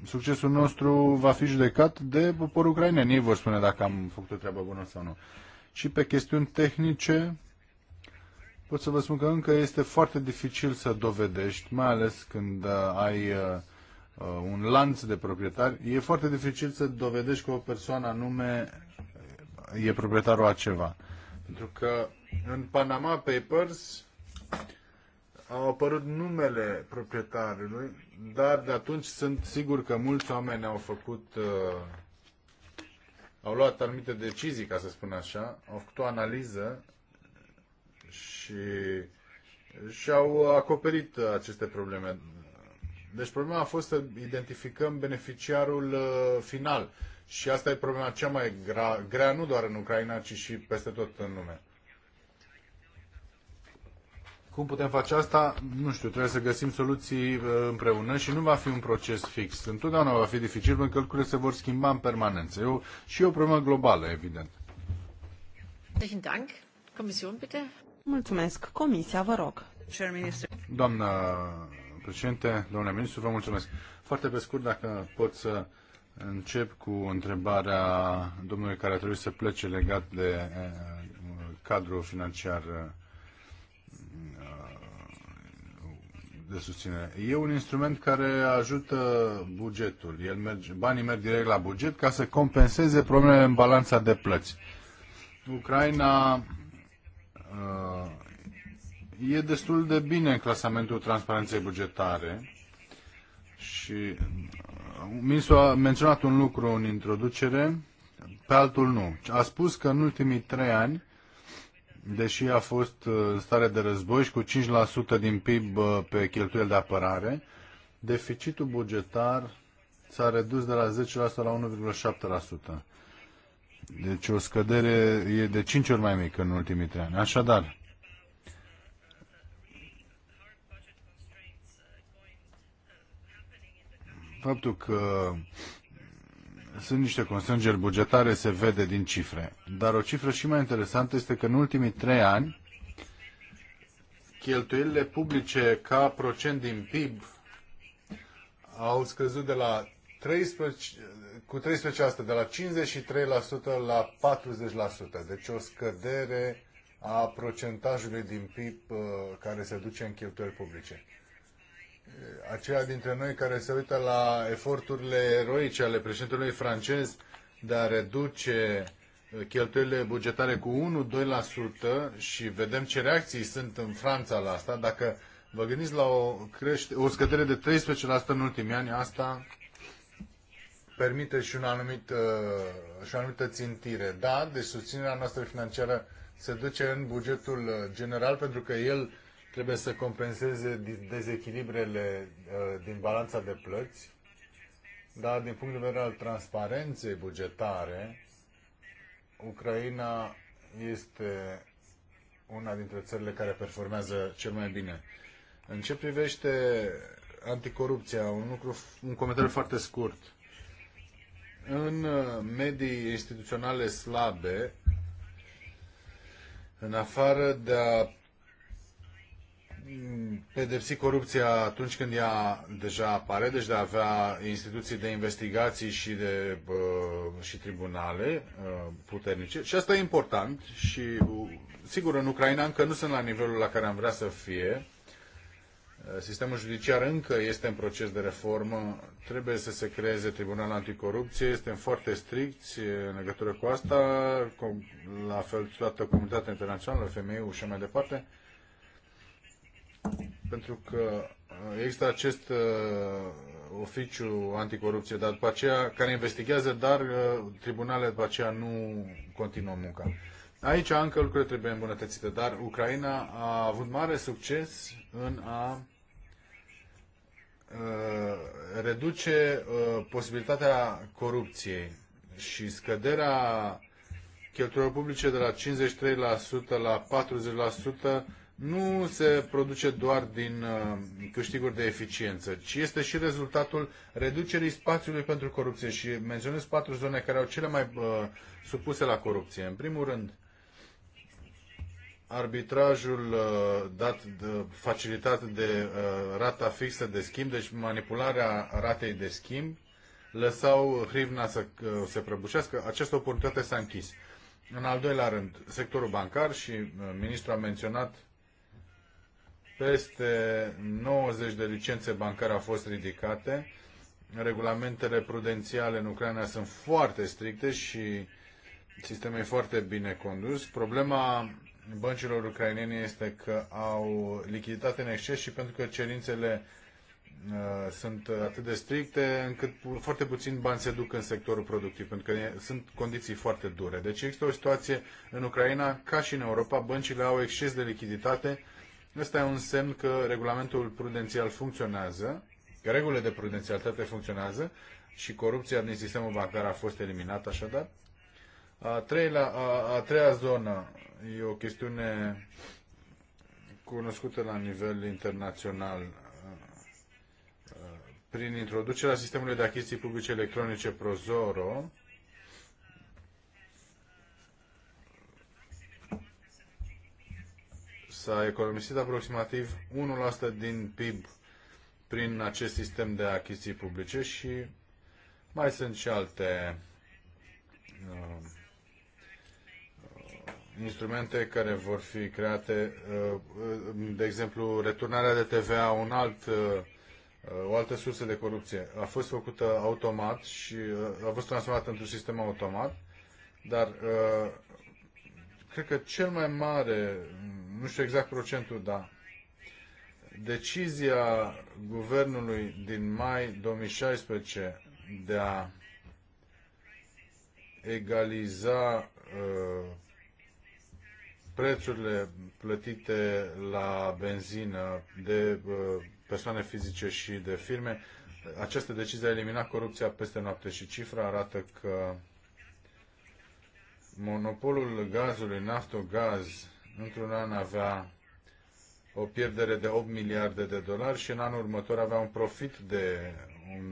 succesul nostru va fi judecat de poporul ucrainean. Ei vor spune dacă am făcut o treabă bună sau nu. Și pe chestiuni tehnice, pot să vă spun că încă este foarte dificil să dovedești, mai ales când uh, ai uh, uh, un lanț de proprietari, e foarte dificil să dovedești că o persoană anume e proprietarul a ceva. Pentru că în Panama Papers au apărut numele proprietarului, dar de atunci sunt sigur că mulți oameni au făcut, uh, au luat anumite decizii, ca să spun așa, au făcut o analiză și și-au acoperit aceste probleme. Deci problema a fost să identificăm beneficiarul uh, final. Și asta e problema cea mai grea, grea nu doar în Ucraina, ci și peste tot în lume. Cum putem face asta? Nu știu, trebuie să găsim soluții uh, împreună și nu va fi un proces fix. Întotdeauna va fi dificil pentru că lucrurile se vor schimba în permanență. Eu, și e o problemă globală, evident. Mulțumesc. Comisiune, bitte. Mulțumesc. Comisia, vă rog. Doamnă președinte, domnule ministru, vă mulțumesc. Foarte pe scurt, dacă pot să încep cu întrebarea domnului care a trebuit să plece legat de eh, cadrul financiar eh, de susținere. E un instrument care ajută bugetul. El merge, banii merg direct la buget ca să compenseze problemele în balanța de plăți. Ucraina Uh, e destul de bine în clasamentul transparenței bugetare și uh, ministrul a menționat un lucru în introducere, pe altul nu. A spus că în ultimii trei ani, deși a fost uh, în stare de război și cu 5% din PIB pe cheltuieli de apărare, deficitul bugetar s-a redus de la 10% la 1,7%. Deci o scădere e de 5 ori mai mică în ultimii 3 ani. Așadar, faptul că sunt niște constrângeri bugetare se vede din cifre. Dar o cifră și mai interesantă este că în ultimii trei ani cheltuielile publice ca procent din PIB au scăzut de la 13, cu 13% de la 53% la 40%. Deci o scădere a procentajului din PIB uh, care se duce în cheltuieli publice. Uh, aceia dintre noi care se uită la eforturile eroice ale președintelui francez de a reduce uh, cheltuielile bugetare cu 1-2% și vedem ce reacții sunt în Franța la asta, dacă vă gândiți la o, crește, o scădere de 13% în ultimii ani, asta permite și, un anumit, uh, și o anumită țintire. Da, deci susținerea noastră financiară se duce în bugetul uh, general pentru că el trebuie să compenseze dezechilibrele uh, din balanța de plăți, dar din punct de vedere al transparenței bugetare, Ucraina este una dintre țările care performează cel mai bine. În ce privește anticorupția, un, lucru, un comentariu foarte scurt în uh, medii instituționale slabe, în afară de a pedepsi corupția atunci când ea deja apare, deci de a avea instituții de investigații și, de, uh, și tribunale uh, puternice. Și asta e important și, sigur, în Ucraina încă nu sunt la nivelul la care am vrea să fie, Eh, sistemul judiciar încă este în proces de reformă, trebuie să se creeze Tribunalul Anticorupție, suntem foarte stricți în legătură cu asta, la fel toată comunitatea internațională, femei și mai departe, pentru că eh, există acest uh, oficiu anticorupție, dar după aceea, care investigează, dar uh, tribunalele după aceea nu continuă munca. Aici încă lucrurile trebuie îmbunătățite, dar Ucraina a avut mare succes în a Uh, reduce uh, posibilitatea corupției și scăderea cheltuielor publice de la 53% la 40% nu se produce doar din uh, câștiguri de eficiență, ci este și rezultatul reducerii spațiului pentru corupție. Și menționez patru zone care au cele mai supuse la corupție. În primul rând, arbitrajul uh, dat, facilitat de uh, rata fixă de schimb, deci manipularea ratei de schimb, lăsau hrivna să uh, se prăbușească. Această oportunitate s-a închis. În al doilea rând, sectorul bancar și ministrul a menționat peste 90 de licențe bancare au fost ridicate. Regulamentele prudențiale în Ucraina sunt foarte stricte și sistemul e foarte bine condus. Problema băncilor ucrainene este că au lichiditate în exces și pentru că cerințele uh, sunt atât de stricte încât foarte puțin bani se duc în sectorul productiv, pentru că sunt condiții foarte dure. Deci există o situație în Ucraina, ca și în Europa, băncile au exces de lichiditate. Ăsta e un semn că regulamentul prudențial funcționează, că regulile de prudențialitate funcționează și corupția din sistemul bancar a fost eliminată așadar. A, treia, a, a treia zonă e o chestiune cunoscută la nivel internațional. Uh, uh, prin introducerea sistemului de achiziții publice electronice Prozoro, s-a economisit aproximativ 1% din PIB prin acest sistem de achiziții publice și mai sunt și alte um, instrumente care vor fi create, uh, de exemplu, returnarea de TVA, un alt, uh, uh, o altă sursă de corupție. A fost făcută automat și a fost transformată într-un sistem automat, dar cred că cel mai mare, nu știu exact procentul, dar decizia guvernului din mai 2016 de a egaliza uh, prețurile plătite la benzină de uh, persoane fizice și de firme, această decizie a eliminat corupția peste noapte și cifra arată că monopolul gazului Naftogaz într-un an avea o pierdere de 8 miliarde de dolari și în anul următor avea un profit de 1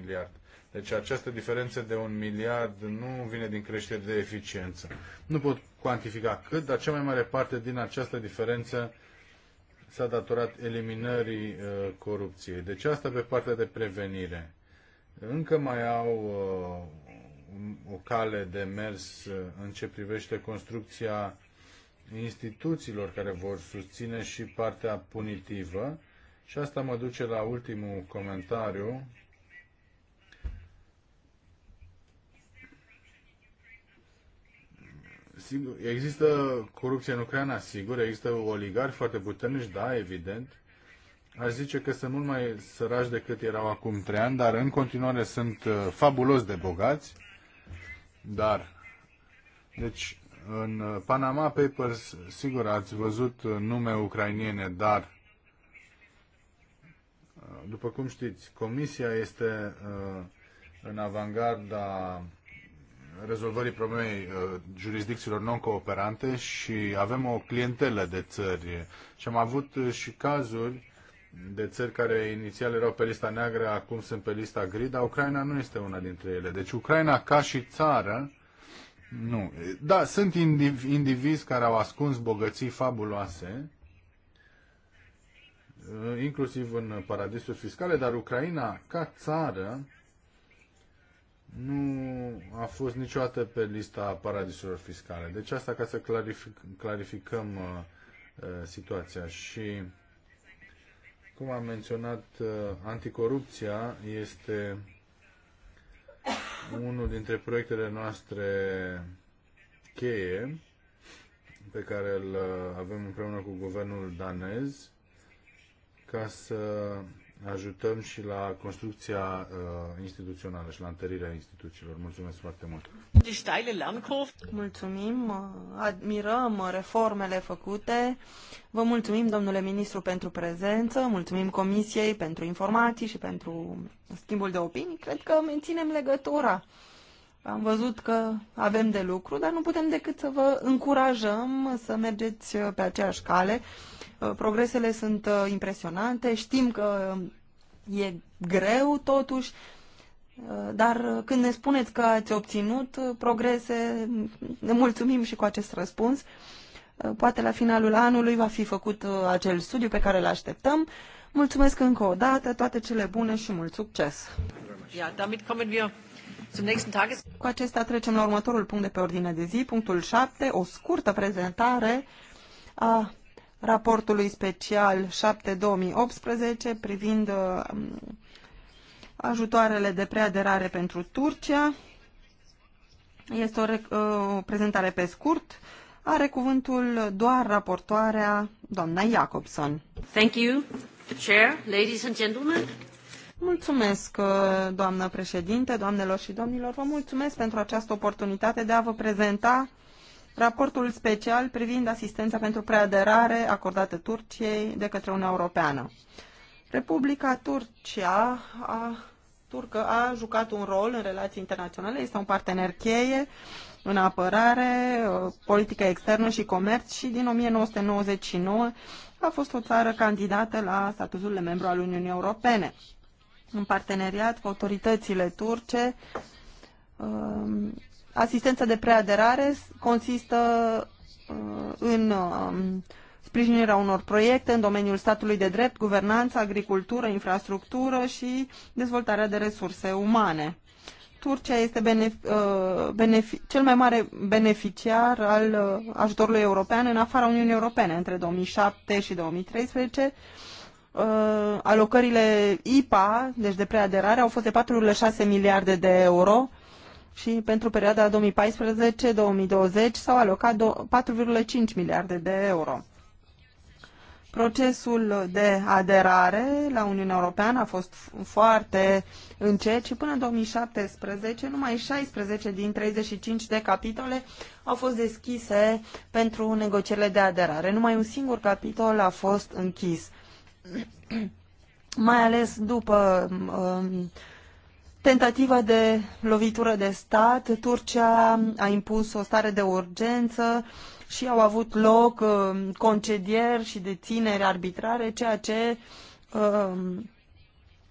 miliard. Deci această diferență de un miliard nu vine din creștere de eficiență. Nu pot cuantifica cât, dar cea mai mare parte din această diferență s-a datorat eliminării uh, corupției. Deci asta pe partea de prevenire. Încă mai au uh, o cale de mers uh, în ce privește construcția instituțiilor care vor susține și partea punitivă. Și asta mă duce la ultimul comentariu Sigur, există corupție în Ucraina, sigur, există oligari foarte puternici, da, evident. Aș zice că sunt mult mai sărași decât erau acum trei ani, dar în continuare sunt uh, fabulos de bogați. Dar, deci, în uh, Panama Papers, sigur, ați văzut uh, nume ucrainiene, dar după cum știți, Comisia este uh, în avangarda rezolvării problemei uh, jurisdicțiilor non-cooperante și avem o clientelă de țări și am avut uh, și cazuri de țări care inițial erau pe lista neagră, acum sunt pe lista gri, dar Ucraina nu este una dintre ele. Deci Ucraina ca și țară, nu. Da, sunt indivizi care au ascuns bogății fabuloase, uh, inclusiv în paradisuri fiscale, dar Ucraina ca țară nu a fost niciodată pe lista paradisurilor fiscale. Deci asta ca să clarific, clarificăm uh, uh, situația și cum am menționat, uh, anticorupția este unul dintre proiectele noastre cheie pe care îl uh, avem împreună cu guvernul danez ca să ajutăm și la construcția uh, instituțională și la întărirea instituțiilor. Mulțumesc foarte mult! Mulțumim, uh, admirăm uh, reformele făcute. Vă mulțumim, domnule ministru, pentru prezență, mulțumim comisiei pentru informații și pentru schimbul de opinii. Cred că menținem legătura. Am văzut că avem de lucru, dar nu putem decât să vă încurajăm să mergeți uh, pe aceeași cale Uh, progresele sunt uh, impresionante, știm că uh, e greu totuși, dar când ne spuneți că ați obținut progrese, ne mulțumim și cu acest răspuns. Poate la finalul anului va fi făcut acel studiu pe care îl așteptăm. Mulțumesc încă o dată, toate cele bune și mult succes! Cu acesta trecem la următorul punct de pe ordine de zi, punctul 7, o scurtă prezentare a raportului special 7-2018 privind uh, ajutoarele de preaderare pentru Turcia. Este o, uh, o prezentare pe scurt. Are cuvântul doar raportoarea doamna Jacobson. Thank you, Chair, ladies and gentlemen. Mulțumesc, uh, doamnă președinte, doamnelor și domnilor. Vă mulțumesc pentru această oportunitate de a vă prezenta raportul special privind asistența pentru preaderare acordată Turciei de către Uniunea Europeană. Republica Turcia a, turcă a jucat un rol în relații internaționale, este un partener cheie în apărare, uh, politică externă și comerț și din 1999 a fost o țară candidată la statutul de membru al Uniunii Europene. În parteneriat cu autoritățile turce, uh, Asistența de preaderare consistă uh, în um, sprijinirea unor proiecte în domeniul statului de drept, guvernanță, agricultură, infrastructură și dezvoltarea de resurse umane. Turcia este benef- uh, cel mai mare beneficiar al uh, ajutorului european în afara Uniunii Europene între 2007 și 2013. Alocările IPA, deci de preaderare, au fost de 4,6 miliarde de euro, și pentru perioada 2014-2020 s-au alocat 4,5 miliarde de euro. Procesul de aderare la Uniunea Europeană a fost foarte încet și până în 2017 numai 16 din 35 de capitole au fost deschise pentru negocierile de aderare. Numai un singur capitol a fost închis. Mai ales după um, tentativă de lovitură de stat, Turcia a impus o stare de urgență și au avut loc uh, concedieri și dețineri arbitrare, ceea ce uh,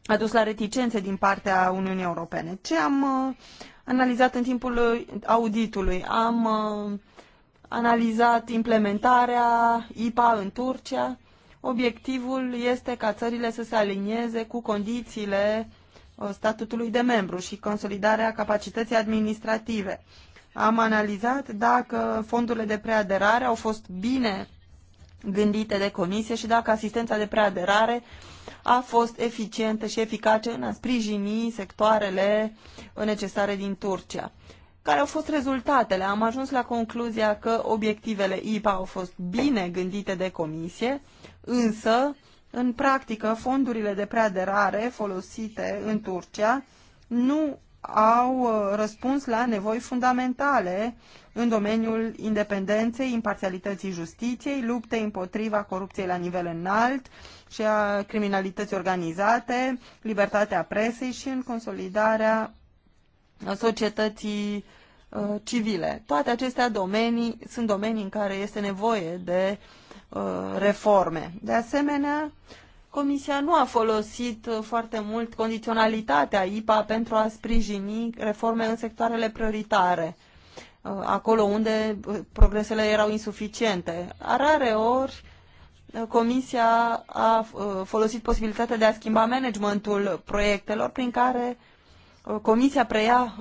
a dus la reticențe din partea Uniunii Europene. Ce am uh, analizat în timpul auditului? Am analizat implementarea IPA în Turcia. Obiectivul este ca țările să se alinieze cu condițiile uh, Uh, statutului de membru și consolidarea capacității administrative. Am analizat dacă fondurile de preaderare au fost bine gândite de comisie și dacă asistența de preaderare a fost eficientă și eficace în a sprijini sectoarele uh, necesare din Turcia. Care au fost rezultatele? Am ajuns la concluzia că obiectivele IPA au fost bine gândite de comisie, însă în practică, fondurile de preaderare folosite în Turcia nu au uh, răspuns la nevoi fundamentale în domeniul independenței, imparțialității justiției, luptei împotriva corupției la nivel înalt și a criminalității organizate, libertatea presei și în consolidarea societății uh, civile. Toate acestea domenii sunt domenii în care este nevoie de uh, Uh, reforme. De asemenea, Comisia nu a folosit uh, foarte mult condiționalitatea IPA pentru a sprijini reforme în sectoarele prioritare, uh, acolo unde progresele erau insuficiente. Rare ori, Comisia a folosit posibilitatea de a schimba managementul proiectelor prin care Comisia preia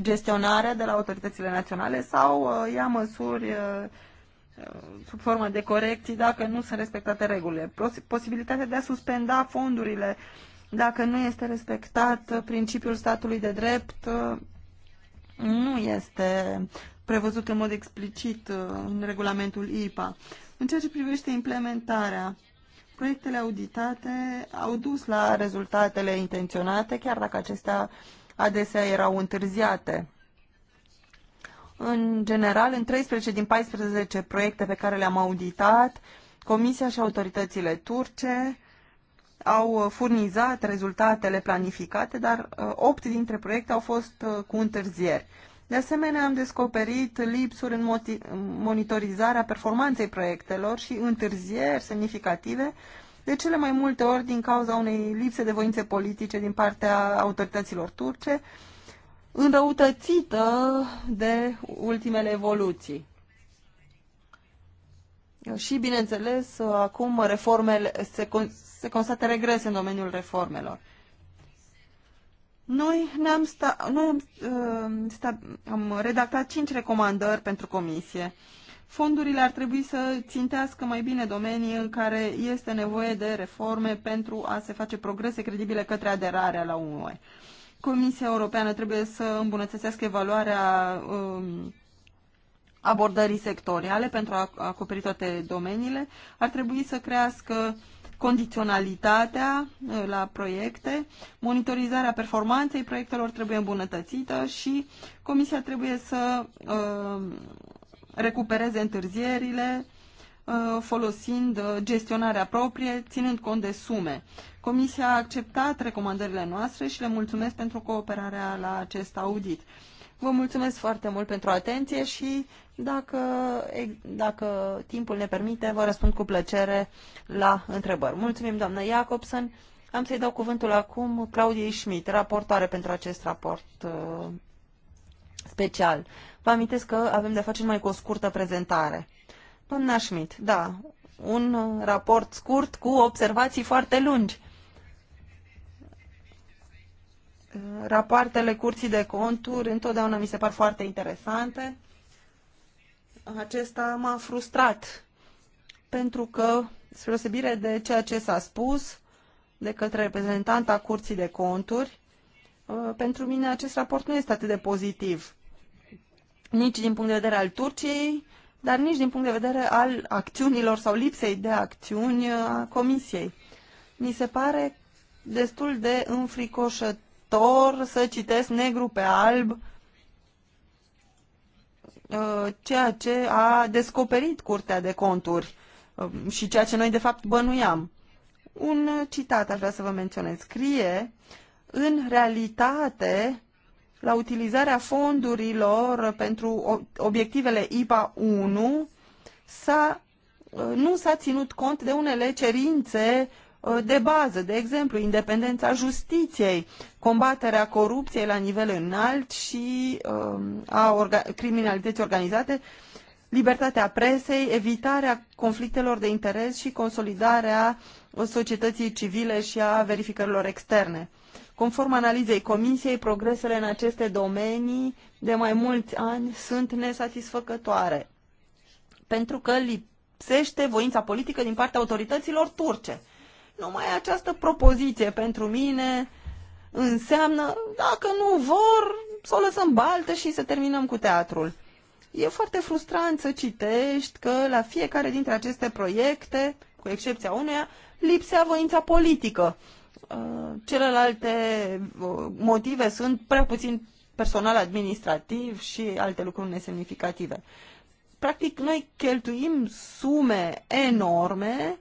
gestionarea de la autoritățile naționale sau ia măsuri Uh, sub formă de corecții dacă nu sunt respectate regulile. Posibilitatea de a suspenda fondurile dacă nu este respectat principiul statului de drept uh, nu este prevăzut în mod explicit uh, în regulamentul IPA. În ceea ce privește implementarea, proiectele auditate au dus la rezultatele intenționate, chiar dacă acestea adesea erau întârziate. În general, în 13 din 14 proiecte pe care le-am auditat, Comisia și autoritățile turce au uh, furnizat rezultatele planificate, dar 8 uh, dintre proiecte au fost uh, cu întârzieri. De asemenea, am descoperit lipsuri în monitorizarea performanței proiectelor și întârzieri semnificative, de cele mai multe ori din cauza unei lipse de voințe politice din partea autorităților turce înrăutățită de ultimele evoluții. Și, bineînțeles, acum reformele, se, se constată regrese în domeniul reformelor. Noi, ne-am sta, noi am, uh, sta, am redactat cinci recomandări pentru comisie. Fondurile ar trebui să țintească mai bine domenii în care este nevoie de reforme pentru a se face progrese credibile către aderarea la UE. Comisia Europeană trebuie să îmbunătățească evaluarea um, abordării sectoriale pentru a acoperi toate domeniile. Ar trebui să crească condiționalitatea uh, la proiecte, monitorizarea performanței proiectelor trebuie îmbunătățită și Comisia trebuie să uh, recupereze întârzierile, Uh, folosind uh, gestionarea proprie, ținând cont de sume. Comisia a acceptat recomandările noastre și le mulțumesc pentru cooperarea la acest audit. Vă mulțumesc foarte mult pentru atenție și dacă, dacă timpul ne permite, vă răspund cu plăcere la întrebări. Mulțumim, doamna Jacobson. Am să-i dau cuvântul acum Claudiei Schmidt, raportoare pentru acest raport uh, special. Vă amintesc că avem de face mai cu o scurtă prezentare. Doamna Schmidt, da, un uh, raport scurt cu observații foarte lungi. Uh, rapoartele curții de conturi întotdeauna mi se par foarte interesante. Acesta m-a frustrat pentru că, spre osebire de ceea ce s-a spus de către reprezentanta curții de conturi, uh, pentru mine acest raport nu este atât de pozitiv nici din punct de vedere al Turciei, dar nici din punct de vedere al acțiunilor sau lipsei de acțiuni uh, a Comisiei. Mi se pare destul de înfricoșător să citesc negru pe alb uh, ceea ce a descoperit Curtea de Conturi um, și ceea ce noi de fapt bănuiam. Un citat aș vrea să vă menționez. Scrie, în realitate, la utilizarea fondurilor pentru obiectivele IPA 1 s-a, uh, nu s-a ținut cont de unele cerințe uh, de bază, de exemplu, independența justiției, combaterea corupției la nivel înalt și um, a orga- criminalității organizate, libertatea presei, evitarea conflictelor de interes și consolidarea societății civile și a verificărilor externe. Conform analizei Comisiei, progresele în aceste domenii de mai mulți ani sunt nesatisfăcătoare, pentru că lipsește voința politică din partea autorităților turce. Numai această propoziție pentru mine înseamnă, dacă nu vor, să o lăsăm baltă și să terminăm cu teatrul. E foarte frustrant să citești că la fiecare dintre aceste proiecte, cu excepția uneia, lipsea voința politică. Uh, celelalte uh, motive sunt prea puțin personal administrativ și alte lucruri nesemnificative. Practic, noi cheltuim sume enorme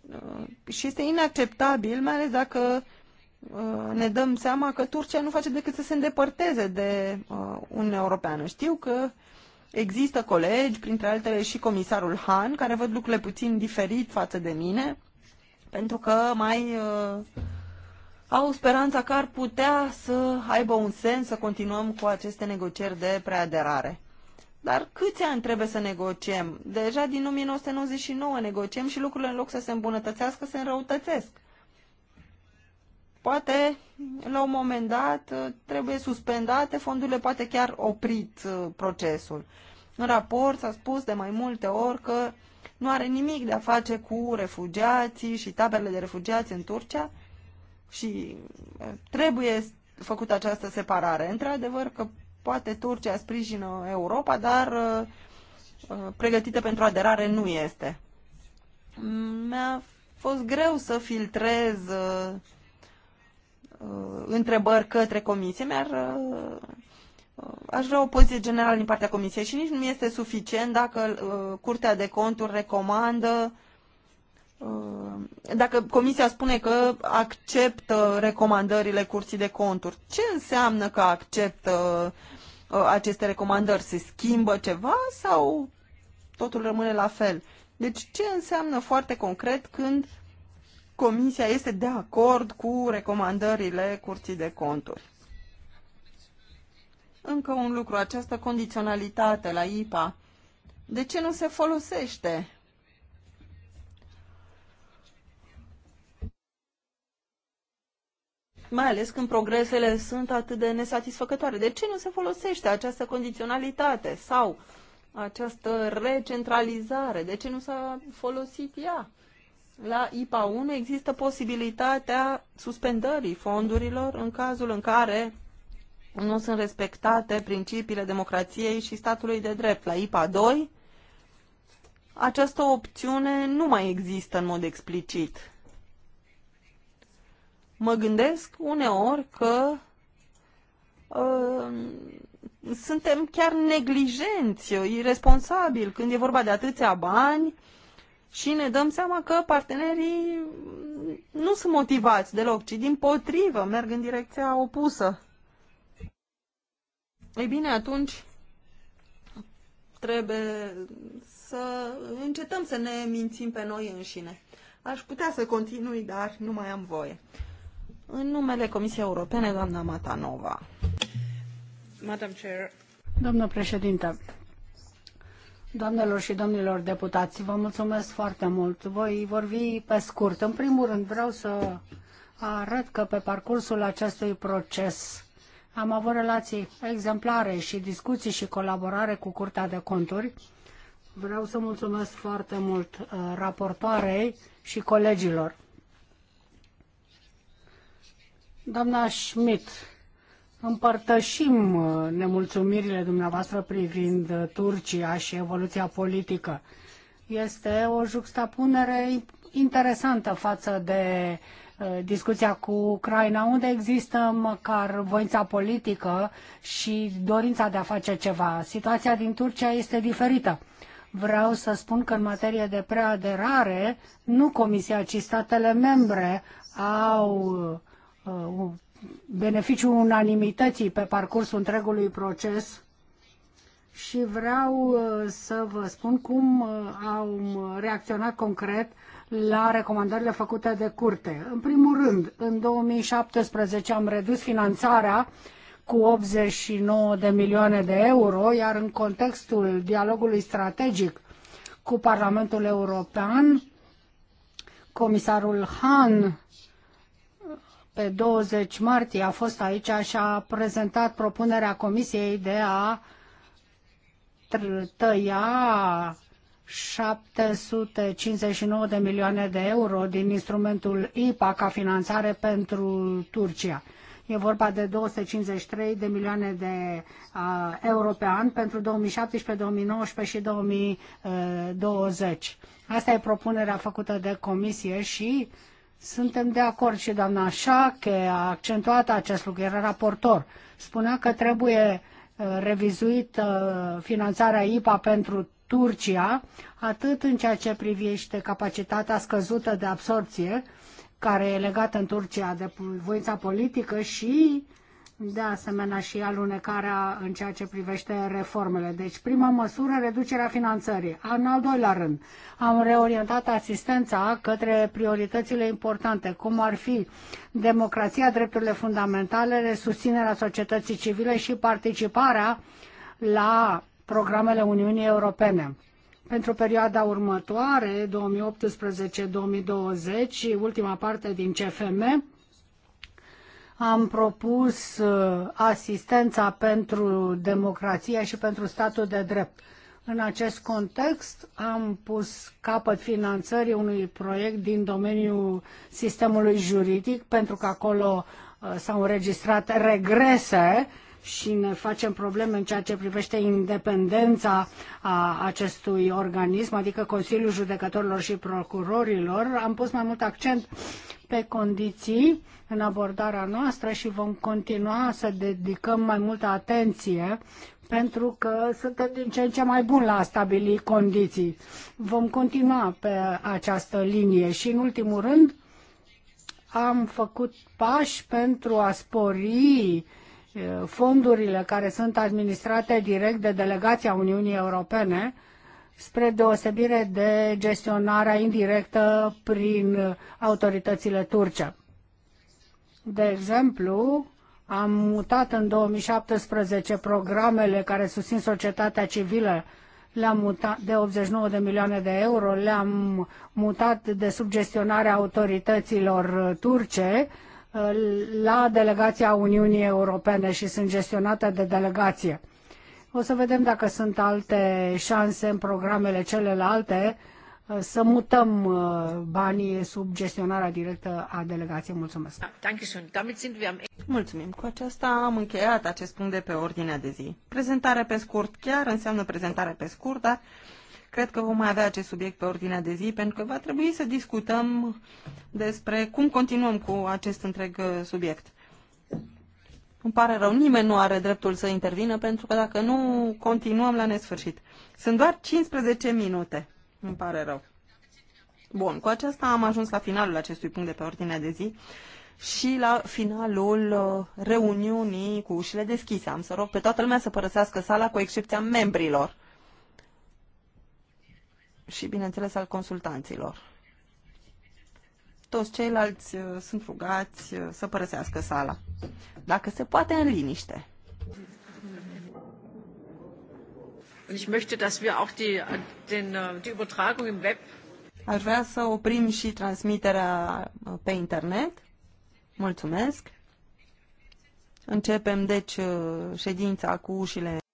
uh, și este inacceptabil, mai ales dacă ne dăm seama că Turcia nu face decât să se îndepărteze de Uniunea Europeană. Știu că există colegi, printre altele și comisarul Han, care văd lucrurile puțin diferit față de mine pentru că mai uh, au speranța că ar putea să aibă un sens să continuăm cu aceste negocieri de preaderare. Dar câți ani trebuie să negociem? Deja din 1999 negociem și lucrurile în loc să se îmbunătățească, se înrăutățesc. Poate, la un moment dat, uh, trebuie suspendate fondurile, poate chiar oprit uh, procesul. În raport s-a spus de mai multe ori că nu are nimic de a face cu refugiații și taberele de refugiați în Turcia și trebuie făcută această separare. Într-adevăr că poate Turcia sprijină Europa, dar pregătită pentru aderare nu este. Mi-a fost greu să filtrez întrebări către comisie. Mi-ar Aș vrea o poziție generală din partea Comisiei și nici nu este suficient dacă uh, Curtea de Conturi recomandă uh, dacă Comisia spune că acceptă recomandările Curții de Conturi, ce înseamnă că acceptă uh, aceste recomandări? Se schimbă ceva sau totul rămâne la fel? Deci ce înseamnă foarte concret când Comisia este de acord cu recomandările Curții de Conturi? Încă un lucru, această condiționalitate la IPA, de ce nu se folosește? Mai ales când progresele sunt atât de nesatisfăcătoare. De ce nu se folosește această condiționalitate sau această recentralizare? De ce nu s-a folosit ea? La IPA 1 există posibilitatea suspendării fondurilor în cazul în care nu sunt respectate principiile democrației și statului de drept. La IPA 2, această opțiune nu mai există în mod explicit. Mă gândesc uneori că uh, suntem chiar neglijenți, irresponsabili când e vorba de atâția bani și ne dăm seama că partenerii nu sunt motivați deloc, ci din potrivă merg în direcția opusă. Ei bine, atunci trebuie să încetăm să ne mințim pe noi înșine. Aș putea să continui, dar nu mai am voie. În numele Comisiei Europene, doamna Matanova. Madam Chair. Doamnă președintă, doamnelor și domnilor deputați, vă mulțumesc foarte mult. Voi vorbi pe scurt. În primul rând vreau să arăt că pe parcursul acestui proces am avut relații exemplare și discuții și colaborare cu Curtea de Conturi. Vreau să mulțumesc foarte mult uh, raportoarei și colegilor. Doamna Schmidt, împărtășim uh, nemulțumirile dumneavoastră privind uh, Turcia și evoluția politică. Este o juxtapunere interesantă față de Uh, discuția cu Ucraina, unde există măcar voința politică și dorința de a face ceva. Situația din Turcia este diferită. Vreau să spun că în materie de preaderare, nu Comisia, ci statele membre au uh, beneficiul unanimității pe parcursul întregului proces și vreau uh, să vă spun cum au reacționat concret la recomandările făcute de curte. În primul rând, în 2017 am redus finanțarea cu 89 de milioane de euro, iar în contextul dialogului strategic cu Parlamentul European, comisarul Han pe 20 martie a fost aici și a prezentat propunerea Comisiei de a tăia 759 de milioane de euro din instrumentul IPA ca finanțare pentru Turcia. E vorba de 253 de milioane de uh, euro pe an pentru 2017, 2019 și 2020. Asta e propunerea făcută de comisie și suntem de acord și doamna că a accentuat acest lucru, era raportor. Spunea că trebuie revizuit finanțarea IPA pentru Turcia, atât în ceea ce privește capacitatea scăzută de absorpție, care e legată în Turcia de voința politică și de asemenea și alunecarea în ceea ce privește reformele. Deci, prima măsură, reducerea finanțării. În al doilea rând, am reorientat asistența către prioritățile importante, cum ar fi democrația, drepturile fundamentale, susținerea societății civile și participarea la programele Uniunii Europene. Pentru perioada următoare, 2018-2020, ultima parte din CFM, am propus uh, asistența pentru democrație și pentru statul de drept. În acest context am pus capăt finanțării unui proiect din domeniul sistemului juridic, pentru că acolo uh, s-au înregistrat regrese și ne facem probleme în ceea ce privește independența a acestui organism, adică Consiliul Judecătorilor și Procurorilor, am pus mai mult accent pe condiții în abordarea noastră și vom continua să dedicăm mai multă atenție pentru că suntem din ce în ce mai buni la a stabili condiții. Vom continua pe această linie și, în ultimul rând, am făcut pași pentru a spori fondurile care sunt administrate direct de delegația Uniunii Europene, spre deosebire de gestionarea indirectă prin autoritățile turce. De exemplu, am mutat în 2017 programele care susțin societatea civilă le-am mutat de 89 de milioane de euro, le-am mutat de sub gestionarea autorităților turce la delegația Uniunii Europene și sunt gestionate de delegație. O să vedem dacă sunt alte șanse în programele celelalte uh, să mutăm uh, banii sub gestionarea directă a delegației. Mulțumesc! Mulțumim! Cu aceasta am încheiat acest punct de pe ordinea de zi. Prezentare pe scurt chiar înseamnă prezentare pe scurt, dar Cred că vom mai avea acest subiect pe ordinea de zi, pentru că va trebui să discutăm despre cum continuăm cu acest întreg uh, subiect. Îmi pare rău, nimeni nu are dreptul să intervină, pentru că dacă nu, continuăm la nesfârșit. Sunt doar 15 minute. Îmi pare rău. Bun, cu aceasta am ajuns la finalul acestui punct de pe ordinea de zi și la finalul uh, reuniunii cu ușile deschise. Am să rog pe toată lumea să părăsească sala, cu excepția membrilor și, bineînțeles, al consultanților. Toți ceilalți uh, sunt rugați uh, să părăsească sala, dacă se poate în liniște. Ich möchte, dass wir auch die, äh, den, äh, die Übertragung im Web Aș vrea să oprim și transmiterea uh, pe internet. Mulțumesc. Începem, deci, ședința cu ușile